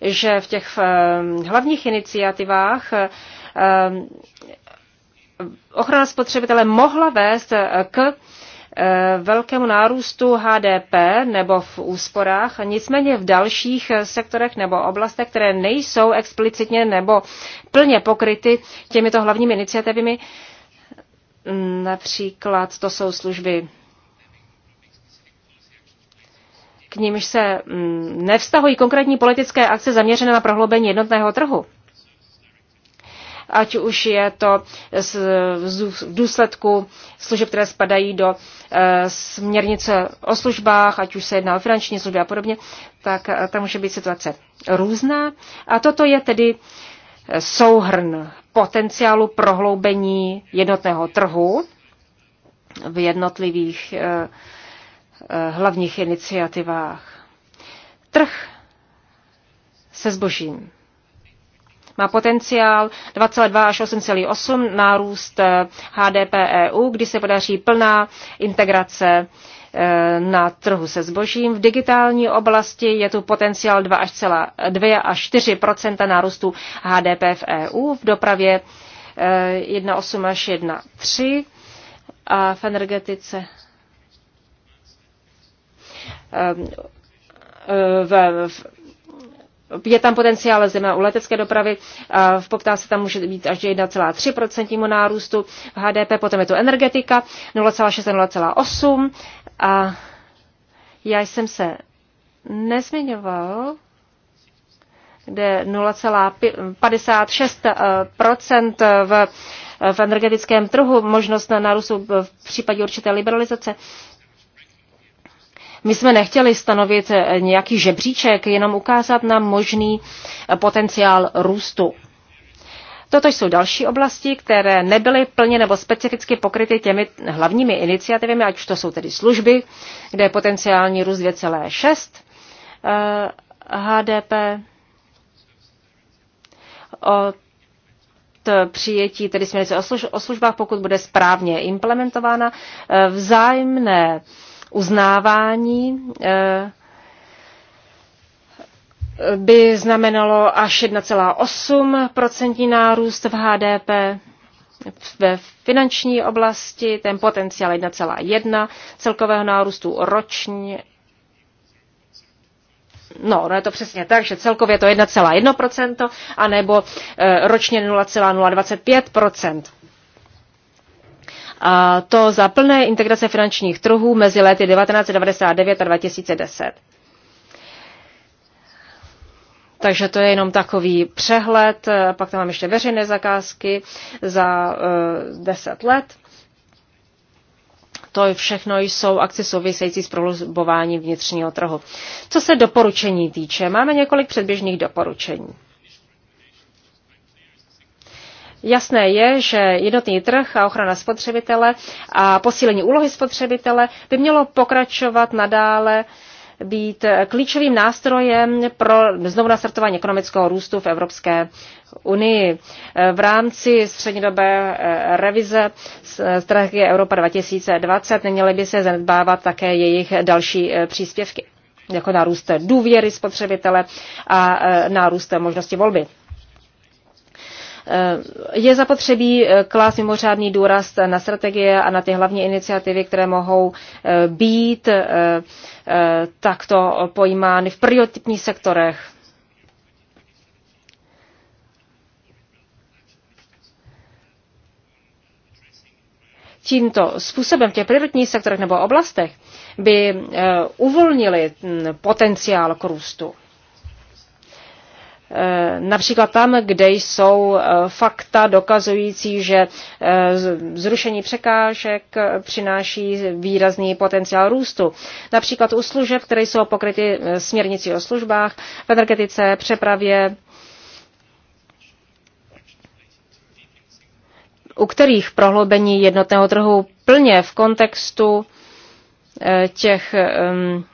Speaker 1: že v těch eh, hlavních iniciativách eh, ochrana spotřebitele mohla vést eh, k velkému nárůstu HDP nebo v úsporách, nicméně v dalších sektorech nebo oblastech, které nejsou explicitně nebo plně pokryty těmito hlavními iniciativami, například to jsou služby k nímž se mm, nevztahují konkrétní politické akce zaměřené na prohloubení jednotného trhu. Ať už je to v důsledku služeb, které spadají do e, směrnice o službách, ať už se jedná o finanční služby a podobně, tak e, tam může být situace různá. A toto je tedy e, souhrn potenciálu prohloubení jednotného trhu v jednotlivých Eh, hlavních iniciativách. Trh se zbožím má potenciál 2,2 až 8,8 nárůst HDP eh, EU, kdy se podaří plná integrace eh, na trhu se zbožím. V digitální oblasti je tu potenciál 2 až, 2 až 4 nárůstu HDP v EU, v dopravě 1,8 až 1,3 a v energetice Ehm, v, v je tam potenciál zejména u letecké dopravy, v se tam může být až 1,3% nárůstu HDP, potom je to energetika 0,6 a 0,8 a já jsem se nezmiňoval, kde 0,56% v, v energetickém trhu, možnost na nárůstu v případě určité liberalizace. My jsme nechtěli stanovit eh, nějaký žebříček, jenom ukázat nám možný eh, potenciál růstu. Toto jsou další oblasti, které nebyly plně nebo specificky pokryty těmi hlavními iniciativami, ať už to jsou tedy služby, kde je potenciální růst 2,6 eh, HDP. Od přijetí tedy směrnice o službách, pokud bude správně implementována, vzájemné uznávání eh, by znamenalo až 1,8% nárůst v HDP. Ve finanční oblasti ten potenciál 1,1 celkového nárůstu ročně. No, no je to přesně tak, že celkově to 1,1% anebo eh, ročně 0,025%. A to za plné integrace finančních trhů mezi lety 1999 a 2010. Takže to je jenom takový přehled. Pak tam mám ještě veřejné zakázky za uh, eh, 10 let. To všechno jsou akci související s prohlubováním vnitřního trhu. Co se doporučení týče, máme několik předběžných doporučení. Jasné je, že jednotný trh a ochrana spotřebitele a posílení úlohy spotřebitele by mělo pokračovat nadále být klíčovým nástrojem pro znovu nastartování ekonomického růstu v Evropské unii. V rámci střednědobé eh, revize eh, strategie Evropa 2020 neměly by se zanedbávat také jejich další eh, příspěvky jako nárůst důvěry spotřebitele a nárůst možnosti volby. Eh, je zapotřebí eh, klást mimořádný důraz na strategie a na ty hlavní iniciativy, které mohou eh, být takto pojímány v prioritních sektorech. tímto způsobem v těch prioritních sektorech nebo oblastech by uvolnili mm, potenciál k růstu. Eh, například tam, kde jsou eh, fakta dokazující, že eh, zrušení překážek přináší výrazný potenciál růstu. Například u služeb, které jsou pokryty směrnicí o službách, v energetice, přepravě, u kterých prohloubení jednotného trhu plně v kontextu těch um,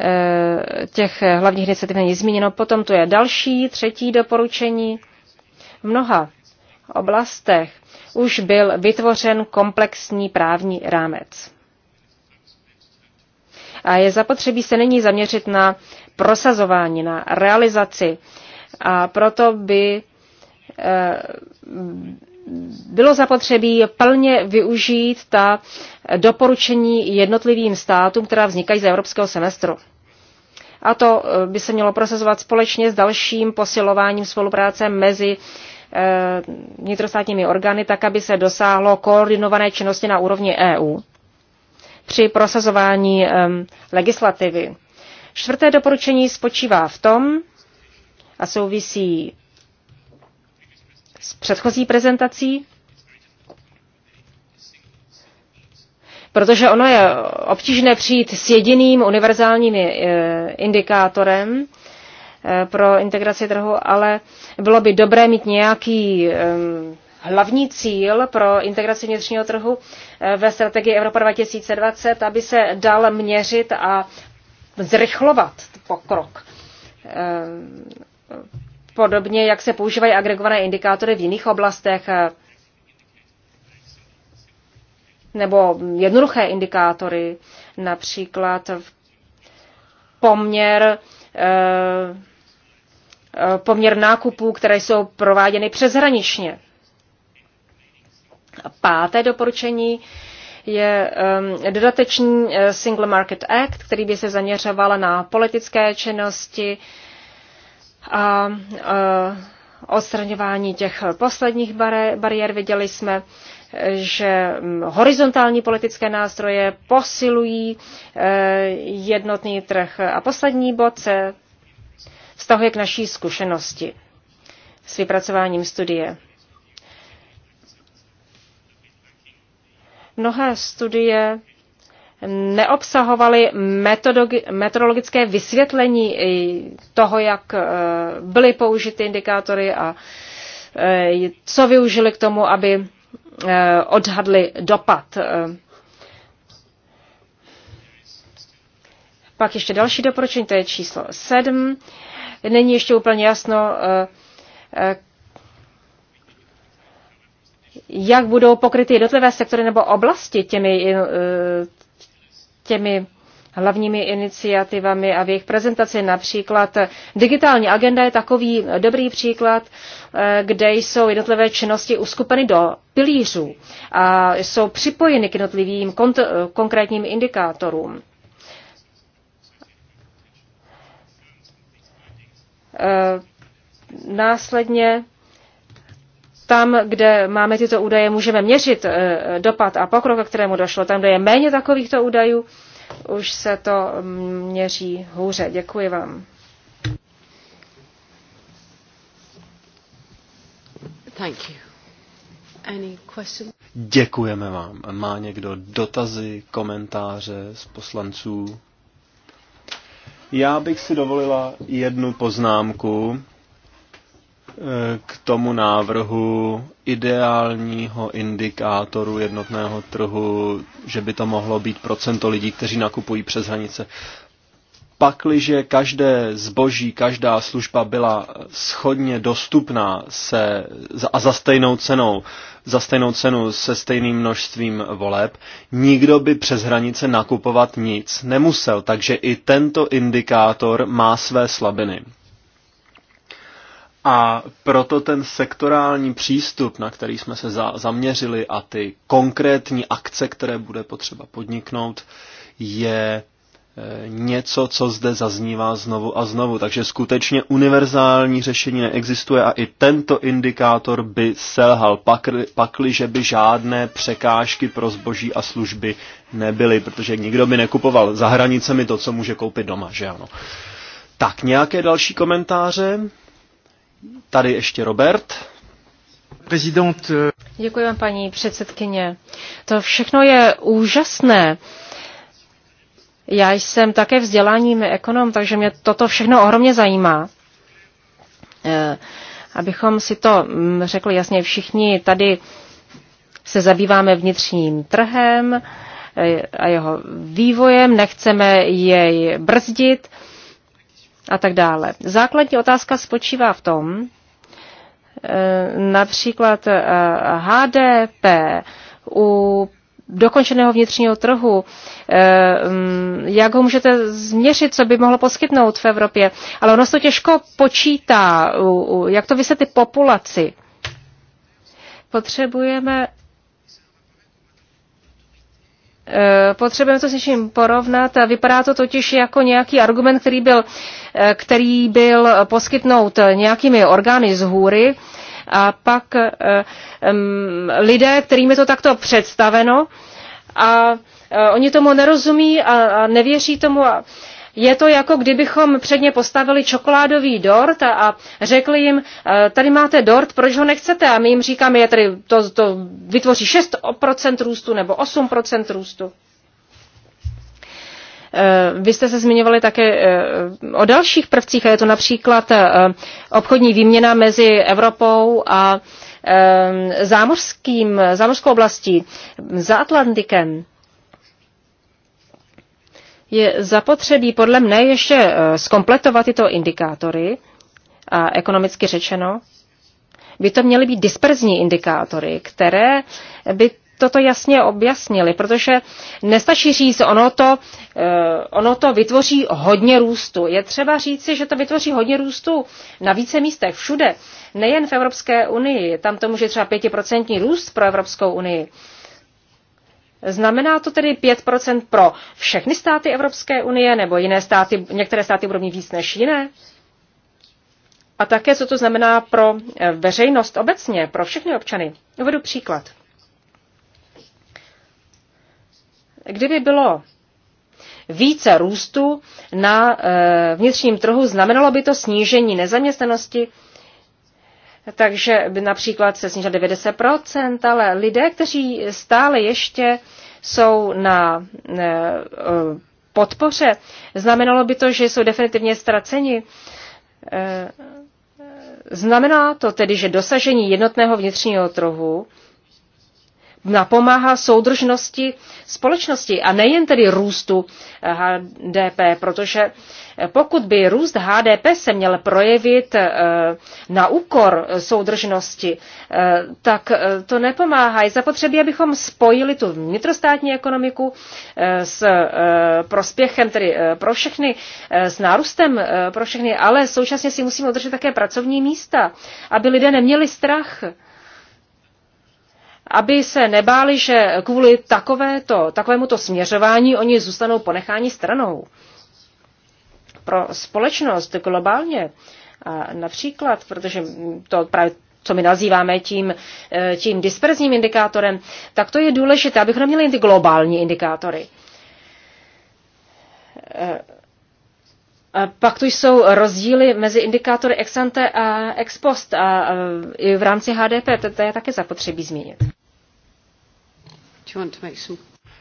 Speaker 1: Eh, těch hlavních iniciativ není zmíněno. Potom tu je další, třetí doporučení. V mnoha oblastech už byl vytvořen komplexní právní rámec. A je zapotřebí se nyní zaměřit na prosazování, na realizaci. A proto by eh, bylo zapotřebí plně využít ta doporučení jednotlivým státům, která vznikají z evropského semestru. A to eh, by se mělo prosazovat společně s dalším posilováním spolupráce mezi eh, vnitrostátními orgány, tak aby se dosáhlo koordinované činnosti na úrovni EU při prosazování eh, legislativy. Čtvrté doporučení spočívá v tom, a souvisí z předchozí prezentací, protože ono je obtížné přijít s jediným univerzálním eh, indikátorem eh, pro integraci trhu, ale bylo by dobré mít nějaký eh, hlavní cíl pro integraci vnitřního trhu ve strategii Evropa 2020, aby se dal měřit a zrychlovat pokrok podobně jak se používají agregované indikátory v jiných oblastech eh, nebo jednoduché indikátory, například poměr, eh, eh, poměr nákupů, které jsou prováděny přeshraničně. Páté doporučení je dodatečný Single Market Act, který by se zaměřoval na politické činnosti, a eh, odstraňování těch posledních bariér. Viděli jsme, eh, že hm, horizontální politické nástroje posilují eh, jednotný trh. A poslední bod se vztahuje k naší zkušenosti s vypracováním studie. Mnohé studie neobsahovaly metodologické vysvětlení toho, jak eh, byly použity indikátory a eh, co využili k tomu, aby eh, odhadli dopad. Pak ještě další doporučení, to je číslo 7. Není ještě úplně jasno, jak budou pokryty jednotlivé sektory nebo oblasti těmi těmi hlavními iniciativami a v jejich prezentaci. Například digitální agenda je takový dobrý příklad, eh, kde jsou jednotlivé činnosti uskupeny do pilířů a jsou připojeny k jednotlivým konkrétním indikátorům. Eh, následně tam, kde máme tyto údaje, můžeme měřit eh, dopad a pokrok, ke kterému došlo. Tam, kde je méně takovýchto údajů, už se to mm, měří hůře. Děkuji vám. Thank you.
Speaker 4: Any
Speaker 5: Děkujeme vám. Má někdo dotazy, komentáře z poslanců? Já bych si dovolila jednu poznámku k tomu návrhu ideálního indikátoru jednotného trhu, že by to mohlo být procento lidí, kteří nakupují přes hranice. Pakliže každé zboží, každá služba byla schodně dostupná se, a za stejnou cenou, za stejnou cenu se stejným množstvím voleb, nikdo by přes hranice nakupovat nic nemusel, takže i tento indikátor má své slabiny. A proto ten sektorální přístup, na který jsme se za, zaměřili a ty konkrétní akce, které bude potřeba podniknout, je e, něco, co zde zaznívá znovu a znovu. Takže skutečně univerzální řešení neexistuje a i tento indikátor by selhal, pakli, pakli, že by žádné překážky pro zboží a služby nebyly, protože nikdo by nekupoval za hranicemi to, co může koupit doma, že ano. Tak, nějaké další komentáře? Tady ještě Robert. Prezident. Eh,
Speaker 1: Děkuji vám, paní předsedkyně. To všechno je úžasné. Já jsem také vzděláním ekonom, takže mě toto všechno ohromně zajímá. Eh, abychom si to mm, řekli jasně všichni, tady se zabýváme vnitřním trhem eh, a jeho vývojem, nechceme jej brzdit, a tak dále. Základní otázka spočívá v tom, eh, například HDP eh, u dokončeného vnitřního trhu, eh, mm, jak ho můžete změřit, co by mohlo poskytnout v Evropě. Ale ono se to těžko počítá, jak to vysvětlit populaci. Potřebujeme Eh, potřebujeme to s něčím porovnat. Vypadá to totiž jako nějaký argument, který byl, eh, který byl poskytnout nějakými orgány z hůry a pak eh, lidé, kterým je to takto představeno a oni tomu nerozumí a nevěří tomu a je to jako kdybychom předně postavili čokoládový dort a, a řekli jim, e, tady máte dort, proč ho nechcete? A my jim říkáme, je tady, to, to vytvoří 6% růstu nebo 8% růstu. E, vy jste se zmiňovali také e, o dalších prvcích, a je to například obchodní výměna mezi Evropou a zámořským, zámořskou oblastí, za Atlantikem je zapotřebí podle mne ještě skompletovat eh, tyto indikátory, a ekonomicky řečeno, by to měly být disperzní indikátory, které by toto jasně objasnili, protože nestačí říct, ono to, eh, ono to vytvoří hodně růstu. Je třeba říci, že to vytvoří hodně růstu na více místech, všude, nejen v Evropské unii. Tam to může třeba pětiprocentní růst pro Evropskou unii. Znamená to tedy 5% pro všechny státy Evropské unie nebo jiné státy, některé státy budou mít víc než jiné? A také, co to znamená pro eh, veřejnost obecně, pro všechny občany. Uvedu příklad. Kdyby bylo více růstu na eh, vnitřním trhu, znamenalo by to snížení nezaměstnanosti, takže by například se snížila 90%, ale lidé, kteří stále ještě jsou na e, e, podpoře, znamenalo by to, že jsou definitivně ztraceni. E, znamená to tedy, že dosažení jednotného vnitřního trhu napomáhá soudržnosti společnosti a nejen tedy růstu HDP, eh, protože eh, pokud by růst HDP se měl projevit eh, na úkor soudržnosti, tak to nepomáhá. Je zapotřebí, abychom spojili tu vnitrostátní ekonomiku s prospěchem tedy pro všechny, s nárůstem pro všechny, ale současně si musíme udržet také pracovní místa, aby lidé neměli strach aby se nebáli, že kvůli takovéto, takovémuto směřování oni zůstanou ponecháni stranou. Pro společnost globálně, a například, protože to právě co my nazýváme tím, e, tím disperzním indikátorem, tak to je důležité, abychom měli ty globální indikátory. E, a pak tu jsou rozdíly mezi indikátory ex ante a ex post a e, i v rámci HDP, to, to je také zapotřebí změnit.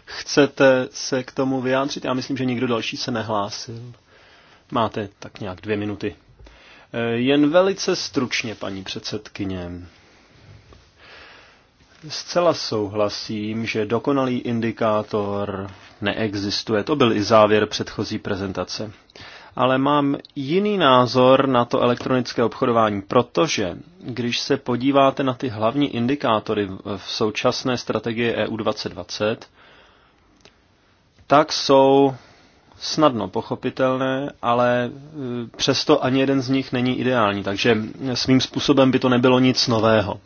Speaker 5: Chcete se k tomu vyjádřit? Já myslím, že nikdo další se nehlásil. Máte tak nějak dvě minuty. E, jen velice stručně, paní předsedkyně. Zcela souhlasím, že dokonalý indikátor neexistuje. To byl i závěr předchozí prezentace ale mám jiný názor na to elektronické obchodování, protože když se podíváte na ty hlavní indikátory v současné strategii EU 2020, tak jsou snadno pochopitelné, ale e, přesto ani jeden z nich není ideální, takže e, svým způsobem by to nebylo nic nového.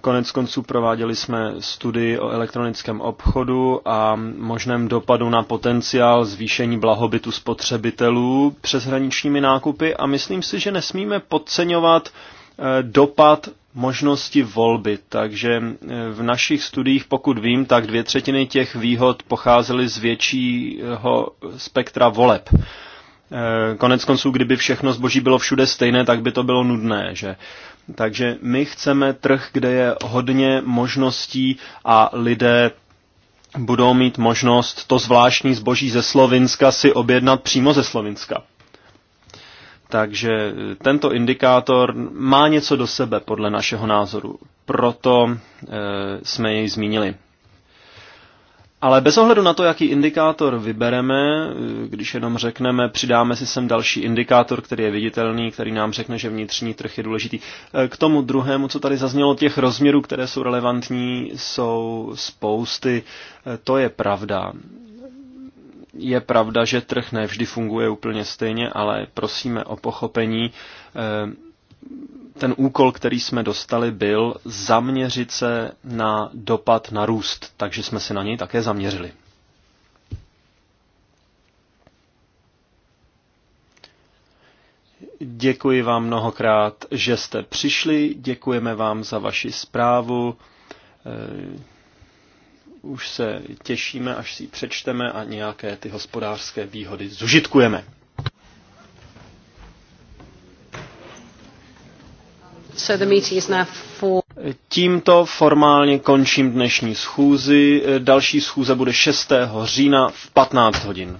Speaker 5: Konec konců prováděli jsme studii o elektronickém obchodu a možném dopadu na potenciál zvýšení blahobytu spotřebitelů přes hraničními nákupy a myslím si, že nesmíme podceňovat eh, dopad možnosti volby. Takže eh, v našich studiích, pokud vím, tak dvě třetiny těch výhod pocházely z většího spektra voleb. Eh, konec konců, kdyby všechno zboží bylo všude stejné, tak by to bylo nudné, že? Takže my chceme trh, kde je hodně možností a lidé budou mít možnost to zvláštní zboží ze Slovinska si objednat přímo ze Slovinska. Takže eh, tento indikátor má něco do sebe podle našeho názoru, proto e, jsme jej zmínili. Ale bez ohledu na to, jaký indikátor vybereme, když jenom řekneme, přidáme si sem další indikátor, který je viditelný, který nám řekne, že vnitřní trh je důležitý. K tomu druhému, co tady zaznělo, těch rozměrů, které jsou relevantní, jsou spousty. To je pravda. Je pravda, že trh nevždy funguje úplně stejně, ale prosíme o pochopení eh, ten úkol, který jsme dostali, byl zaměřit se na dopad na růst, takže jsme se na něj také zaměřili. Děkuji vám mnohokrát, že jste přišli, děkujeme vám za vaši zprávu. Eh, už se těšíme, až si ji přečteme a nějaké ty hospodářské výhody zužitkujeme. Tímto formálně končím dnešní schůzi. Další schůze bude 6. října v 15 hodin.